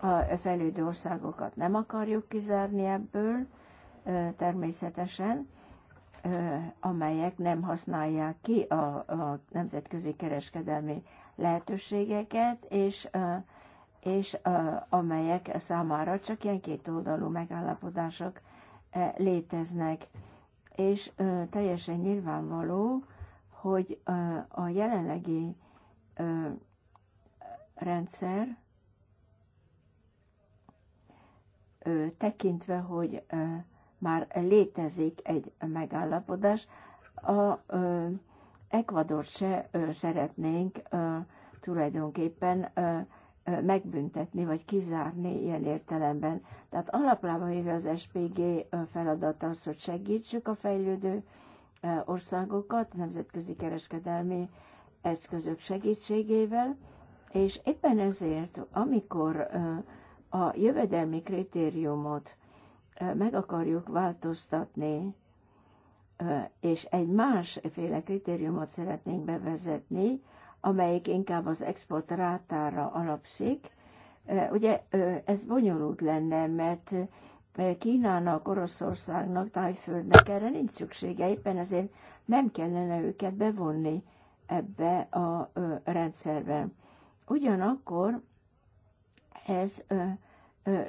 A fejlődő országokat nem akarjuk kizárni ebből, természetesen, amelyek nem használják ki a, a nemzetközi kereskedelmi lehetőségeket, és, és amelyek számára csak ilyen kétoldalú megállapodások léteznek. És teljesen nyilvánvaló, hogy a jelenlegi rendszer tekintve, hogy már létezik egy megállapodás, a Ecuador se szeretnénk tulajdonképpen megbüntetni vagy kizárni ilyen értelemben. Tehát alaplában véve az SPG feladata az, hogy segítsük a fejlődő országokat nemzetközi kereskedelmi eszközök segítségével, és éppen ezért, amikor a jövedelmi kritériumot meg akarjuk változtatni, és egy másféle kritériumot szeretnénk bevezetni, amelyik inkább az export rátára alapszik, ugye ez bonyolult lenne, mert Kínának, Oroszországnak, Tájföldnek erre nincs szüksége, éppen ezért nem kellene őket bevonni ebbe a rendszerbe. Ugyanakkor ez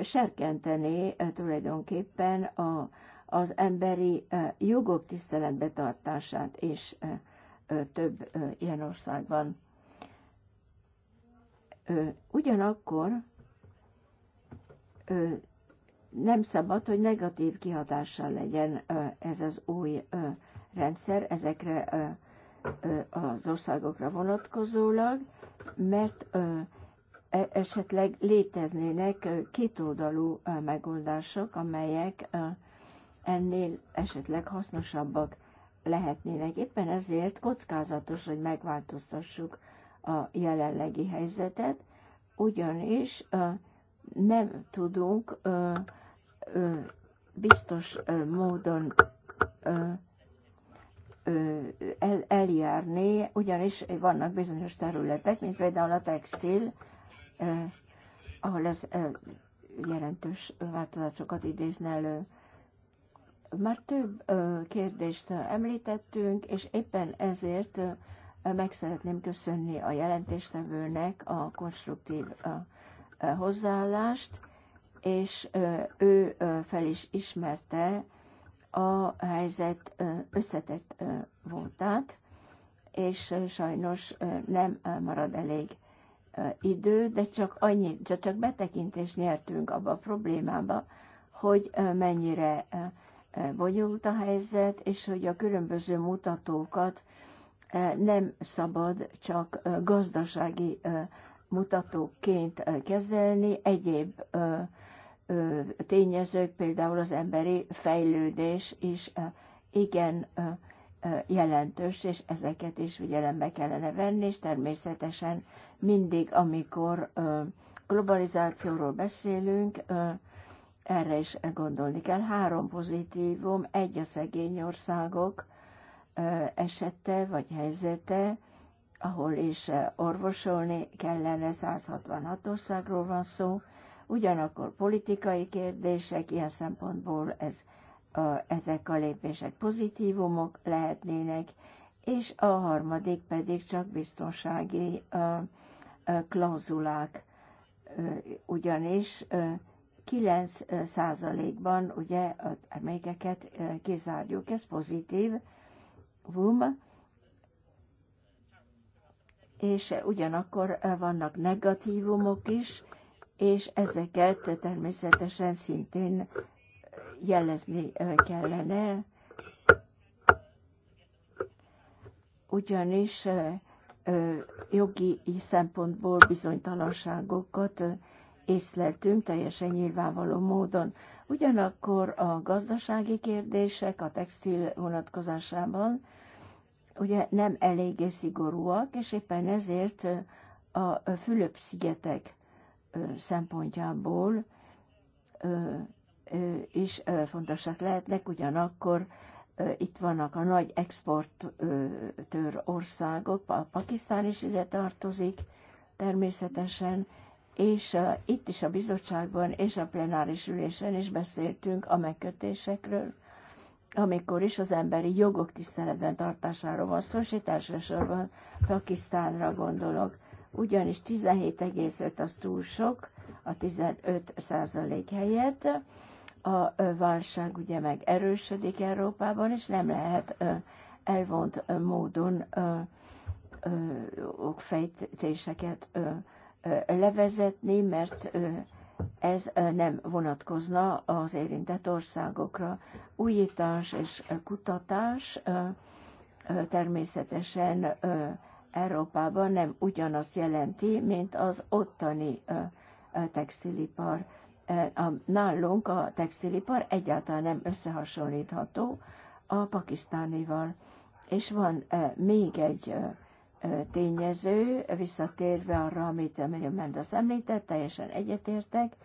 serkentené tulajdonképpen a, az emberi jogok tiszteletbetartását és több ilyen országban. Ugyanakkor nem szabad, hogy negatív kihatással legyen ez az új rendszer ezekre az országokra vonatkozólag, mert e, esetleg léteznének kétoldalú megoldások, amelyek ennél esetleg hasznosabbak lehetnének. Éppen ezért kockázatos, hogy megváltoztassuk a jelenlegi helyzetet, ugyanis nem tudunk biztos módon el, eljárni, ugyanis vannak bizonyos területek, mint például a textil, ahol ez jelentős változásokat idézne elő. Már több kérdést említettünk, és éppen ezért meg szeretném köszönni a jelentéstevőnek a konstruktív hozzáállást és ő fel is ismerte a helyzet összetett voltát, és sajnos nem marad elég idő, de csak annyit, de csak betekintést nyertünk abba a problémába, hogy mennyire bonyolult a helyzet, és hogy a különböző mutatókat nem szabad csak gazdasági mutatóként kezelni, egyéb tényezők, például az emberi fejlődés is igen jelentős, és ezeket is figyelembe kellene venni, és természetesen mindig, amikor globalizációról beszélünk, erre is gondolni kell. Három pozitívum, egy a szegény országok esete vagy helyzete, ahol is orvosolni kellene, 166 országról van szó, Ugyanakkor politikai kérdések, ilyen szempontból ez, a, ezek a lépések pozitívumok lehetnének, és a harmadik pedig csak biztonsági a, a klauzulák, ugyanis 9%-ban ugye a termékeket kizárjuk. Ez pozitív, vum, és ugyanakkor vannak negatívumok is, és ezeket természetesen szintén jelezni kellene, ugyanis jogi szempontból bizonytalanságokat észleltünk teljesen nyilvánvaló módon. Ugyanakkor a gazdasági kérdések a textil vonatkozásában ugye nem eléggé szigorúak, és éppen ezért a Fülöp-szigetek szempontjából is fontosak lehetnek, ugyanakkor itt vannak a nagy exportőr országok, a Pakisztán is ide tartozik természetesen, és itt is a bizottságban és a plenáris ülésen is beszéltünk a megkötésekről, amikor is az emberi jogok tiszteletben tartásáról van szó, és itt elsősorban Pakisztánra gondolok ugyanis 17,5 az túl sok, a 15 százalék helyett. A válság ugye meg erősödik Európában, és nem lehet elvont módon okfejtéseket levezetni, mert ez nem vonatkozna az érintett országokra. Újítás és kutatás természetesen Európában nem ugyanazt jelenti, mint az ottani textilipar. Nálunk a textilipar egyáltalán nem összehasonlítható a pakisztánival. És van még egy tényező, visszatérve arra, amit Miriam Mendes említett, teljesen egyetértek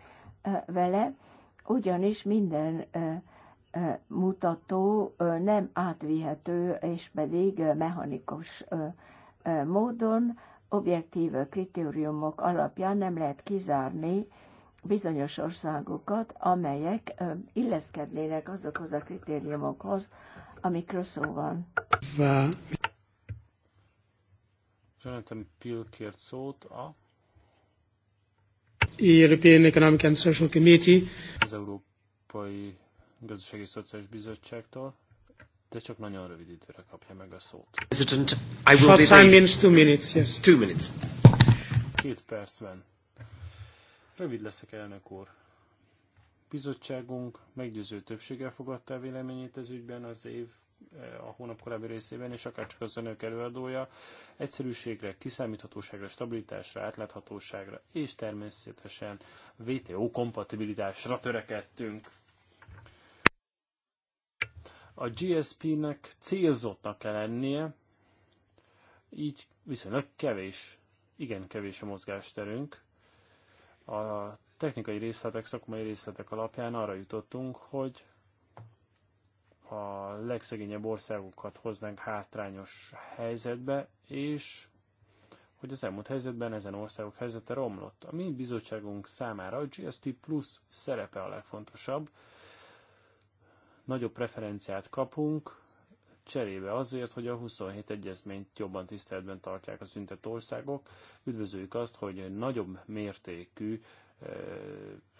vele, ugyanis minden mutató nem átvihető, és pedig mechanikus módon objektív kritériumok alapján nem lehet kizárni bizonyos országokat, amelyek illeszkednének azokhoz a kritériumokhoz, amikről szó van. Jonathan Pill kért szót a European Economic and Social Committee. Az Európai Gazdasági Szociális Bizottságtól de csak nagyon rövid időre kapja meg a szót. President, I will be time means two minutes, yes. Two minutes. Két percben. Rövid leszek, elnök úr. Bizottságunk meggyőző többséggel fogadta a véleményét ez ügyben az év eh, a hónap korábbi részében, és akárcsak az önök előadója, egyszerűségre, kiszámíthatóságra, stabilitásra, átláthatóságra, és természetesen VTO kompatibilitásra törekedtünk. A GSP-nek célzottnak kell lennie, így viszonylag kevés, igen kevés a mozgásterünk. A technikai részletek, szakmai részletek alapján arra jutottunk, hogy a legszegényebb országokat hoznánk hátrányos helyzetbe, és hogy az elmúlt helyzetben ezen országok helyzete romlott. A mi bizottságunk számára a GSP Plus szerepe a legfontosabb, nagyobb preferenciát kapunk, cserébe azért, hogy a 27 egyezményt jobban tiszteletben tartják a szüntet országok. Üdvözöljük azt, hogy nagyobb mértékű eh,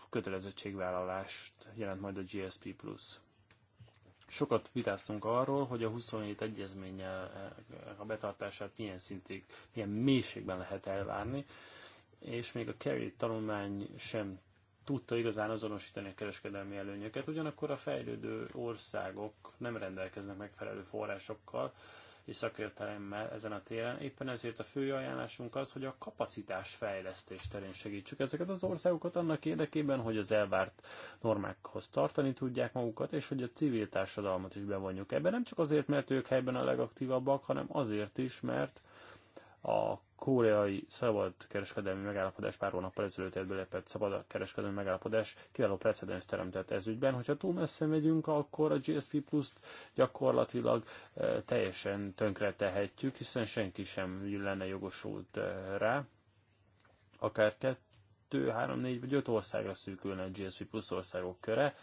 kötelezettségvállalást jelent majd a GSP+. Sokat vitáztunk arról, hogy a 27 egyezménnyel eh, a betartását milyen szintig, milyen mélységben lehet elvárni, és még a Kerry tanulmány sem tudta igazán azonosítani a kereskedelmi előnyöket, ugyanakkor a fejlődő országok nem rendelkeznek megfelelő forrásokkal és szakértelemmel ezen a téren. Éppen ezért a fő ajánlásunk az, hogy a fejlesztés terén segítsük ezeket az országokat annak érdekében, hogy az elvárt normákhoz tartani tudják magukat, és hogy a civil társadalmat is bevonjuk ebbe. Nem csak azért, mert ők helyben a legaktívabbak, hanem azért is, mert a koreai kereskedelmi megállapodás pár hónappal ezelőtt belépett szabad kereskedelmi megállapodás kiváló precedens teremtett ez ügyben. Hogyha túl messze megyünk, akkor a GSP Plus-t gyakorlatilag e, teljesen tönkre tehetjük, hiszen senki sem lenne jogosult e, rá. Akár kettő, három, négy vagy öt országra szűkülne a GSP Plus országok köre,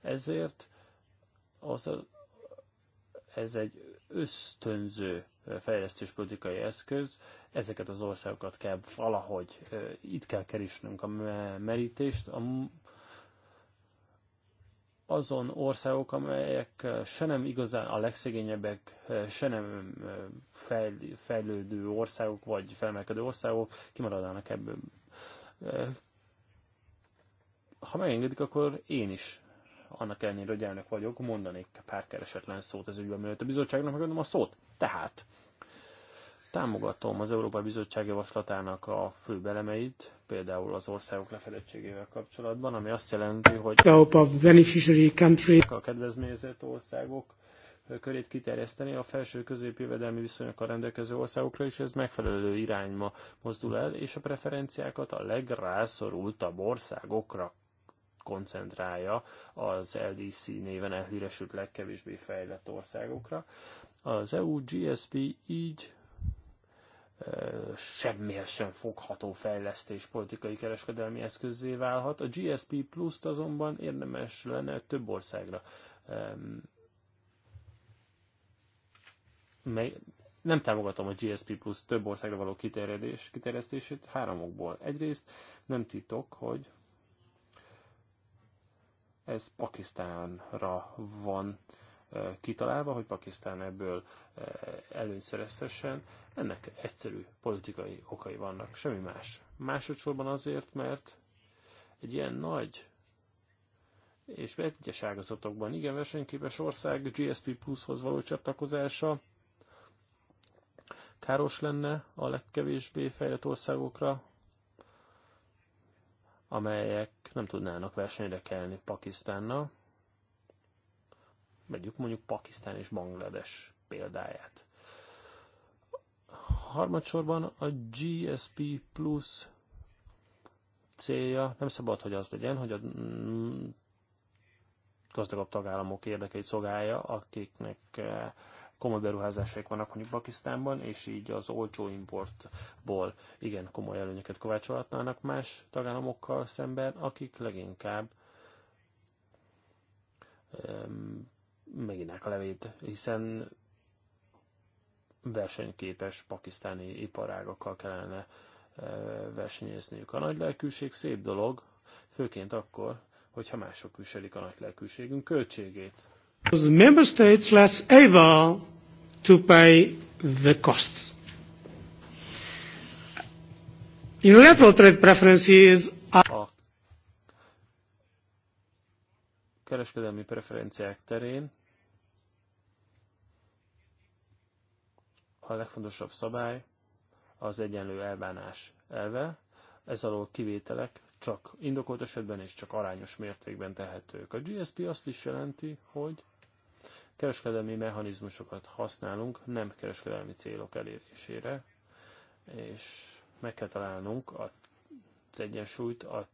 ezért az, ez egy ösztönző fejlesztéspolitikai eszköz. Ezeket az országokat kell valahogy, itt kell keresnünk a merítést. A azon országok, amelyek se nem igazán a legszegényebbek, se nem fejlődő országok, vagy felmelkedő országok, kimaradnának ebből. Ha megengedik, akkor én is annak ellenére, hogy elnök vagyok, mondanék pár keresetlen szót az ügyben, mielőtt a bizottságnak megadom a szót. Tehát támogatom az Európai Bizottság javaslatának a fő belemeit, például az országok lefedettségével kapcsolatban, ami azt jelenti, hogy a kedvezményezett országok körét kiterjeszteni a felső középjövedelmi viszonyokkal rendelkező országokra is, ez megfelelő irányba mozdul el, és a preferenciákat a legrászorultabb országokra koncentrálja az LDC néven elhíresült legkevésbé fejlett országokra. Az EU GSP így e, semmilyen sem fogható fejlesztés politikai kereskedelmi eszközé válhat. A GSP pluszt azonban érdemes lenne több országra nem támogatom a GSP plusz több országra való kiterjedés, kiterjesztését háromokból. Egyrészt nem titok, hogy ez Pakisztánra van kitalálva, hogy Pakisztán ebből előnyt szerezhessen. Ennek egyszerű politikai okai vannak, semmi más. Másodszorban azért, mert egy ilyen nagy és egyes ágazatokban igen versenyképes ország GSP Plus-hoz való csatlakozása káros lenne a legkevésbé fejlett országokra, amelyek nem tudnának versenyre kelni Pakisztánnal. Vegyük mondjuk Pakisztán és Banglades példáját. Harmadsorban a GSP Plus célja nem szabad, hogy az legyen, hogy a gazdagabb tagállamok érdekeit szolgálja, akiknek eh, komoly beruházásaik vannak mondjuk Pakisztánban, és így az olcsó importból igen komoly előnyöket kovácsolhatnának más tagállamokkal szemben, akik leginkább meginnák a levét, hiszen versenyképes pakisztáni iparágokkal kellene versenyezniük. A nagy lelkűség szép dolog, főként akkor, hogyha mások viselik a nagy lelkűségünk költségét. The member states less able to pay the costs. Unilateral trade preferences are kereskedelmi preferenciák terén a legfontosabb szabály az egyenlő elbánás elve, ez alól kivételek csak indokolt esetben és csak arányos mértékben tehetők. A GSP azt is jelenti, hogy kereskedelmi mechanizmusokat használunk nem kereskedelmi célok elérésére, és meg kell találnunk az egyensúlyt a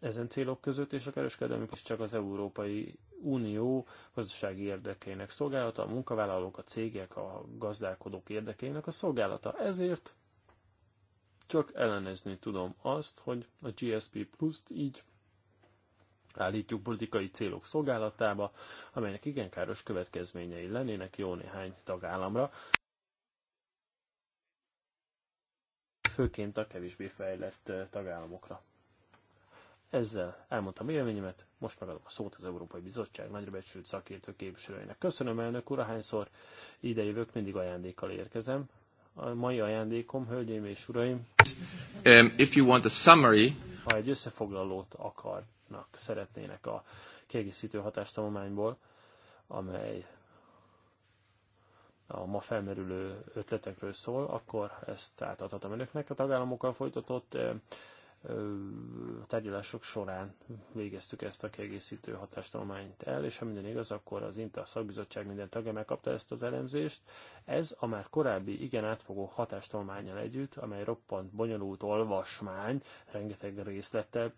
ezen célok között, és a kereskedelmi is csak az Európai Unió gazdasági érdekeinek szolgálata, a munkavállalók, a cégek, a gazdálkodók érdekeinek a szolgálata. Ezért csak ellenezni tudom azt, hogy a GSP Plus-t így állítjuk politikai célok szolgálatába, amelynek igen káros következményei lennének jó néhány tagállamra, főként a kevésbé fejlett tagállamokra. Ezzel elmondtam véleményemet, most megadom a szót az Európai Bizottság nagyrebecsült szakértő képviselőinek. Köszönöm, elnök úr, ahányszor idejövök, mindig ajándékkal érkezem. A mai ajándékom, hölgyeim és uraim, um, if you want a summary, ha egy összefoglalót akarnak, szeretnének a kiegészítő hatástanulmányból, amely a ma felmerülő ötletekről szól, akkor ezt átadhatom önöknek. A tagállamokkal folytatott um, tárgyalások során végeztük ezt a kiegészítő hatástalományt el, és ha minden igaz, akkor az INTA szakbizottság minden tagja megkapta ezt az elemzést. Ez a már korábbi igen átfogó hatástanulmányjal együtt, amely roppant bonyolult olvasmány, rengeteg részlete,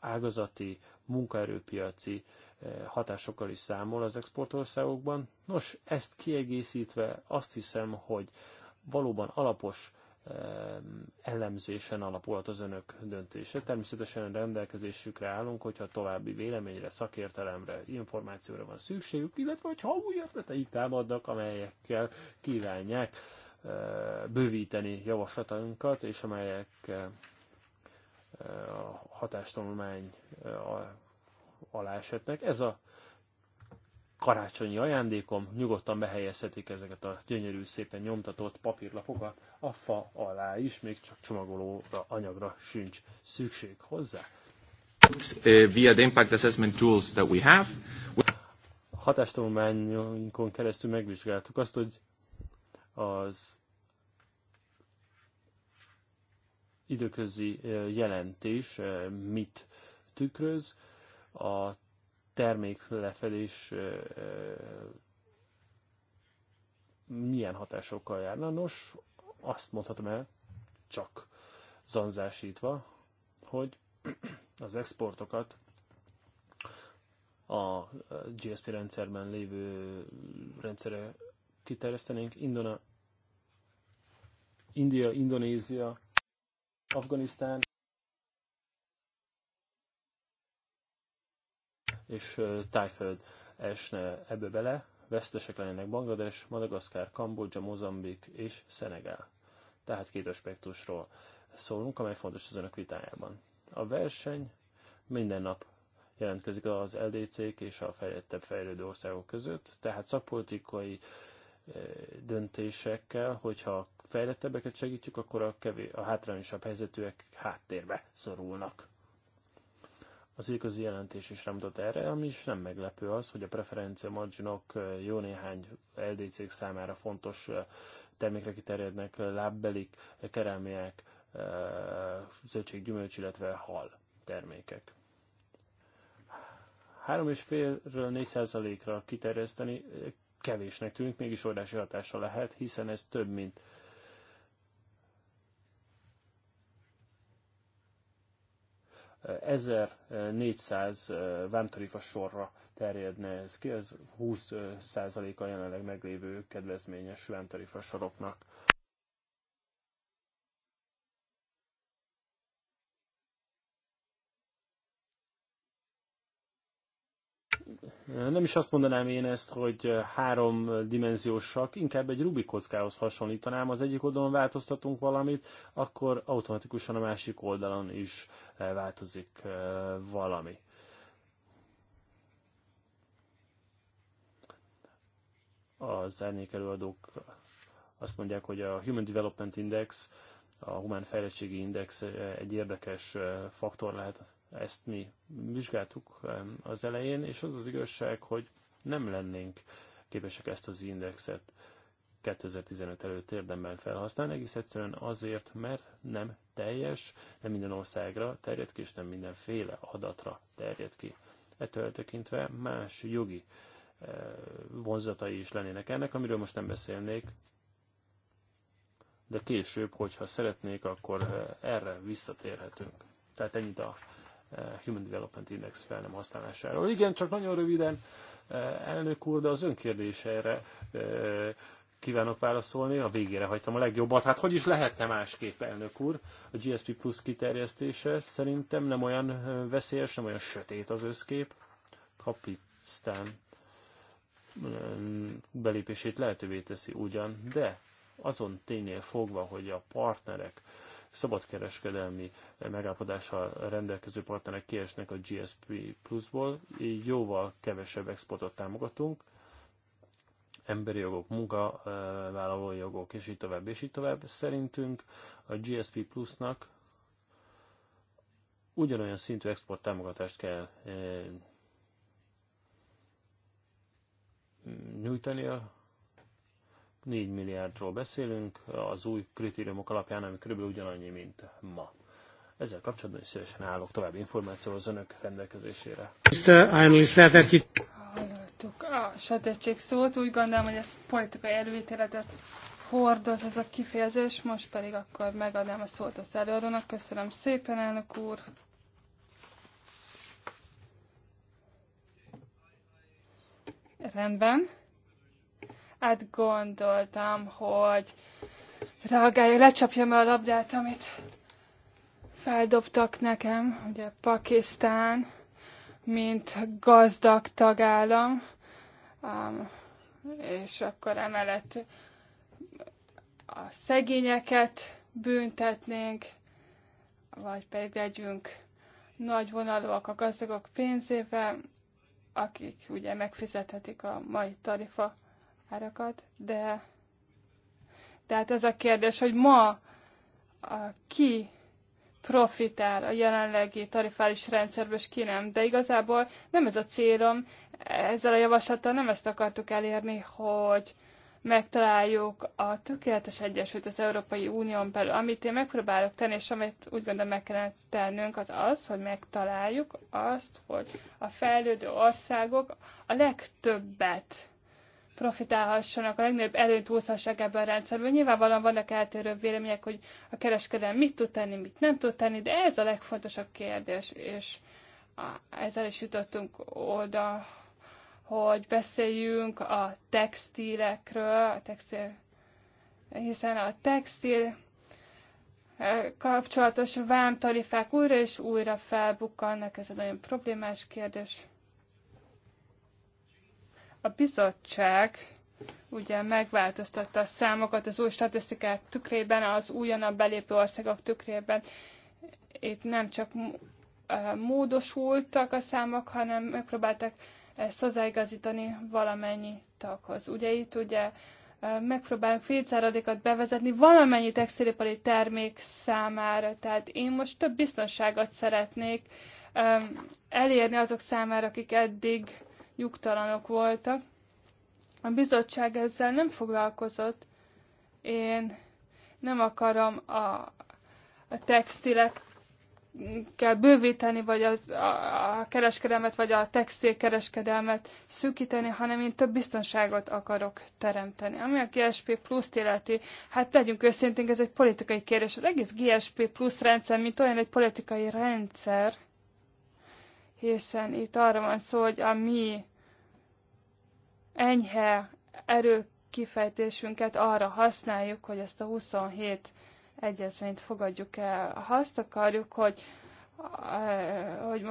ágazati, munkaerőpiaci eh, hatásokkal is számol az exportországokban. Nos, ezt kiegészítve azt hiszem, hogy valóban alapos elemzésen alapulhat az önök döntése. Természetesen rendelkezésükre állunk, hogyha további véleményre, szakértelemre, információra van szükségük, illetve hogyha új ötleteik támadnak, amelyekkel kívánják bővíteni javaslatainkat, és amelyek a hatástanulmány alá esetnek. Ez a karácsonyi ajándékom, nyugodtan behelyezhetik ezeket a gyönyörű, szépen nyomtatott papírlapokat a fa alá is, még csak csomagolóra, anyagra sincs szükség hozzá. Eh, via the impact assessment tools that we have. Hatástanulmányunkon keresztül megvizsgáltuk azt, hogy az időközi eh, jelentés eh, mit tükröz, a termék lefelés milyen hatásokkal járna. Nos, azt mondhatom el, csak zanzásítva, hogy az exportokat a GSP rendszerben lévő rendszere kiterjesztenénk. Indona, India, Indonézia, Afganisztán, és Tájföld esne ebbe bele, vesztesek lennének Banglades, Madagaszkár, Kambodzsa, Mozambik és Szenegál. Tehát két aspektusról szólunk, amely fontos az önök vitájában. A verseny minden nap jelentkezik az LDC-k és a fejlettebb fejlődő országok között, tehát szakpolitikai döntésekkel, hogyha fejlettebbeket segítjük, akkor a, kevés, a hátrányosabb helyzetűek háttérbe szorulnak. Az igazi jelentés is remutat erre, ami is nem meglepő az, hogy a preferencia marginok jó néhány LDC számára fontos termékre kiterjednek, lábbelik, kerámiák, zöldség, gyümölcs, illetve hal termékek. 3,5-ről 4 ra kiterjeszteni kevésnek tűnik, mégis oldási hatása lehet, hiszen ez több mint 1400 vámtarifa sorra terjedne ez ki, ez 20%-a jelenleg meglévő kedvezményes vámtarifa soroknak. Nem is azt mondanám én ezt, hogy eh, háromdimenziósak, eh, inkább egy Rubik kockához hasonlítanám. Az egyik oldalon változtatunk valamit, akkor automatikusan a másik oldalon is eh, változik valami. Az árnyék előadók azt mondják, hogy a Human Development Index, a Humán Fejlettségi Index egy érdekes faktor lehet ezt mi vizsgáltuk az elején, és az az igazság, hogy nem lennénk képesek ezt az indexet 2015 előtt érdemben felhasználni, egész egyszerűen azért, mert nem teljes, nem minden országra terjed ki, és nem mindenféle adatra terjed ki. Ettől tekintve más jogi eh, vonzatai is lennének ennek, amiről most nem beszélnék, de később, hogyha szeretnék, akkor eh, erre visszatérhetünk. Tehát ennyit a Eh, Human Development Index fel nem használásáról. Igen, csak nagyon röviden, eh, elnök úr, de az önkérdésére eh, kívánok válaszolni. A végére hagytam a legjobbat. Hát hogy is lehetne másképp, elnök úr? A GSP Plus kiterjesztése szerintem nem olyan veszélyes, nem olyan sötét az összkép. Kapisztán belépését lehetővé teszi ugyan, de azon ténynél fogva, hogy a partnerek szabadkereskedelmi megállapodással rendelkező partnerek kiesnek a GSP pluszból, így jóval kevesebb exportot támogatunk, emberi jogok, munkavállalói jogok, és így tovább, és így tovább. Szerintünk a GSP plusznak ugyanolyan szintű export támogatást kell eh, nyújtania, 4 milliárdról beszélünk, az új kritériumok alapján, ami körülbelül ugyanannyi, mint ma. Ezzel kapcsolatban is szívesen állok további információhoz önök rendelkezésére. Hallottuk a sötétség szót, úgy gondolom, hogy ez politikai előítéletet hordoz ez a kifejezés, most pedig akkor megadnám a szót az előadónak. Köszönöm szépen, elnök úr! Rendben átgondoltam, gondoltam, hogy reagálja, lecsapjam a labdát, amit feldobtak nekem, ugye Pakisztán, mint gazdag tagállam, um, és akkor emellett a szegényeket büntetnénk, vagy pedig legyünk nagy vonalúak a gazdagok pénzével, akik ugye megfizethetik a mai tarifa árakat, de tehát ez a kérdés, hogy ma a, ki profitál a jelenlegi tarifális rendszerből, és ki nem. De igazából nem ez a célom, ezzel a javaslattal nem ezt akartuk elérni, hogy megtaláljuk a tökéletes egyensúlyt az Európai Unión belül. Amit én megpróbálok tenni, és amit úgy gondolom meg kellene tennünk, az az, hogy megtaláljuk azt, hogy a fejlődő országok a legtöbbet profitálhassanak, a legnagyobb előnyt húzhassák ebben a rendszerben. Nyilvánvalóan vannak eltérő vélemények, hogy a kereskedelem mit tud tenni, mit nem tud tenni, de ez a legfontosabb kérdés, és ezzel is jutottunk oda, hogy beszéljünk a textilekről, a textil, hiszen a textil e, kapcsolatos vámtarifák újra és újra felbukkannak, ez egy nagyon problémás kérdés. A bizottság ugye megváltoztatta a számokat az új statisztikák tükrében, az újonnan belépő országok tükrében. Itt nem csak módosultak a számok, hanem megpróbáltak ezt hozzáigazítani valamennyi taghoz. Ugye itt ugye megpróbálunk fétszáradékat bevezetni valamennyi textilipari termék számára. Tehát én most több biztonságot szeretnék elérni azok számára, akik eddig nyugtalanok voltak. A bizottság ezzel nem foglalkozott. Én nem akarom a, a textilekkel bővíteni, vagy az, a, a kereskedelmet, vagy a textil kereskedelmet szűkíteni, hanem én több biztonságot akarok teremteni. Ami a GSP plusz illeti, hát tegyünk őszintén, ez egy politikai kérdés. Az egész GSP plusz rendszer, mint olyan egy politikai rendszer, hiszen itt arra van szó, hogy a mi enyhe erőkifejtésünket arra használjuk, hogy ezt a 27 egyezményt fogadjuk el. Ha azt akarjuk, hogy, hogy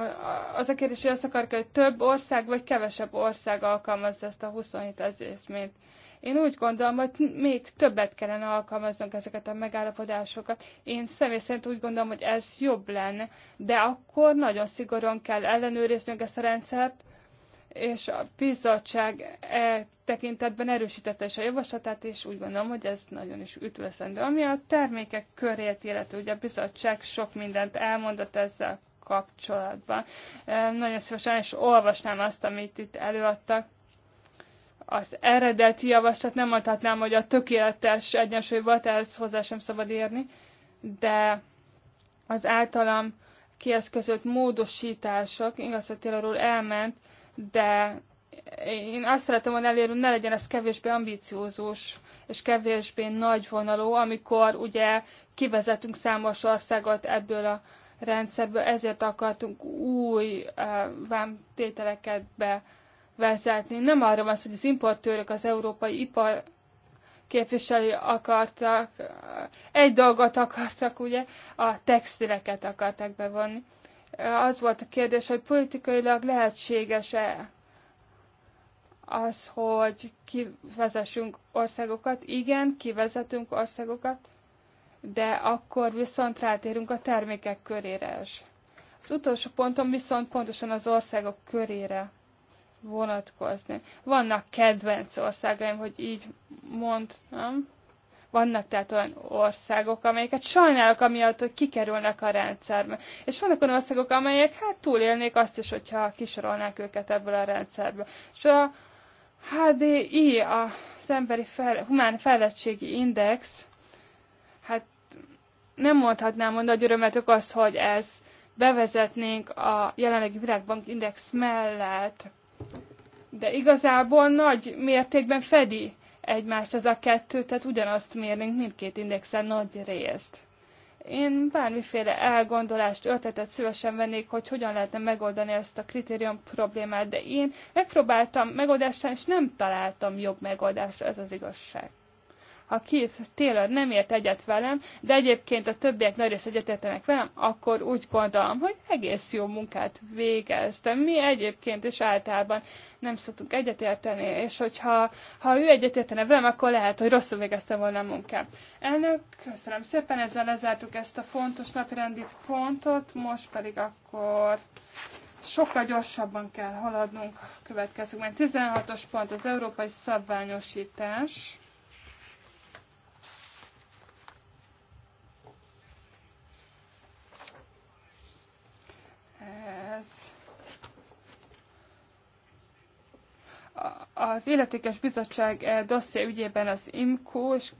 az a kérdés, hogy azt akarjuk, hogy több ország vagy kevesebb ország alkalmazza ezt a 27 egyezményt. Én úgy gondolom, hogy még többet kellene alkalmaznunk ezeket a megállapodásokat. Én személy szerint úgy gondolom, hogy ez jobb lenne, de akkor nagyon szigorúan kell ellenőriznünk ezt a rendszert, és a bizottság e tekintetben erősítette is a javaslatát, és úgy gondolom, hogy ez nagyon is üdvözlendő. Ami a termékek körét illető, ugye a bizottság sok mindent elmondott ezzel kapcsolatban. Nagyon szívesen is olvasnám azt, amit itt előadtak, az eredeti javaslat nem mondhatnám, hogy a tökéletes egyensúly volt, ezt hozzá sem szabad érni, de az általam kieszközött módosítások, igaz, hogy arról elment, de én azt szeretem hogy elérni, hogy ne legyen ez kevésbé ambiciózus és kevésbé nagyvonalú, amikor ugye kivezetünk számos országot ebből a rendszerből, ezért akartunk új uh, vámtételeket be vezetni. Nem arra van szó, hogy az importőrök az európai ipar képviselői akartak, egy dolgot akartak, ugye, a textileket akartak bevonni. Az volt a kérdés, hogy politikailag lehetséges-e az, hogy kivezessünk országokat. Igen, kivezetünk országokat, de akkor viszont rátérünk a termékek körére is. Az utolsó pontom viszont pontosan az országok körére vonatkozni. Vannak kedvenc országaim, hogy így mondtam. Vannak tehát olyan országok, amelyeket sajnálok, amiatt, hogy kikerülnek a rendszerbe. És vannak olyan országok, amelyek hát túlélnék azt is, hogyha kisorolnák őket ebből a rendszerbe. És a HDI, az emberi fel, humán fejlettségi index, hát nem mondhatnám mondani, hogy örömetök az, hogy ez bevezetnénk a jelenlegi világbank index mellett, de igazából nagy mértékben fedi egymást az a kettő, tehát ugyanazt mérnénk mindkét indexen nagy részt. Én bármiféle elgondolást, ötletet szívesen vennék, hogy hogyan lehetne megoldani ezt a kritérium problémát, de én megpróbáltam megoldást, és nem találtam jobb megoldást, ez az igazság ha Keith Taylor nem ért egyet velem, de egyébként a többiek nagy rész egyetértenek velem, akkor úgy gondolom, hogy egész jó munkát végeztem. Mi egyébként is általában nem szoktunk egyetérteni, és hogyha ha ő egyetértene velem, akkor lehet, hogy rosszul végeztem volna a munkát. Elnök, köszönöm szépen, ezzel lezártuk ezt a fontos napirendi pontot, most pedig akkor sokkal gyorsabban kell haladnunk a következőkben. 16-os pont az európai szabványosítás. az Életékes Bizottság eh, dosszé ügyében az IMCO, és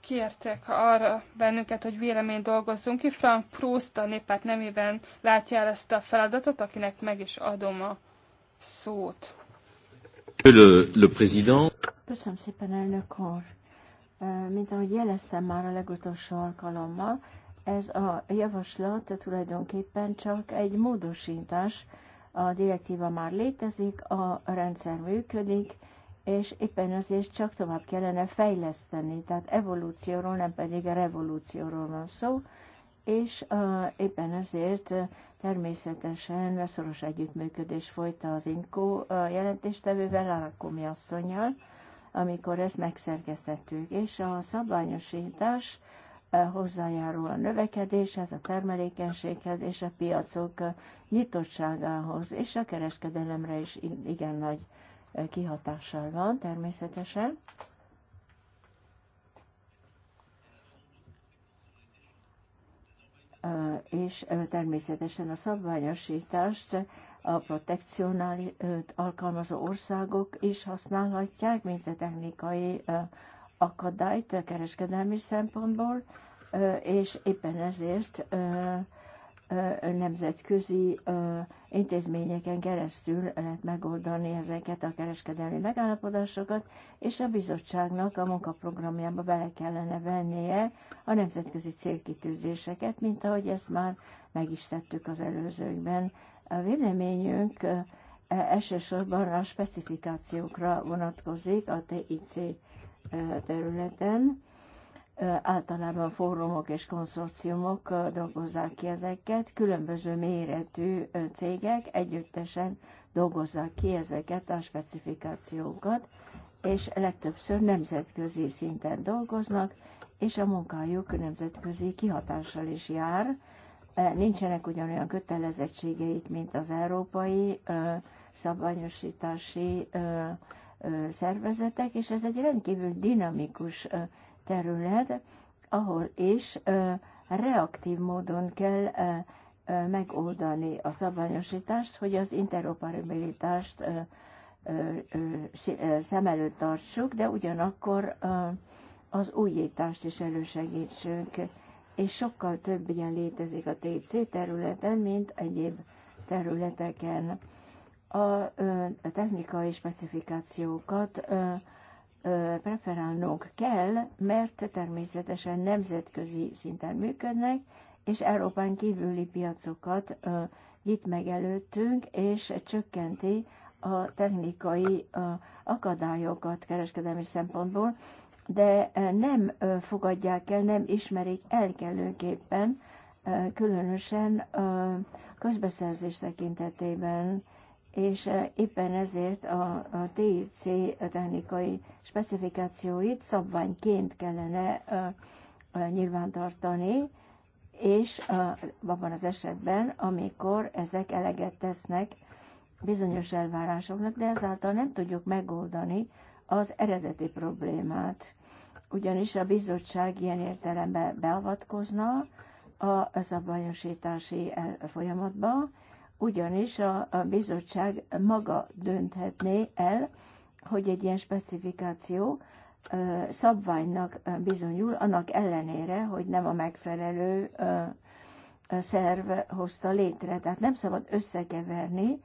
kértek arra bennünket, hogy véleményt dolgozzunk ki. Frank Proust a népát nemében látja el ezt a feladatot, akinek meg is adom a szót. Le, le président. Köszönöm szépen, elnök úr. Eh, mint ahogy jeleztem már a legutolsó alkalommal, ez a javaslat tulajdonképpen csak egy módosítás, a direktíva már létezik, a rendszer működik, és éppen azért csak tovább kellene fejleszteni, tehát evolúcióról, nem pedig a revolúcióról van szó, és uh, éppen ezért természetesen szoros együttműködés folyta az INKO jelentéstevővel, a Árakomi asszonyjal, amikor ezt megszerkesztettük, és a szabványosítás hozzájárul a növekedéshez, a termelékenységhez és a piacok nyitottságához, és a kereskedelemre is igen nagy kihatással van természetesen. És természetesen a szabványosítást a protekcionális alkalmazó országok is használhatják, mint a technikai akadályt a kereskedelmi szempontból, és éppen ezért nemzetközi intézményeken keresztül lehet megoldani ezeket a kereskedelmi megállapodásokat, és a bizottságnak a munkaprogramjába bele kellene vennie a nemzetközi célkitűzéseket, mint ahogy ezt már meg is tettük az előzőkben. A véleményünk e, elsősorban a specifikációkra vonatkozik a TIC területen. Általában fórumok és konszorciumok dolgozzák ki ezeket, különböző méretű cégek együttesen dolgozzák ki ezeket a specifikációkat, és legtöbbször nemzetközi szinten dolgoznak, és a munkájuk nemzetközi kihatással is jár. Nincsenek ugyanolyan kötelezettségeik, mint az európai szabványosítási szervezetek, és ez egy rendkívül dinamikus terület, ahol is reaktív módon kell megoldani a szabványosítást, hogy az interoperabilitást szem előtt tartsuk, de ugyanakkor az újítást is elősegítsünk, és sokkal több ilyen létezik a TC területen, mint egyéb területeken a technikai specifikációkat preferálnunk kell, mert természetesen nemzetközi szinten működnek, és Európán kívüli piacokat nyit meg előttünk, és csökkenti a technikai akadályokat kereskedelmi szempontból, de nem fogadják el, nem ismerik el kellőképpen, különösen közbeszerzés tekintetében és eh, éppen ezért a, a TIC technikai specifikációit szabványként kellene nyilvántartani, és abban az esetben, amikor ezek eleget tesznek bizonyos elvárásoknak, de ezáltal nem tudjuk megoldani az eredeti problémát. Ugyanis a bizottság ilyen értelemben beavatkozna a szabványosítási folyamatba, ugyanis a, a bizottság maga dönthetné el, hogy egy ilyen specifikáció ö, szabványnak bizonyul, annak ellenére, hogy nem a megfelelő ö, szerv hozta létre. Tehát nem szabad összekeverni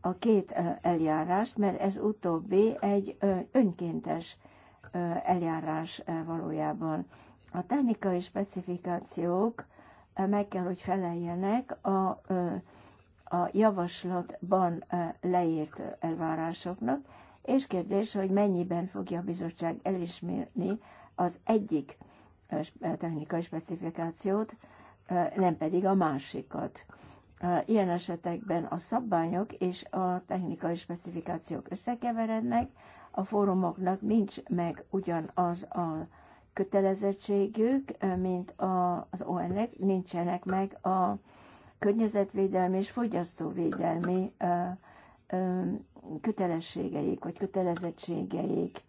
a két eljárást, mert ez utóbbi egy önkéntes eljárás valójában. A technikai specifikációk meg kell, hogy feleljenek a a javaslatban leírt elvárásoknak, és kérdés, hogy mennyiben fogja a bizottság elismerni az egyik technikai specifikációt, nem pedig a másikat. Ilyen esetekben a szabványok és a technikai specifikációk összekeverednek, a fórumoknak nincs meg ugyanaz a kötelezettségük, mint az ON-nek, nincsenek meg a környezetvédelmi és fogyasztóvédelmi kötelességeik, vagy kötelezettségeik,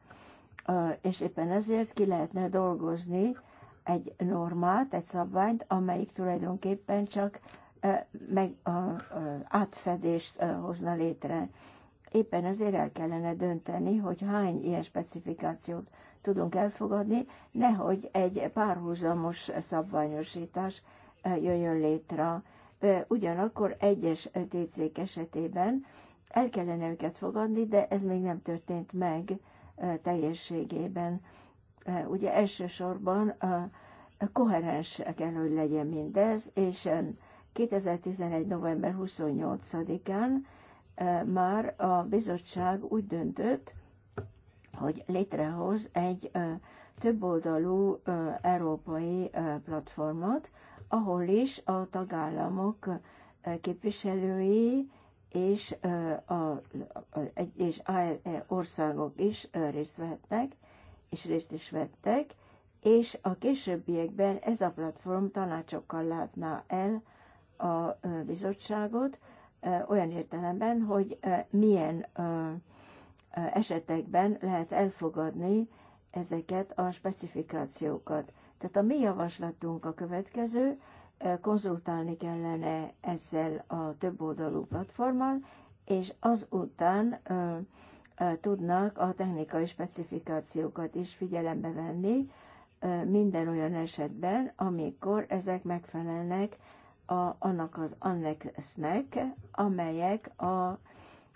és éppen ezért ki lehetne dolgozni egy normát, egy szabványt, amelyik tulajdonképpen csak meg, átfedést hozna létre. Éppen ezért el kellene dönteni, hogy hány ilyen specifikációt tudunk elfogadni, nehogy egy párhuzamos szabványosítás jöjjön létre. Ugyanakkor egyes TC-k esetében el kellene őket fogadni, de ez még nem történt meg teljességében. Ugye elsősorban a koherens kell, hogy legyen mindez, és 2011. november 28-án már a bizottság úgy döntött, hogy létrehoz egy többoldalú európai platformot, ahol is a tagállamok képviselői és, a, a, és e, országok is részt vehetnek, és részt is vettek, és a későbbiekben ez a platform tanácsokkal látná el a bizottságot, olyan értelemben, hogy milyen esetekben lehet elfogadni ezeket a specifikációkat. Tehát a mi javaslatunk a következő, konzultálni kellene ezzel a többoldalú platformmal, és azután tudnak a technikai specifikációkat is figyelembe venni minden olyan esetben, amikor ezek megfelelnek a, annak az annexnek, amelyek a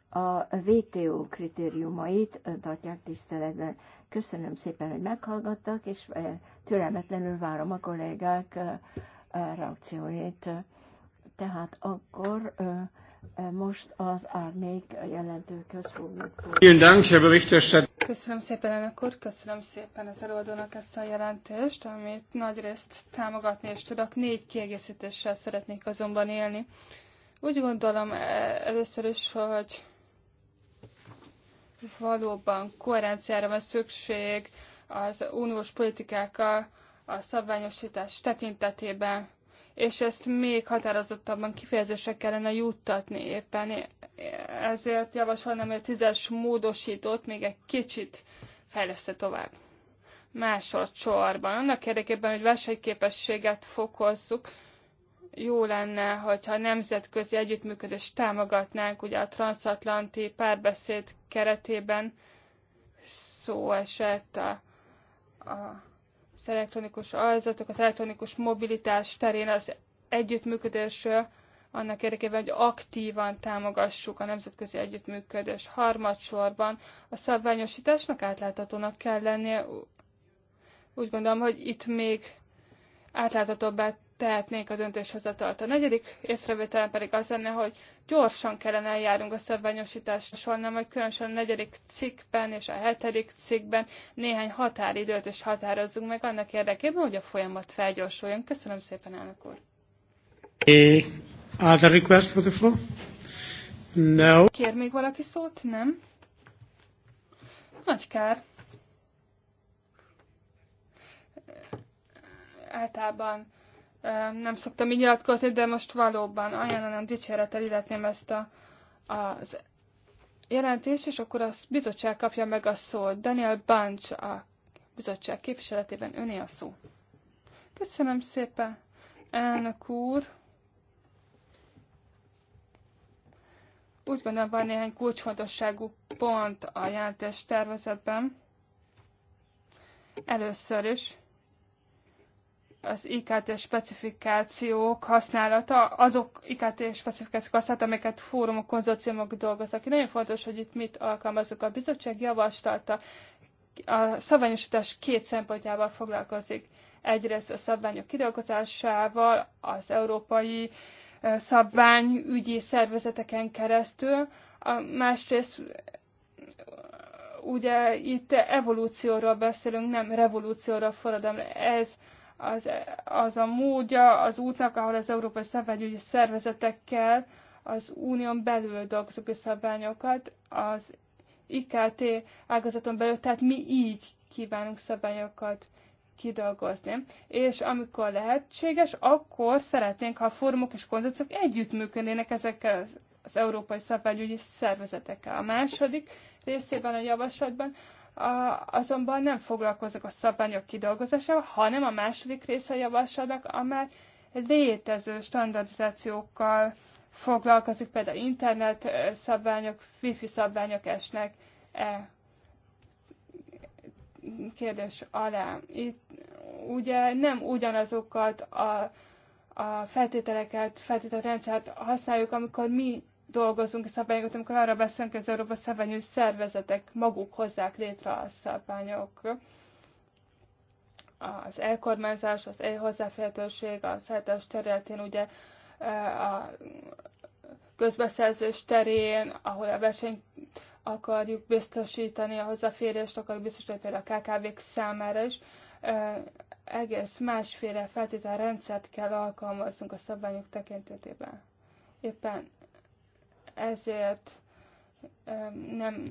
a VTO kritériumait tartják tiszteletben. Köszönöm szépen, hogy meghallgattak, és türelmetlenül várom a kollégák reakcióit. Tehát akkor most az árnék jelentőköz fogjuk. Köszönöm szépen, elnök úr, köszönöm szépen az előadónak ezt a jelentést, amit nagyrészt támogatni és tudok. Négy kiegészítéssel szeretnék azonban élni. Úgy gondolom e, először is, hogy valóban koherenciára van szükség az uniós politikákkal a szabványosítás tekintetében, és ezt még határozottabban kifejezésre kellene juttatni éppen. Ezért javasolnám, hogy a tízes módosítót még egy kicsit fejleszte tovább. Másodszorban, annak érdekében, hogy versenyképességet fokozzuk, jó lenne, hogyha nemzetközi együttműködést támogatnánk, ugye a transatlanti párbeszéd keretében szó esett a, a, az elektronikus alzatok, az elektronikus mobilitás terén az együttműködésről, annak érdekében, hogy aktívan támogassuk a nemzetközi együttműködés. Harmadsorban a szabványosításnak átláthatónak kell lennie. Úgy gondolom, hogy itt még átláthatóbbá tehetnénk a döntéshozatalt. A negyedik észrevételem pedig az lenne, hogy gyorsan kellene eljárnunk a szabványosítás során, hogy különösen a negyedik cikkben és a hetedik cikkben néhány határidőt is határozzunk meg annak érdekében, hogy a folyamat felgyorsuljon. Köszönöm szépen, elnök úr. other request for the floor? No. Kér még valaki szót? Nem? Nagy kár. Általában nem szoktam így nyilatkozni, de most valóban ajánlanám dicsérettel illetném ezt a, az jelentést, és akkor a bizottság kapja meg a szót. Daniel Bunch a bizottság képviseletében öné a szó. Köszönöm szépen, elnök úr. Úgy gondolom, van néhány kulcsfontosságú pont a jelentés tervezetben. Először is az IKT specifikációk használata, azok IKT specifikációk használata, amiket fórumok, konzorciumok dolgoznak ki. Nagyon fontos, hogy itt mit alkalmazunk. A bizottság javaslata a szabványosítás két szempontjával foglalkozik. Egyrészt a szabványok kidolgozásával, az európai eh, szabványügyi szervezeteken keresztül, a másrészt ugye itt evolúcióról beszélünk, nem revolúcióról, forradalomra. Ez az, az a módja az útnak, ahol az Európai Szabványügyi Szervezetekkel az unión belül dolgozunk szabványokat, az IKT ágazaton belül, tehát mi így kívánunk szabályokat kidolgozni. És amikor lehetséges, akkor szeretnénk, ha a fórumok és konzorciumok együttműködnének ezekkel az, az európai szabványügyi szervezetekkel. A második részében a javaslatban a, azonban nem foglalkozok a szabványok kidolgozásával, hanem a második része javaslatnak, amely létező standardizációkkal foglalkozik, például internet szabványok, wifi szabványok esnek e kérdés alá. Itt ugye nem ugyanazokat a, a feltételeket, feltételrendszert használjuk, amikor mi dolgozunk szabványokat, amikor arra beszélünk, hogy az Európa Szabványú Szervezetek maguk hozzák létre a szabványok. Az elkormányzás, az elhozzáférhetőség, a szállítás területén ugye e, a közbeszerzés terén, ahol a versenyt akarjuk biztosítani, a hozzáférést akarjuk biztosítani például a KKV-k számára is, e, egész másféle rendszert kell alkalmaznunk a szabványok tekintetében. Éppen ezért nem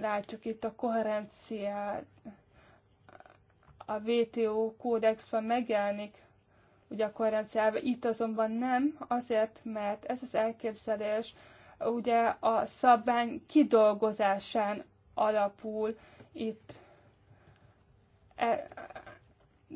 látjuk itt a koherenciát. A WTO kódexben megjelenik ugye a koherenciába, itt azonban nem, azért, mert ez az elképzelés ugye a szabvány kidolgozásán alapul itt e,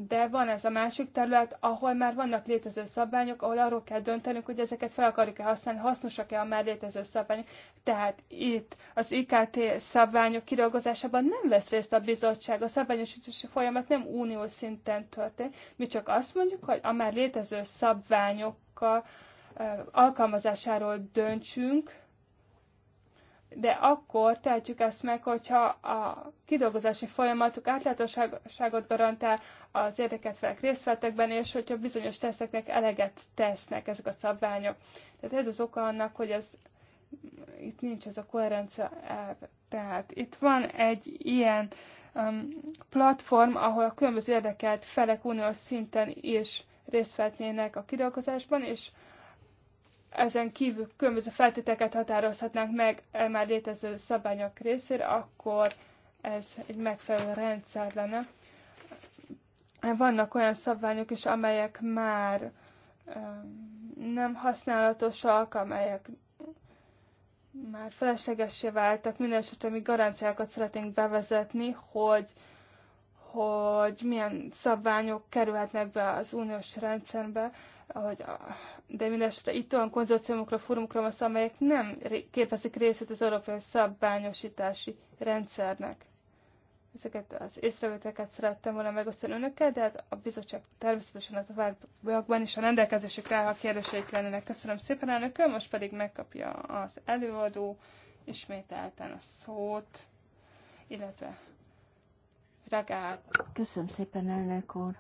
de van ez a másik terület, ahol már vannak létező szabványok, ahol arról kell döntenünk, hogy ezeket fel akarjuk-e használni, hasznosak-e a már létező szabványok. Tehát itt az IKT szabványok kidolgozásában nem vesz részt a bizottság, a szabványosítási folyamat nem uniós szinten történik. Mi csak azt mondjuk, hogy a már létező szabványokkal alkalmazásáról döntsünk, de akkor tehetjük ezt meg, hogyha a kidolgozási folyamatuk átlátóságot garantál az érdeket felek részletekben, és hogyha bizonyos teszteknek eleget tesznek ezek a szabványok. Tehát ez az oka annak, hogy ez, itt nincs ez a koherencia elv. Tehát itt van egy ilyen um, platform, ahol a különböző érdekelt felek uniós szinten is részt vehetnének a kidolgozásban, és ezen kívül különböző feltételeket határozhatnánk meg e már létező szabályok részére, akkor ez egy megfelelő rendszer lenne. Vannak olyan szabványok is, amelyek már nem használatosak, amelyek már feleslegessé váltak, minden esetre mi garanciákat szeretnénk bevezetni, hogy, hogy milyen szabványok kerülhetnek be az uniós rendszerbe, hogy a de mindesetre itt olyan konzorciumokra, fórumokra van szó, amelyek nem képezik részét az európai szabványosítási rendszernek. Ezeket az észrevételeket szerettem volna megosztani önökkel, de hát a bizottság természetesen a továbbiakban is a rendelkezésükre ha kérdéseik lennének. Köszönöm szépen, elnököm, most pedig megkapja az előadó ismételten a szót, illetve ragát. Köszönöm szépen, elnök úr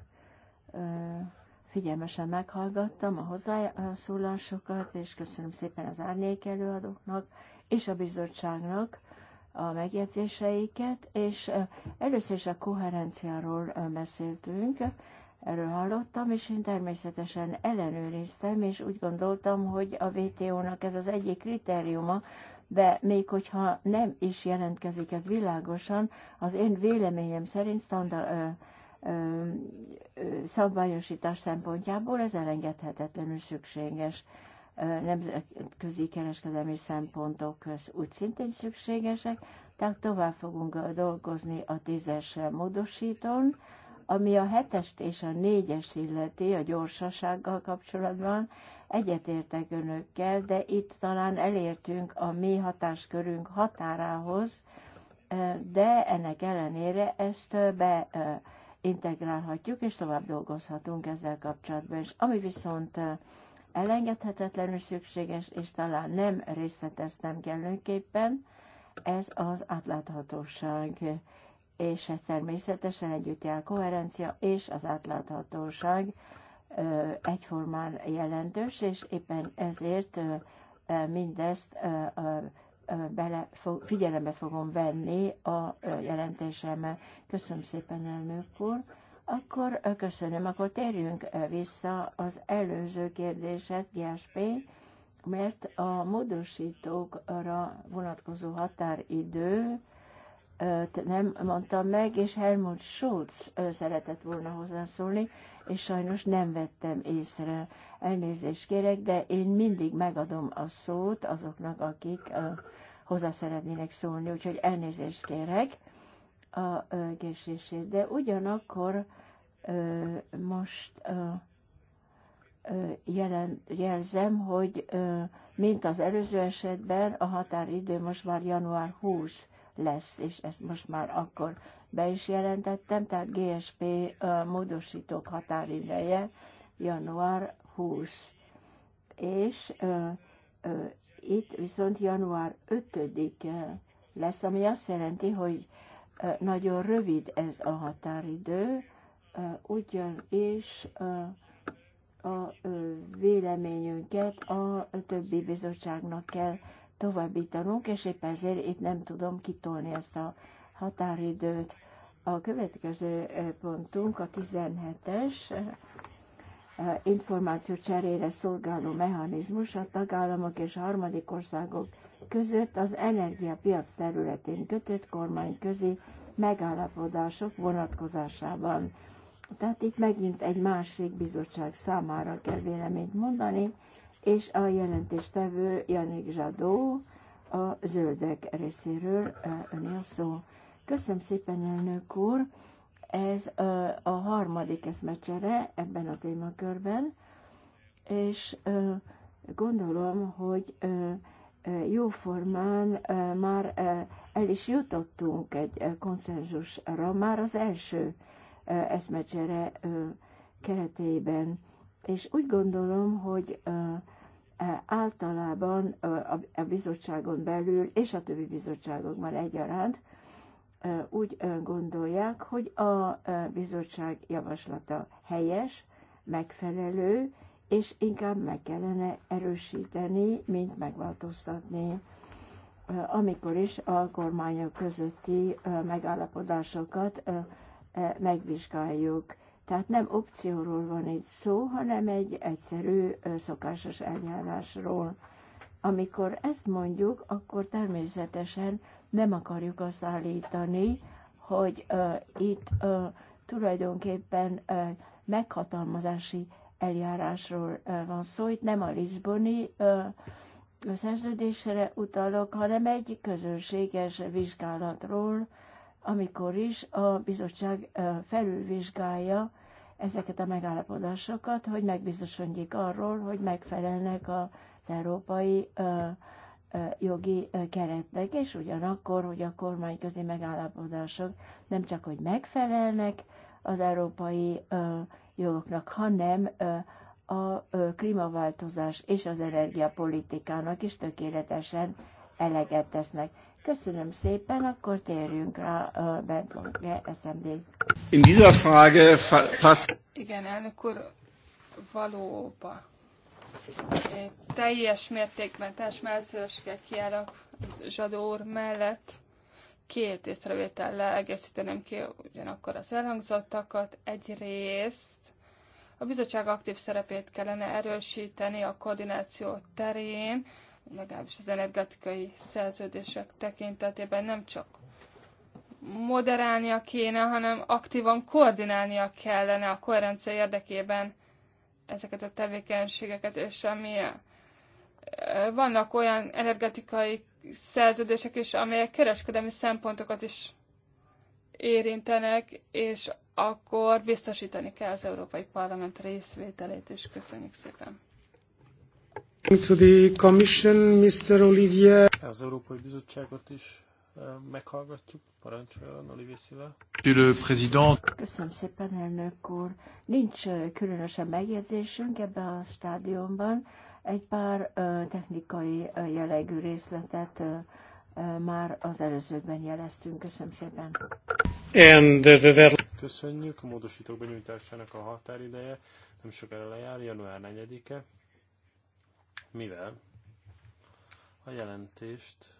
Figyelmesen meghallgattam a hozzászólásokat, és köszönöm szépen az árnyék előadóknak és a bizottságnak a megjegyzéseiket, és először is a koherenciáról beszéltünk, erről hallottam, és én természetesen ellenőriztem, és úgy gondoltam, hogy a vto nak ez az egyik kritériuma, de még hogyha nem is jelentkezik ez világosan, az én véleményem szerint standard, szabályosítás szempontjából ez elengedhetetlenül szükséges. Nemzetközi kereskedelmi szempontok úgy szintén szükségesek, tehát tovább fogunk dolgozni a tízes módosítón, ami a hetest és a négyes illeti a gyorsasággal kapcsolatban, egyetértek önökkel, de itt talán elértünk a mi hatáskörünk határához, de ennek ellenére ezt be integrálhatjuk, és tovább dolgozhatunk ezzel kapcsolatban. És ami viszont eh, elengedhetetlenül szükséges, és talán nem részleteztem kellőképpen, ez az átláthatóság. És ez természetesen együtt jár koherencia és az átláthatóság egyformán jelentős, és éppen ezért mindezt bele, figyelembe fogom venni a jelentésemmel. Köszönöm szépen, elnök úr. Akkor köszönöm, akkor térjünk vissza az előző kérdéshez, GSP, mert a módosítókra vonatkozó határidő nem mondtam meg, és Helmut Schultz szeretett volna hozzászólni, és sajnos nem vettem észre. Elnézést kérek, de én mindig megadom a szót azoknak, akik hozzá szeretnének szólni, úgyhogy elnézést kérek a késésért. De ugyanakkor most jelen, jelzem, hogy mint az előző esetben a határidő most már január 20 lesz, és ezt most már akkor be is jelentettem, tehát GSP módosítók határideje január 20. És ö, ö, itt viszont január 5-e lesz, ami azt jelenti, hogy nagyon rövid ez a határidő, ugyanis a véleményünket a többi bizottságnak kell továbbítanunk, és épp ezért itt nem tudom kitolni ezt a határidőt. A következő eh, pontunk a 17-es eh, eh, információ cserére szolgáló mechanizmus a tagállamok és harmadik országok között az energiapiac területén kötött kormányközi megállapodások vonatkozásában. Tehát itt megint egy másik bizottság számára kell véleményt mondani, és a jelentéstevő Janik Zsadó a zöldek részéről a szó. Köszönöm szépen, elnök úr! Ez a harmadik eszmecsere ebben a témakörben, és gondolom, hogy jóformán már el is jutottunk egy konszenzusra, már az első eszmecsere keretében és úgy gondolom, hogy általában a bizottságon belül és a többi bizottságokban egyaránt úgy gondolják, hogy a bizottság javaslata helyes, megfelelő, és inkább meg kellene erősíteni, mint megváltoztatni, amikor is a kormányok közötti megállapodásokat megvizsgáljuk. Tehát nem opcióról van itt szó, hanem egy egyszerű szokásos eljárásról. Amikor ezt mondjuk, akkor természetesen nem akarjuk azt állítani, hogy uh, itt uh, tulajdonképpen uh, meghatalmazási eljárásról uh, van szó. Itt nem a Lisboni uh, szerződésre utalok, hanem egy közönséges vizsgálatról, amikor is a bizottság felülvizsgálja ezeket a megállapodásokat, hogy megbiztosodjék arról, hogy megfelelnek az európai ö, ö, jogi keretnek, és ugyanakkor, hogy a kormányközi megállapodások nem csak, hogy megfelelnek az európai ö, jogoknak, hanem ö, a ö, klímaváltozás és az energiapolitikának is tökéletesen eleget tesznek. Köszönöm szépen, akkor térjünk rá a Bentlonger SMD. In dieser Frage Igen, elnök úr, valóban teljes mértékben, teljes mellszöröskel kiállok Zsadó úr mellett. Két észrevétellel egészíteném ki ugyanakkor az elhangzottakat. Egyrészt a bizottság aktív szerepét kellene erősíteni a koordináció terén, legalábbis az energetikai szerződések tekintetében nem csak moderálnia kéne, hanem aktívan koordinálnia kellene a koherencia érdekében ezeket a tevékenységeket, és ami eh, vannak olyan energetikai szerződések is, amelyek kereskedelmi szempontokat is érintenek, és akkor biztosítani kell az Európai Parlament részvételét, és köszönjük szépen. Az Európai Bizottságot is eh, meghallgatjuk. Parancsoljon, Olivier Szilá. Köszönöm szépen, elnök úr. Nincs eh, különösen megjegyzésünk ebben a stádiumban. Egy pár eh, technikai jellegű részletet már az előzőkben jeleztünk. Köszönöm szépen. Köszönjük. A módosítók benyújtásának a határideje nem sokára lejár, január 4-e mivel a jelentést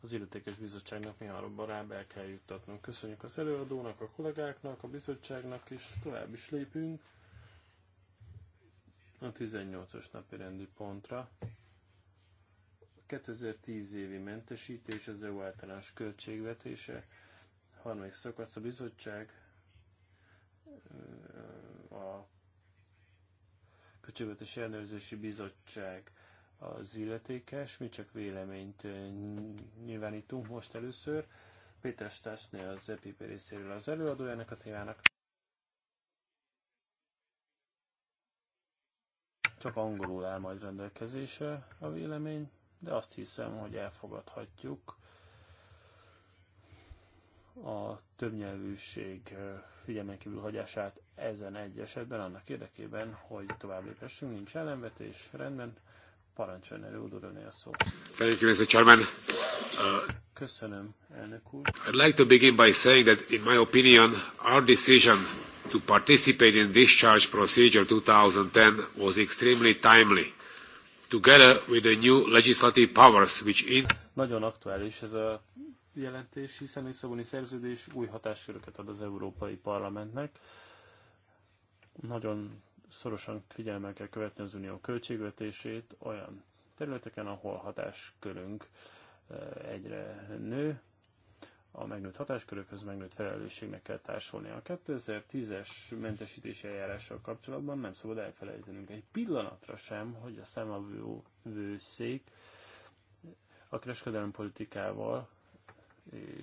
az illetékes bizottságnak mi hamarabb rábe el kell juttatnunk. Köszönjük az előadónak, a kollégáknak, a bizottságnak, és tovább is lépünk a 18-as napi rendi pontra. A 2010 évi mentesítés az EU általános költségvetése. Harmadik szakasz a bizottság a Költségvetési Ellenőrzési Bizottság az illetékes, mi csak véleményt nyilvánítunk most először. Péter Stásné az EPP részéről az előadójának a témának. Csak angolul áll majd rendelkezésre a vélemény, de azt hiszem, hogy elfogadhatjuk a többnyelvűség figyelmen kívül hagyását ezen egy esetben, annak érdekében, hogy tovább léphessünk, nincs ellenvetés, rendben, parancsoljon elő, úr, a szó. Uh, Köszönöm, elnök úr. I'd like to begin by saying that, in my opinion, our decision to participate in discharge procedure 2010 was extremely timely, together with the new legislative powers which in... Nagyon aktuális ez a jelentés, hiszen a Lisszaboni szerződés új hatásköröket ad az Európai Parlamentnek. Nagyon szorosan figyelmel kell követni az unió költségvetését olyan területeken, ahol hatáskörünk e, egyre nő, a megnőtt hatáskörökhöz megnőtt felelősségnek kell társulni. A 2010-es mentesítési eljárással kapcsolatban nem szabad elfelejtenünk egy pillanatra sem, hogy a számavő szék a kereskedelmi politikával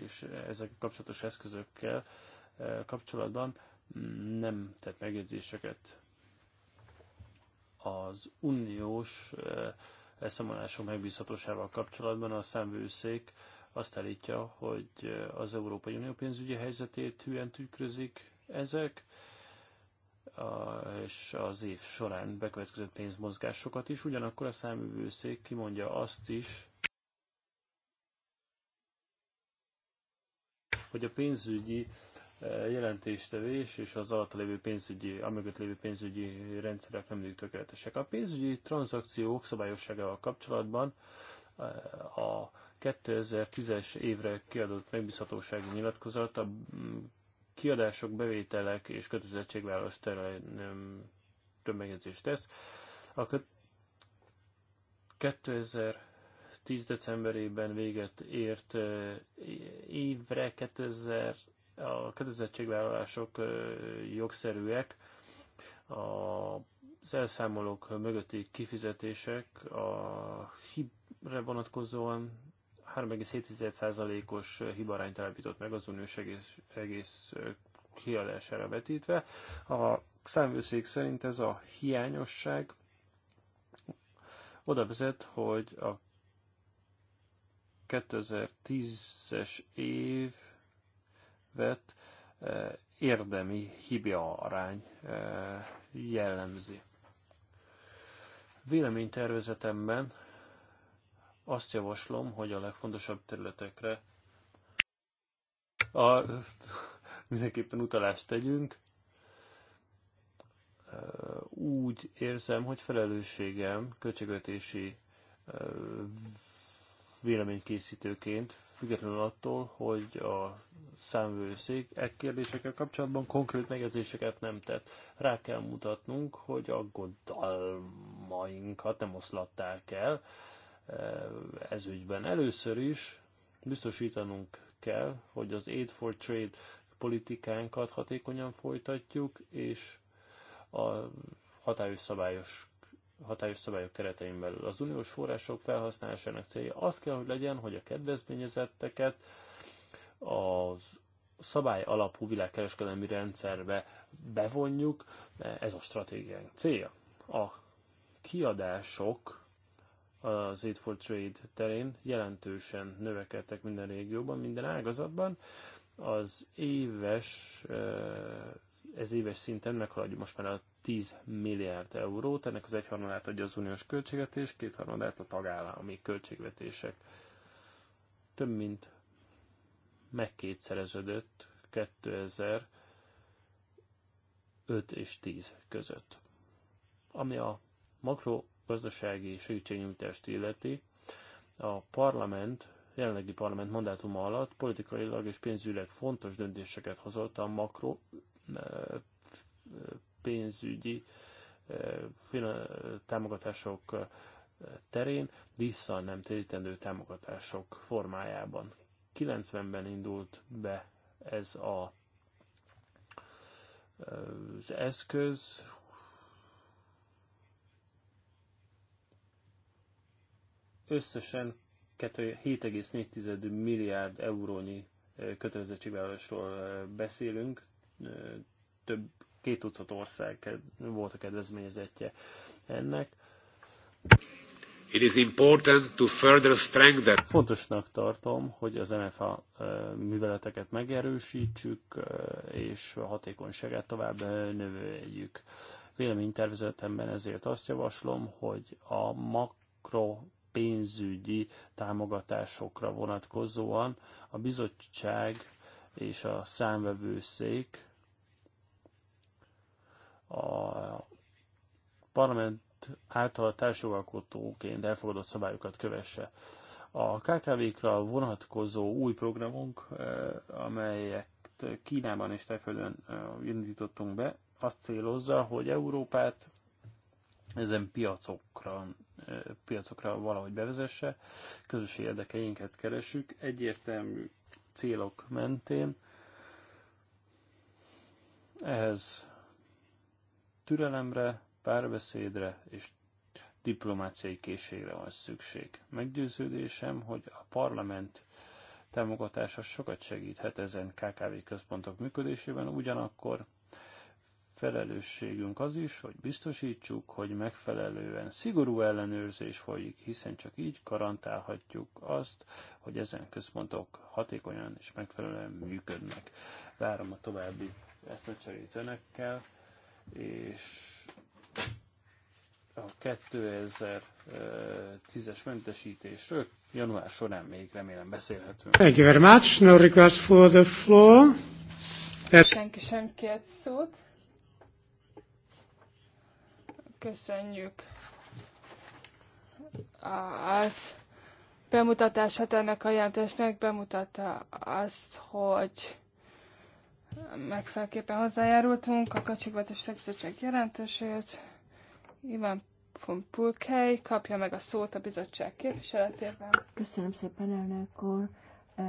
és ezek kapcsolatos eszközökkel eh, kapcsolatban nem tett megjegyzéseket az uniós eh, leszámolások megbízhatóságával kapcsolatban a számvőszék azt állítja, hogy eh, az Európai Unió pénzügyi helyzetét hülyen tükrözik ezek, és az év során bekövetkezett pénzmozgásokat is. Ugyanakkor a számvőszék kimondja azt is, hogy a pénzügyi e, jelentéstevés és az alatt lévő pénzügyi, amögött lévő pénzügyi rendszerek nem mindig tökéletesek. A pénzügyi tranzakciók szabályosságával kapcsolatban e, a 2010-es évre kiadott megbízhatósági nyilatkozat a mm, kiadások, bevételek és kötelezettségvállalás terén mm, több megjegyzést tesz. A 2000 2010. decemberében véget ért évre 2000, a kötelezettségvállalások jogszerűek, az elszámolók mögötti kifizetések a hibre vonatkozóan 3,7%-os hibarányt állapított meg az uniós egész, egész kiadására vetítve. A számvőszék szerint ez a hiányosság oda vezet, hogy a 2010-es évet eh, érdemi hibja arány eh, jellemzi. Véleménytervezetemben azt javaslom, hogy a legfontosabb területekre a, (laughs) mindenképpen utalást tegyünk. Eh, úgy érzem, hogy felelősségem költségvetési véleménykészítőként, függetlenül attól, hogy a számvőszék e kérdésekkel kapcsolatban konkrét megjegyzéseket nem tett. Rá kell mutatnunk, hogy a aggodalmainkat nem oszlatták el eh, ez ügyben. Először is biztosítanunk kell, hogy az Aid for Trade politikánkat hatékonyan folytatjuk, és a hatályos szabályos hatályos szabályok keretein belül. Az uniós források felhasználásának célja az kell, hogy legyen, hogy a kedvezményezetteket az szabály alapú világkereskedelmi rendszerbe bevonjuk, ez a stratégiánk célja. A kiadások az Aid for Trade terén jelentősen növekedtek minden régióban, minden ágazatban. Az éves eh, ez éves szinten meghaladja most már a 10 milliárd eurót, ennek az egyharmadát adja az uniós költségvetés, kétharmadát a tagállami költségvetések. Több mint megkétszereződött 2005 és 10 között. Ami a makrogazdasági segítségnyújtást illeti, a parlament jelenlegi parlament mandátuma alatt politikailag és pénzügyileg fontos döntéseket hozott a makro pénzügyi eh, támogatások eh, terén, vissza nem térítendő támogatások formájában. 90-ben indult be ez a, eh, az eszköz, összesen 7,4 milliárd eurónyi kötelezettségvállalásról beszélünk, több két tucat ország volt a kedvezményezetje ennek. It is important to further strengthen. Fontosnak tartom, hogy az MFA műveleteket megerősítsük, és a hatékonyságát tovább növeljük. Véleménytervezetemben ezért azt javaslom, hogy a makro pénzügyi támogatásokra vonatkozóan a bizottság és a számvevőszék a parlament által társjogalkotóként elfogadott szabályokat kövesse. A KKV-kra vonatkozó új programunk, eh, amelyet Kínában és Tájföldön eh, indítottunk be, azt célozza, hogy Európát ezen piacokra, eh, piacokra valahogy bevezesse, közös érdekeinket keresük, egyértelmű célok mentén. Ehhez Türelemre, párbeszédre és diplomáciai készségre van szükség. Meggyőződésem, hogy a parlament támogatása sokat segíthet ezen KKV központok működésében, ugyanakkor felelősségünk az is, hogy biztosítsuk, hogy megfelelően szigorú ellenőrzés folyik, hiszen csak így garantálhatjuk azt, hogy ezen központok hatékonyan és megfelelően működnek. Várom a további eszmecserét önökkel és a 2010-es mentesítésről január során még remélem beszélhetünk. Thank you very much. No request for the floor. Senki sem kért szót. Köszönjük az bemutatását ennek a jelentésnek bemutatta azt, hogy megfelképpen hozzájárultunk a Költségvetés Bizottság jelentőséget. Ivan von Pulkei kapja meg a szót a bizottság képviseletében. Köszönöm szépen, elnök úr.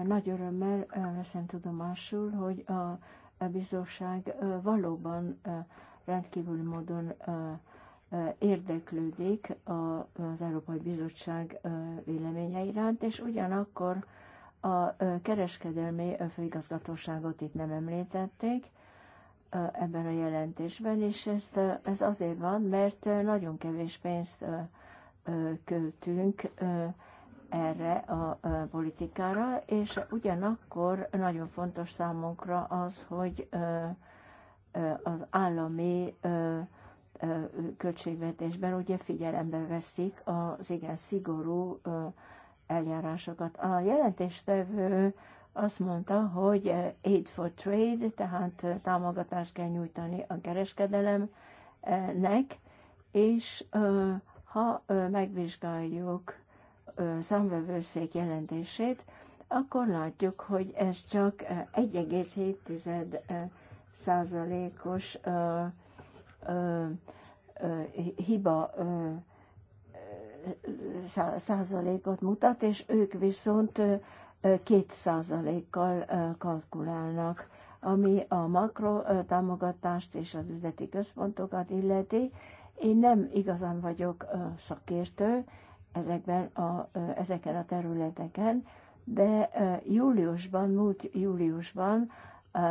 Nagy örömmel veszem tudomásul, hogy a bizottság valóban rendkívüli módon érdeklődik az Európai Bizottság véleménye iránt, és ugyanakkor a kereskedelmi főigazgatóságot itt nem említették ebben a jelentésben, és ezt, ez azért van, mert nagyon kevés pénzt költünk erre a politikára, és ugyanakkor nagyon fontos számunkra az, hogy az állami költségvetésben ugye figyelembe veszik az igen szigorú eljárásokat. A jelentéstevő azt mondta, hogy aid for trade, tehát támogatást kell nyújtani a kereskedelemnek, és ha megvizsgáljuk számvevőszék jelentését, akkor látjuk, hogy ez csak 1,7 százalékos hiba százalékot mutat, és ők viszont két százalékkal kalkulálnak, ami a makro támogatást és az üzleti központokat illeti. Én nem igazán vagyok szakértő ezekben a, ezeken a területeken, de júliusban, múlt júliusban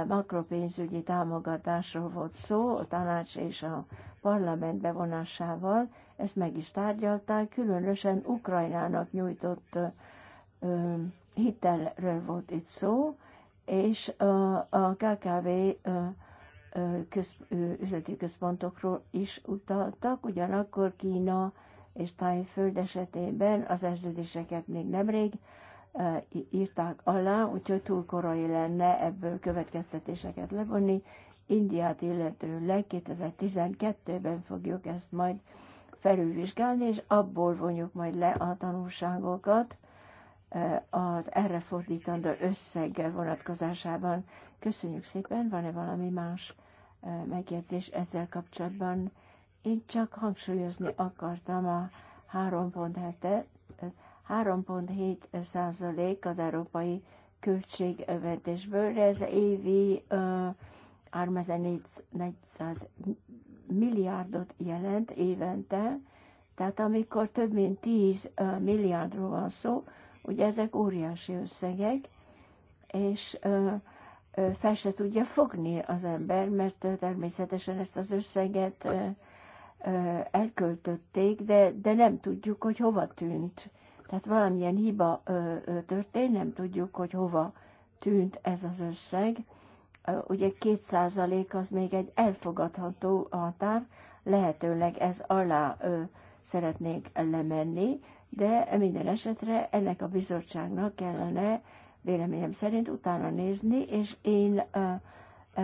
makropénzügyi támogatásról volt szó, a tanács és a parlament bevonásával, ezt meg is tárgyalták, különösen Ukrajnának nyújtott hitelről volt itt szó, és a KKV köz, üzleti központokról is utaltak, ugyanakkor Kína és Tájföld esetében az szerződéseket még nemrég írták alá, úgyhogy túl korai lenne ebből következtetéseket levonni. Indiát illetőleg 2012-ben fogjuk ezt majd felülvizsgálni, és abból vonjuk majd le a tanulságokat az erre fordítandó összeggel vonatkozásában. Köszönjük szépen, van-e valami más megjegyzés ezzel kapcsolatban? Én csak hangsúlyozni akartam a 37 százalék az európai költségvetésből, ez évi uh, 3400 milliárdot jelent évente, tehát amikor több mint 10 milliárdról van szó, ugye ezek óriási összegek, és fel se tudja fogni az ember, mert természetesen ezt az összeget elköltötték, de, de nem tudjuk, hogy hova tűnt. Tehát valamilyen hiba történt, nem tudjuk, hogy hova tűnt ez az összeg ugye 2% az még egy elfogadható határ, lehetőleg ez alá ö, szeretnék lemenni, de minden esetre ennek a bizottságnak kellene véleményem szerint utána nézni, és én ö, ö,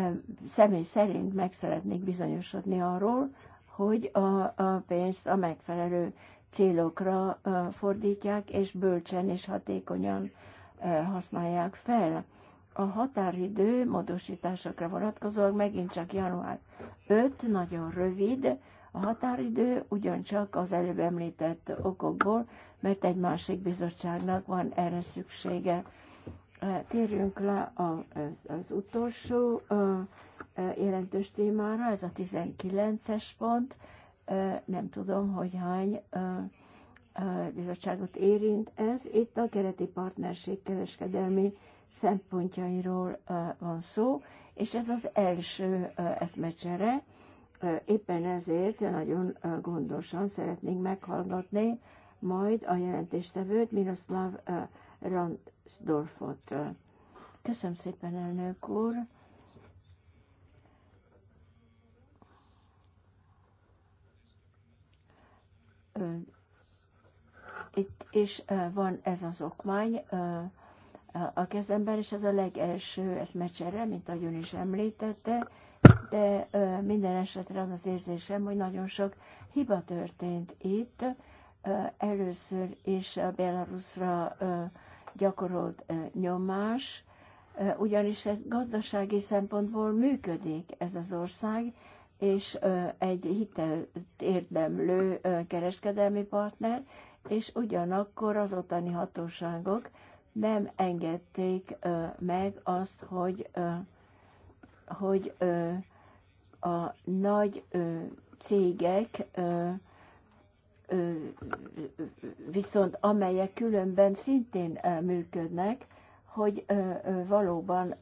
személy szerint meg szeretnék bizonyosodni arról, hogy a, a pénzt a megfelelő célokra ö, fordítják, és bölcsen és hatékonyan ö, használják fel a határidő módosításokra vonatkozóan megint csak január 5, nagyon rövid, a határidő ugyancsak az előbb említett okokból, mert egy másik bizottságnak van erre szüksége. Térjünk le az utolsó jelentős témára, ez a 19-es pont. Nem tudom, hogy hány bizottságot érint ez. Itt a kereti partnerség kereskedelmi szempontjairól van szó, és ez az első eszmecsere, éppen ezért nagyon gondosan szeretnénk meghallgatni majd a jelentéstevőt, Miroslav Randsdorfot. Köszönöm szépen, elnök úr! Itt is van ez az okmány, a kezemben, és ez a legelső eszmecsere, mint ahogy ön is említette, de minden esetre az az érzésem, hogy nagyon sok hiba történt itt. Először is a Belarusra gyakorolt nyomás, ugyanis ez gazdasági szempontból működik ez az ország, és egy hitelt érdemlő kereskedelmi partner, és ugyanakkor az otthoni hatóságok nem engedték meg azt, hogy, hogy a nagy cégek viszont amelyek különben szintén működnek, hogy valóban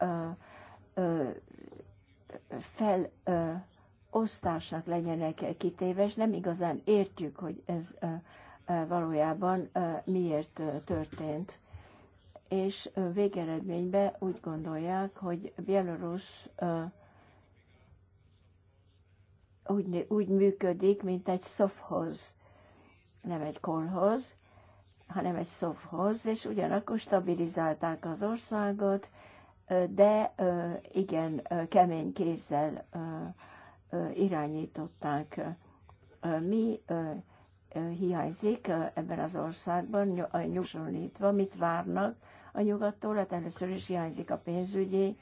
felosztásnak legyenek kitéve, és nem igazán értjük, hogy ez valójában miért történt és végeredményben úgy gondolják, hogy Bielorus úgy, úgy működik, mint egy szofhoz, nem egy kolhoz, hanem egy szofhoz, és ugyanakkor stabilizálták az országot, de igen, kemény kézzel irányították. Mi hiányzik ebben az országban, nyugsolítva, mit várnak a nyugattól, hát először is hiányzik a pénzügyi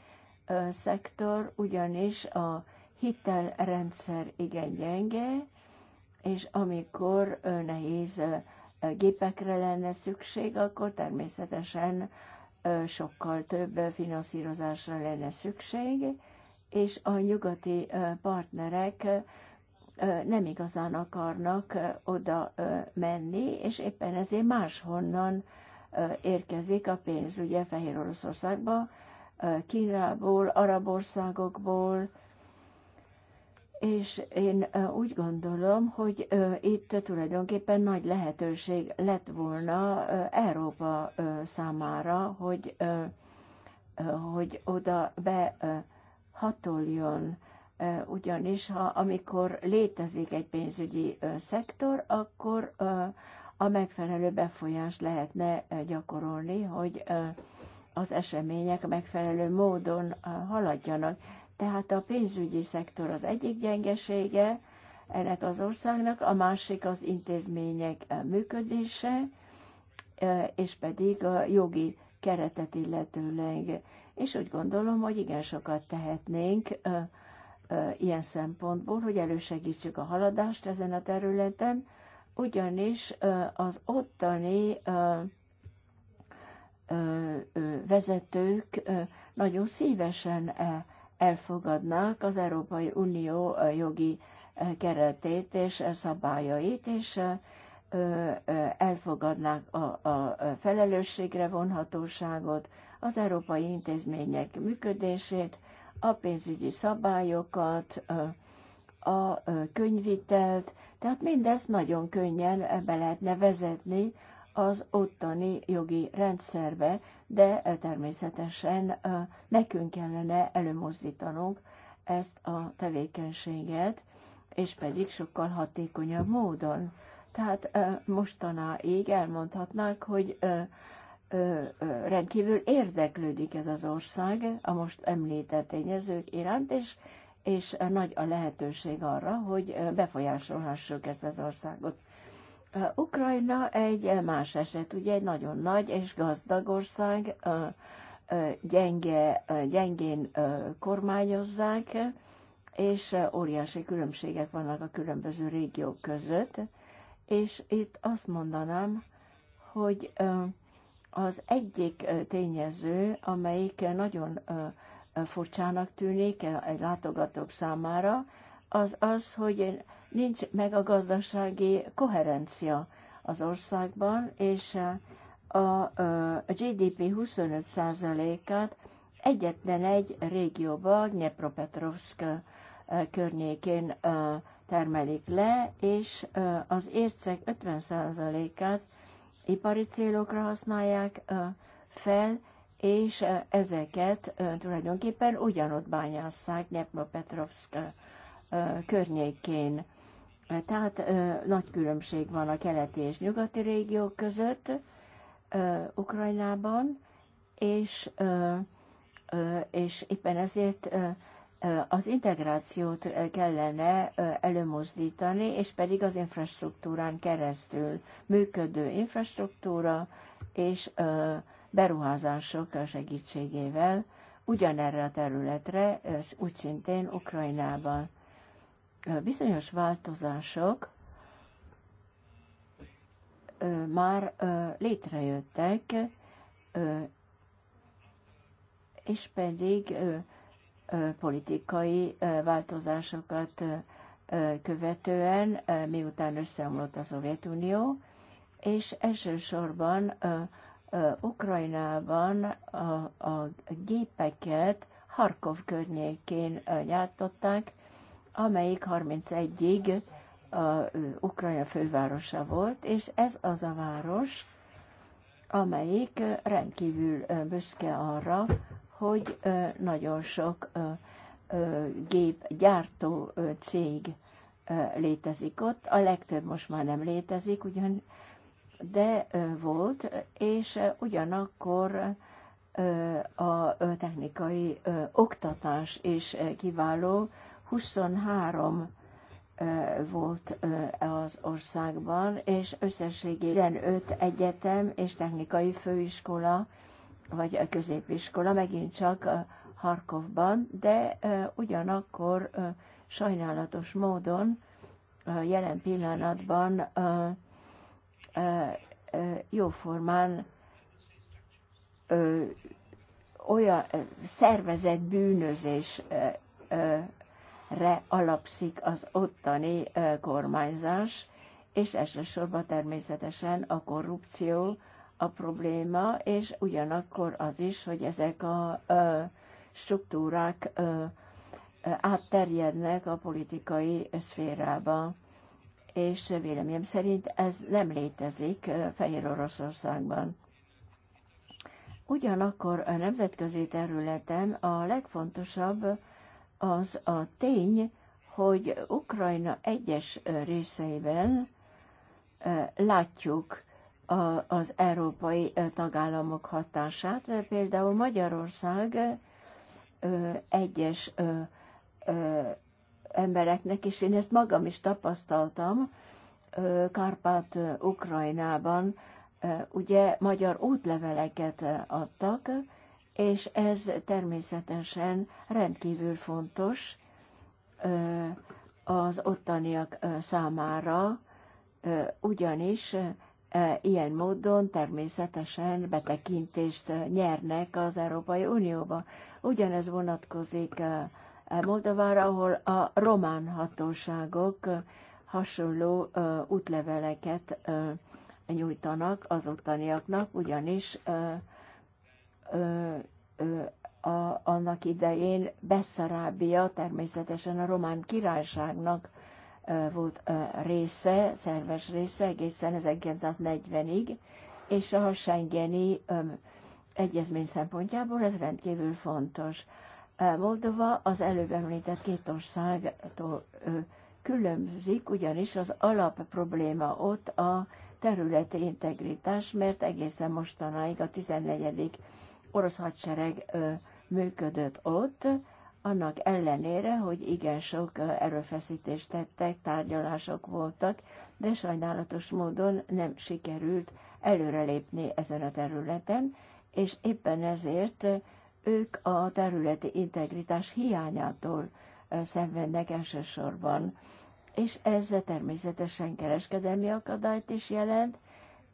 szektor, ugyanis a hitelrendszer igen gyenge, és amikor nehéz gépekre lenne szükség, akkor természetesen sokkal több finanszírozásra lenne szükség, és a nyugati partnerek nem igazán akarnak oda menni, és éppen ezért máshonnan érkezik a pénz, ugye Fehér Oroszországba, Kínából, arab országokból, és én úgy gondolom, hogy itt tulajdonképpen nagy lehetőség lett volna Európa számára, hogy, hogy oda behatoljon ugyanis ha amikor létezik egy pénzügyi szektor, akkor a megfelelő befolyást lehetne gyakorolni, hogy az események megfelelő módon haladjanak. Tehát a pénzügyi szektor az egyik gyengesége ennek az országnak, a másik az intézmények működése, és pedig a jogi keretet illetőleg. És úgy gondolom, hogy igen sokat tehetnénk ilyen szempontból, hogy elősegítsük a haladást ezen a területen, ugyanis az ottani vezetők nagyon szívesen elfogadnák az Európai Unió jogi keretét és szabályait, és elfogadnák a, felelősségre vonhatóságot, az európai intézmények működését, a pénzügyi szabályokat, a könyvitelt, tehát mindezt nagyon könnyen be lehetne vezetni az ottani jogi rendszerbe, de természetesen nekünk kellene előmozdítanunk ezt a tevékenységet, és pedig sokkal hatékonyabb módon. Tehát mostanáig elmondhatnák, hogy rendkívül érdeklődik ez az ország a most említett egyezők iránt, és, és nagy a lehetőség arra, hogy befolyásolhassuk ezt az országot. Ukrajna egy más eset, ugye egy nagyon nagy és gazdag ország, gyenge, gyengén kormányozzák, és óriási különbségek vannak a különböző régiók között, és itt azt mondanám, hogy az egyik tényező, amelyik nagyon furcsának tűnik egy látogatók számára, az az, hogy nincs meg a gazdasági koherencia az országban, és a, GDP 25%-át egyetlen egy régióba, Dnepropetrovsk környékén termelik le, és az ércek 50%-át ipari célokra használják fel, és ezeket tulajdonképpen ugyanott bányásszák Nyepnopetrovsk környékén. Tehát nagy különbség van a keleti és nyugati régiók között Ukrajnában, és, és éppen ezért az integrációt kellene előmozdítani, és pedig az infrastruktúrán keresztül működő infrastruktúra és beruházások segítségével ugyanerre a területre, úgy szintén Ukrajnában. Bizonyos változások már létrejöttek, és pedig politikai változásokat követően, miután összeomlott a Szovjetunió, és elsősorban Ukrajnában a, a gépeket Harkov környékén gyártották, amelyik 31-ig a Ukrajna fővárosa volt, és ez az a város, amelyik rendkívül büszke arra, hogy nagyon sok gépgyártó cég létezik ott. A legtöbb most már nem létezik, ugyan, de volt, és ugyanakkor a technikai oktatás is kiváló. 23 volt az országban, és összességében 15 egyetem és technikai főiskola vagy a középiskola, megint csak a Harkovban, de ugyanakkor sajnálatos módon jelen pillanatban jóformán olyan szervezett bűnözésre alapszik az ottani kormányzás, és elsősorban természetesen a korrupció, a probléma, és ugyanakkor az is, hogy ezek a ö, struktúrák ö, átterjednek a politikai szférába. És véleményem szerint ez nem létezik Fehér Oroszországban. Ugyanakkor a nemzetközi területen a legfontosabb az a tény, hogy Ukrajna egyes részeiben látjuk, a, az európai tagállamok hatását. Például Magyarország egyes embereknek, és én ezt magam is tapasztaltam, Kárpát-Ukrajnában ugye magyar útleveleket adtak, és ez természetesen rendkívül fontos az ottaniak számára, ugyanis ilyen módon természetesen betekintést nyernek az Európai Unióba. Ugyanez vonatkozik Moldovára, ahol a román hatóságok hasonló útleveleket nyújtanak az ottaniaknak, ugyanis a, annak idején Besszarábia természetesen a román királyságnak volt része, szerves része egészen 1940-ig, és a Schengeni egyezmény szempontjából ez rendkívül fontos. Moldova az előbb említett két országtól különbözik, ugyanis az alap probléma ott a területi integritás, mert egészen mostanáig a 14. orosz hadsereg működött ott, annak ellenére, hogy igen sok erőfeszítést tettek, tárgyalások voltak, de sajnálatos módon nem sikerült előrelépni ezen a területen, és éppen ezért ők a területi integritás hiányától szenvednek elsősorban. És ez természetesen kereskedelmi akadályt is jelent,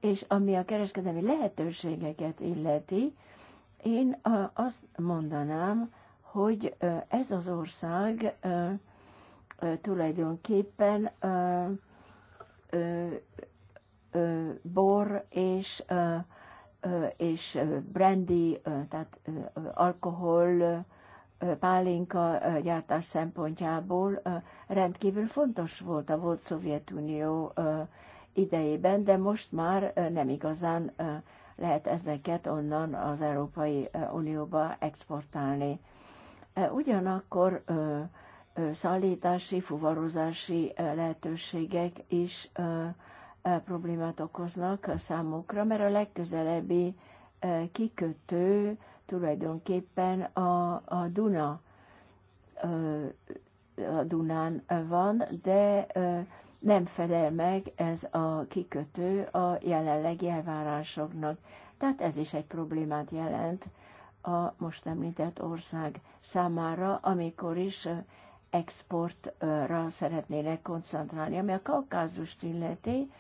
és ami a kereskedelmi lehetőségeket illeti, én azt mondanám, hogy ez az ország tulajdonképpen bor és, és brandy, tehát alkohol, pálinka gyártás szempontjából rendkívül fontos volt a volt Szovjetunió idejében, de most már nem igazán lehet ezeket onnan az Európai Unióba exportálni. E, ugyanakkor szállítási, fuvarozási e, lehetőségek is e, problémát okoznak számukra, mert a legközelebbi kikötő tulajdonképpen a, a Duna a Dunán van, de nem felel meg ez a kikötő a jelenlegi elvárásoknak. Tehát ez is egy problémát jelent a most említett ország számára, amikor is exportra szeretnének koncentrálni. Ami a kaukázust illeti,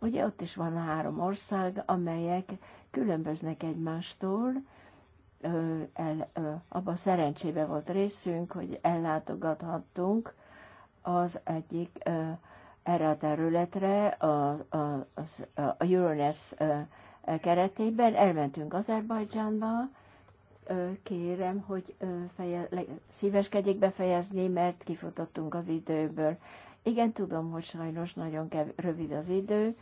ugye ott is van három ország, amelyek különböznek egymástól, el, abban szerencsébe volt részünk, hogy ellátogathattunk az egyik erre a területre a, a, a, a Euronest keretében. Elmentünk Azerbajdzsánba, kérem, hogy feje, szíveskedjék befejezni, mert kifutottunk az időből. Igen, tudom, hogy sajnos nagyon kev- rövid az idő.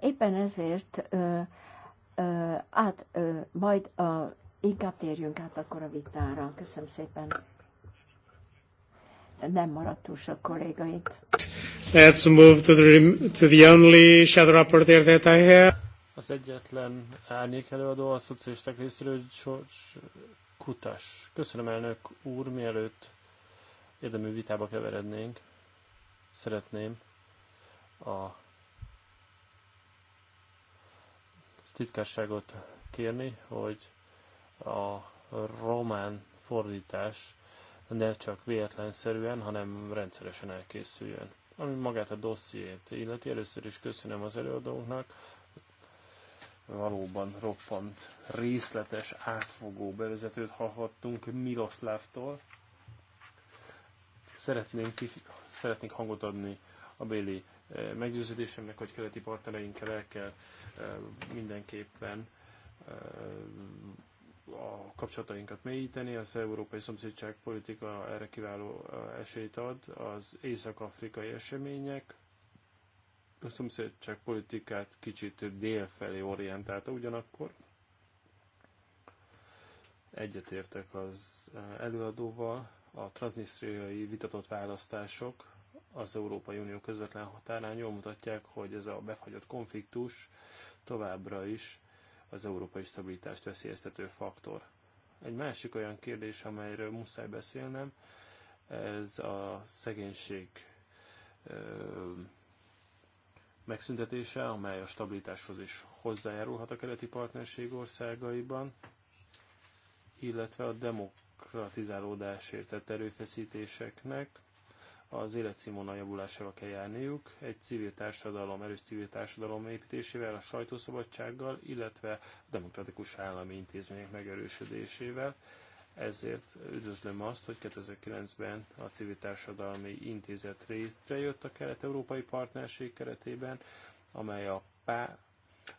Éppen ezért át, majd a, inkább térjünk át akkor a vitára. Köszönöm szépen. Nem maradt túl sok kollégait. itt. Let's move to the, to the only shadow rapporteur that I have. Az egyetlen árnyék előadó a szocialisták részéről csocs Kutas. Köszönöm elnök úr, mielőtt érdemű vitába keverednénk, szeretném a titkárságot kérni, hogy a román fordítás ne csak véletlenszerűen, hanem rendszeresen elkészüljön. Ami magát a dossziét illeti, először is köszönöm az előadónknak, valóban roppant részletes, átfogó bevezetőt hallhattunk Miroslavtól. Szeretnénk, szeretnénk hangot adni a béli eh, meggyőződésemnek, hogy keleti partnereinkkel el kell eh, mindenképpen eh, a kapcsolatainkat mélyíteni, az európai szomszédság politika erre kiváló esélyt ad, az észak-afrikai események, a szomszédság politikát kicsit délfelé orientálta, ugyanakkor egyetértek az előadóval, a transznisztriai vitatott választások az Európai Unió közvetlen határán jól mutatják, hogy ez a befagyott konfliktus továbbra is az európai stabilitást veszélyeztető faktor. Egy másik olyan kérdés, amelyről muszáj beszélnem, ez a szegénység megszüntetése, amely a stabilitáshoz is hozzájárulhat a keleti partnerség országaiban, illetve a demokratizálódásért tett erőfeszítéseknek az életszínvonal javulásával kell járniuk, egy civil társadalom, erős civil társadalom építésével, a sajtószabadsággal, illetve a demokratikus állami intézmények megerősödésével, ezért üdvözlöm azt, hogy 2009-ben a Civil Társadalmi Intézet létrejött a kelet-európai partnerség keretében, amely a PÁ,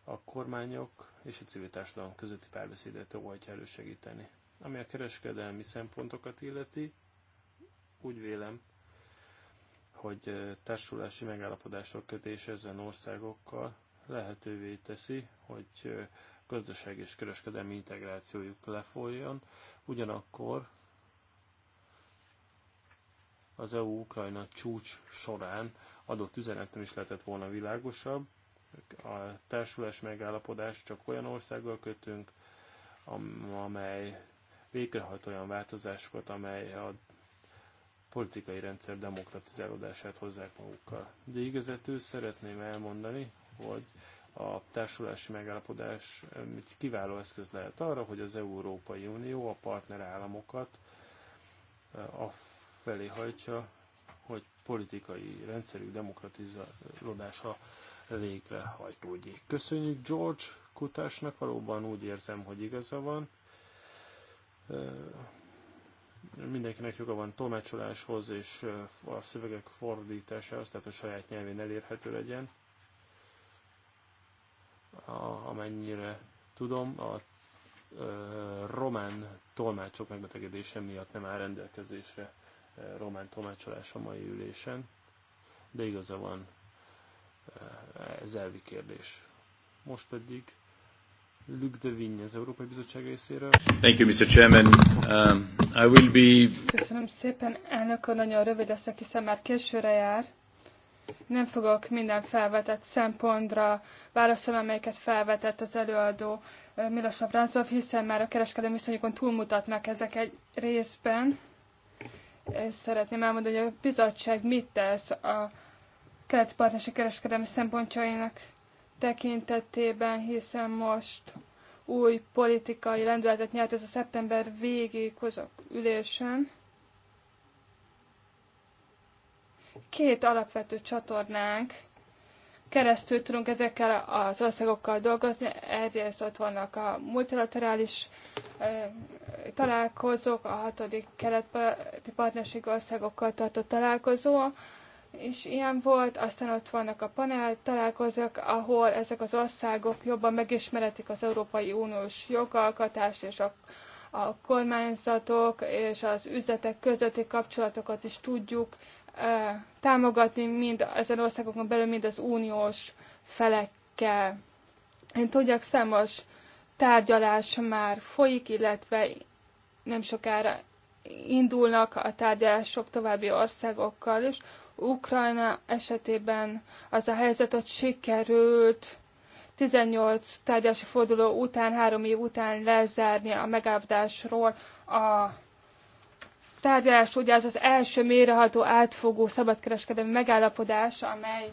a kormányok és a civil társadalom közötti párbeszédet óhajtja elősegíteni. Ami a kereskedelmi szempontokat illeti, úgy vélem, hogy társulási megállapodások kötése ezen országokkal lehetővé teszi, hogy gazdaság és kereskedelmi integrációjuk lefolyjon, ugyanakkor az EU-Ukrajna csúcs során adott üzenet nem is lehetett volna világosabb. A társulás megállapodás csak olyan országgal kötünk, amely végrehajt olyan változásokat, amely a politikai rendszer demokratizálódását hozzák magukkal. De igazetül szeretném elmondani, hogy a társulási megállapodás egy kiváló eszköz lehet arra, hogy az Európai Unió a partnerállamokat a felé hajtsa, hogy politikai rendszerű demokratizálódása végrehajtódjék. Köszönjük George Kutásnak, valóban úgy érzem, hogy igaza van. Mindenkinek joga van tolmácsoláshoz és a szövegek fordításához, tehát a saját nyelvén elérhető legyen a, amennyire tudom, a ö, román tolmácsok megbetegedése miatt nem áll rendelkezésre ö, román tolmácsolás a mai ülésen, de igaza van, ez elvi kérdés. Most pedig Luc de Vigny az Európai Bizottság részéről. Thank you, Mr. Chairman. Um, I will be... Köszönöm szépen, elnök nagyon rövid leszek, hiszen már későre jár. Nem fogok minden felvetett szempontra válaszolni, amelyeket felvetett az előadó eh, Milos Rázov, hiszen már a kereskedelmi viszonyokon túlmutatnak ezek egy részben. Ezt szeretném elmondani, hogy a bizottság mit tesz a keleti partnerség kereskedelmi szempontjainak tekintetében, hiszen most új politikai lendületet nyert ez a szeptember végig hozok ülésen. két alapvető csatornánk keresztül tudunk ezekkel az országokkal dolgozni. Egyrészt ott vannak a multilaterális találkozók, a hatodik keleti partnerség országokkal tartott találkozó, és ilyen volt, aztán ott vannak a panel találkozók, ahol ezek az országok jobban megismeretik az Európai Uniós jogalkatást és a, a kormányzatok és az üzletek közötti kapcsolatokat is tudjuk támogatni mind ezen országokon belül, mind az uniós felekkel. Én tudjak, számos tárgyalás már folyik, illetve nem sokára indulnak a tárgyalások további országokkal is. Ukrajna esetében az a helyzet, hogy sikerült 18 tárgyalási forduló után, három év után lezárni a megállapodásról a tárgyalás ugye az az első méreható átfogó szabadkereskedelmi megállapodás, amely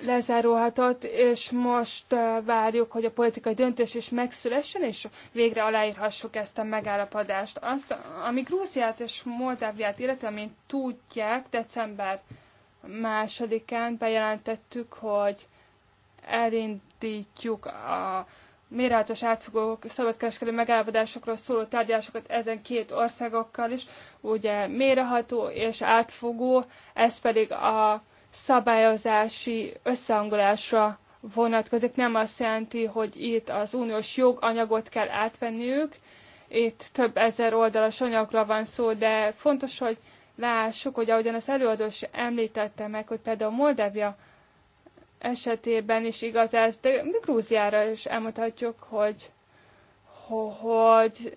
lezárulhatott, és most várjuk, hogy a politikai döntés is megszülessen, és végre aláírhassuk ezt a megállapodást. Azt, ami Grúziát és Moldáviát illetve, amint tudják, december másodikán bejelentettük, hogy elindítjuk a méreálltos átfogó szabadkereskedő megállapodásokról szóló tárgyalásokat ezen két országokkal is, ugye méreható és átfogó, ez pedig a szabályozási összehangolásra vonatkozik. Nem azt jelenti, hogy itt az uniós joganyagot kell átvenniük, itt több ezer oldalas anyagra van szó, de fontos, hogy lássuk, hogy ahogyan az előadós említette meg, hogy például Moldávia esetében is igaz ez, de Grúziára is elmutatjuk, hogy, hogy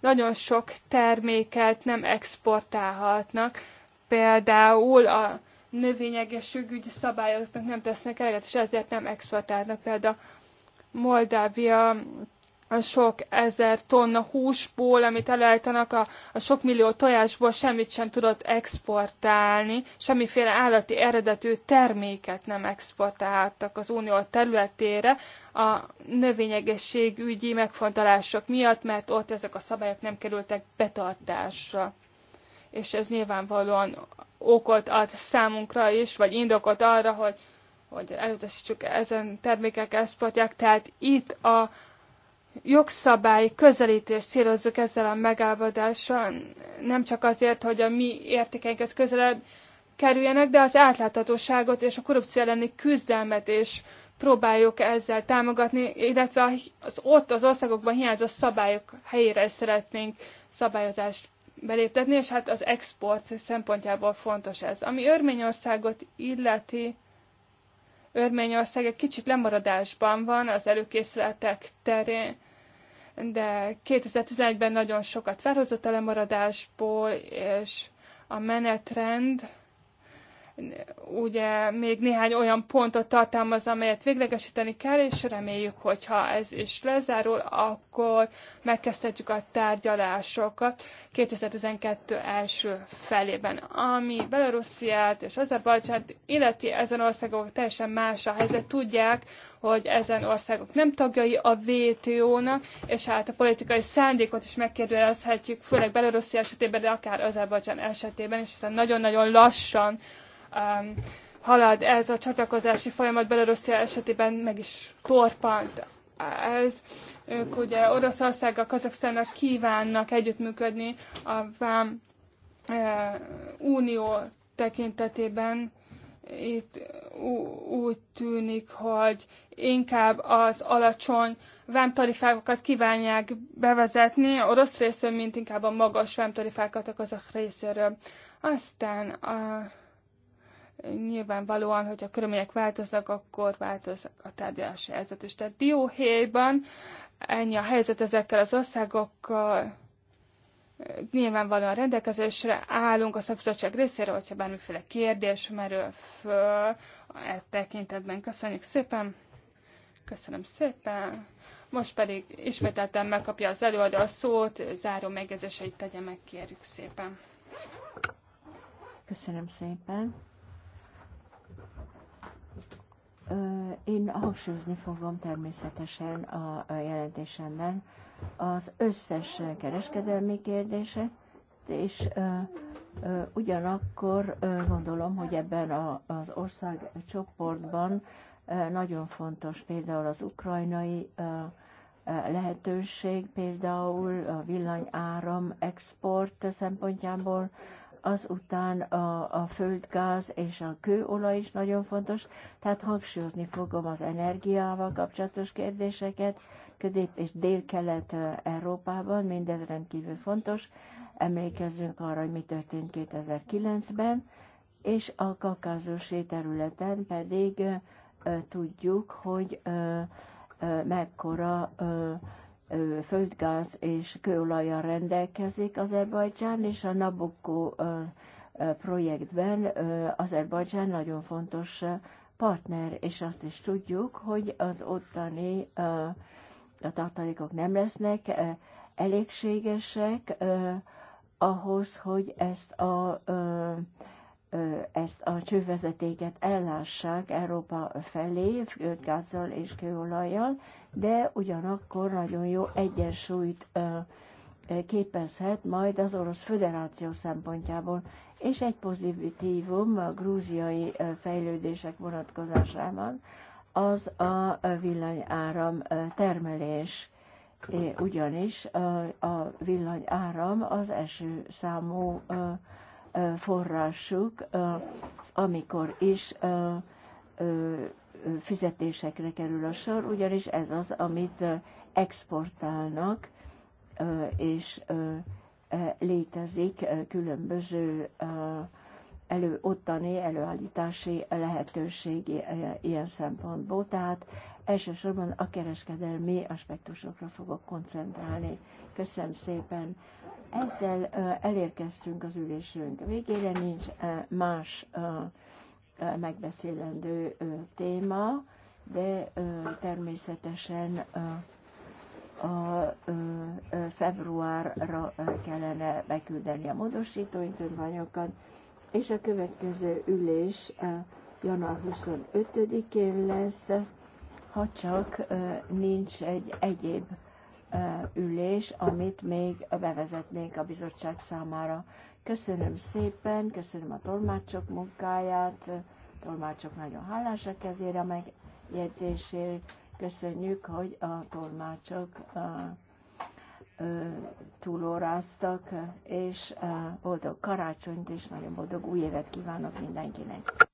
nagyon sok terméket nem exportálhatnak, például a növényegészségügyi szabályoznak nem tesznek eleget, és ezért nem exportálnak. Például Moldávia a sok ezer tonna húsból, amit elejtanak, a, a sok millió tojásból semmit sem tudott exportálni, semmiféle állati eredetű terméket nem exportáltak az unió területére a növényegészségügyi megfontolások miatt, mert ott ezek a szabályok nem kerültek betartásra. És ez nyilvánvalóan okot ad számunkra is, vagy indokot arra, hogy, hogy elutasítsuk ezen termékek exportját. Tehát itt a, jogszabály közelítést célozzuk ezzel a megállapodással, nem csak azért, hogy a mi értékeinkhez közelebb kerüljenek, de az átláthatóságot és a korrupció elleni küzdelmet is próbáljuk ezzel támogatni, illetve az ott az országokban hiányzó szabályok helyére szeretnénk szabályozást beléptetni, és hát az export szempontjából fontos ez. Ami Örményországot illeti, Örményország egy kicsit lemaradásban van az előkészületek terén, de 2011-ben nagyon sokat felhozott a lemaradásból, és a menetrend ugye még néhány olyan pontot tartalmaz, amelyet véglegesíteni kell, és reméljük, hogyha ez is lezárul, akkor megkezdhetjük a tárgyalásokat 2012 első felében. Ami Belarusziát és Azerbajcsát illeti ezen országok teljesen más a helyzet. Tudják, hogy ezen országok nem tagjai a WTO-nak, és hát a politikai szándékot is megkérdőjelezhetjük, főleg Belarusszia esetében, de akár Azerbajcsán esetében, és hiszen nagyon-nagyon lassan Um, halad ez a csatlakozási folyamat Belarusia esetében meg is torpant ez. Ők ugye Oroszországgal, Kazaksztánnal kívánnak együttműködni a Vám e, Unió tekintetében. Itt úgy tűnik, hogy inkább az alacsony vámtarifákat kívánják bevezetni a orosz részről, mint inkább a magas vámtarifákat a kazak részéről. Aztán a nyilvánvalóan, hogyha a körülmények változnak, akkor változnak a tárgyalási helyzet is. Tehát dióhéjban ennyi a helyzet ezekkel az országokkal, nyilvánvalóan rendelkezésre állunk a szakbizottság részéről, hogyha bármiféle kérdés merül föl e tekintetben. Köszönjük szépen! Köszönöm szépen! Most pedig ismételten megkapja az előadó a szót, záró megjegyzéseit tegye meg, kérjük szépen! Köszönöm szépen! Én hangsúlyozni fogom természetesen a jelentésemben az összes kereskedelmi kérdéset, és ugyanakkor gondolom, hogy ebben az ország csoportban nagyon fontos például az ukrajnai lehetőség, például a villanyáram export szempontjából, azután a, a földgáz és a kőolaj is nagyon fontos, tehát hangsúlyozni fogom az energiával kapcsolatos kérdéseket Közép- és Dél-Kelet-Európában, mindez rendkívül fontos. Emlékezzünk arra, hogy mi történt 2009-ben, és a kakázusi területen pedig ö, tudjuk, hogy ö, ö, mekkora ö, földgáz és kőolajjal rendelkezik Azerbajdzsán, és a Nabucco projektben Azerbajdzsán nagyon fontos partner, és azt is tudjuk, hogy az ottani a tartalékok nem lesznek elégségesek ahhoz, hogy ezt a ezt a csővezetéket ellássák Európa felé, gázzal és kőolajjal, de ugyanakkor nagyon jó egyensúlyt képezhet majd az Orosz Föderáció szempontjából, és egy pozitívum a grúziai fejlődések vonatkozásában az a villanyáram termelés, ugyanis a villanyáram az első számú forrásuk, amikor is fizetésekre kerül a sor, ugyanis ez az, amit exportálnak, és létezik különböző elő, ottani előállítási lehetőség ilyen szempontból. Tehát elsősorban a kereskedelmi aspektusokra fogok koncentrálni. Köszönöm szépen ezzel elérkeztünk az ülésünk végére, nincs más megbeszélendő téma, de természetesen a februárra kellene beküldeni a módosító indítványokat, és a következő ülés január 25-én lesz, ha csak nincs egy egyéb ülés, amit még bevezetnék a bizottság számára. Köszönöm szépen, köszönöm a tolmácsok munkáját, a tolmácsok nagyon hálásak ezért a megjegyzésért, köszönjük, hogy a tolmácsok túlóráztak, és boldog karácsonyt és nagyon boldog új évet kívánok mindenkinek.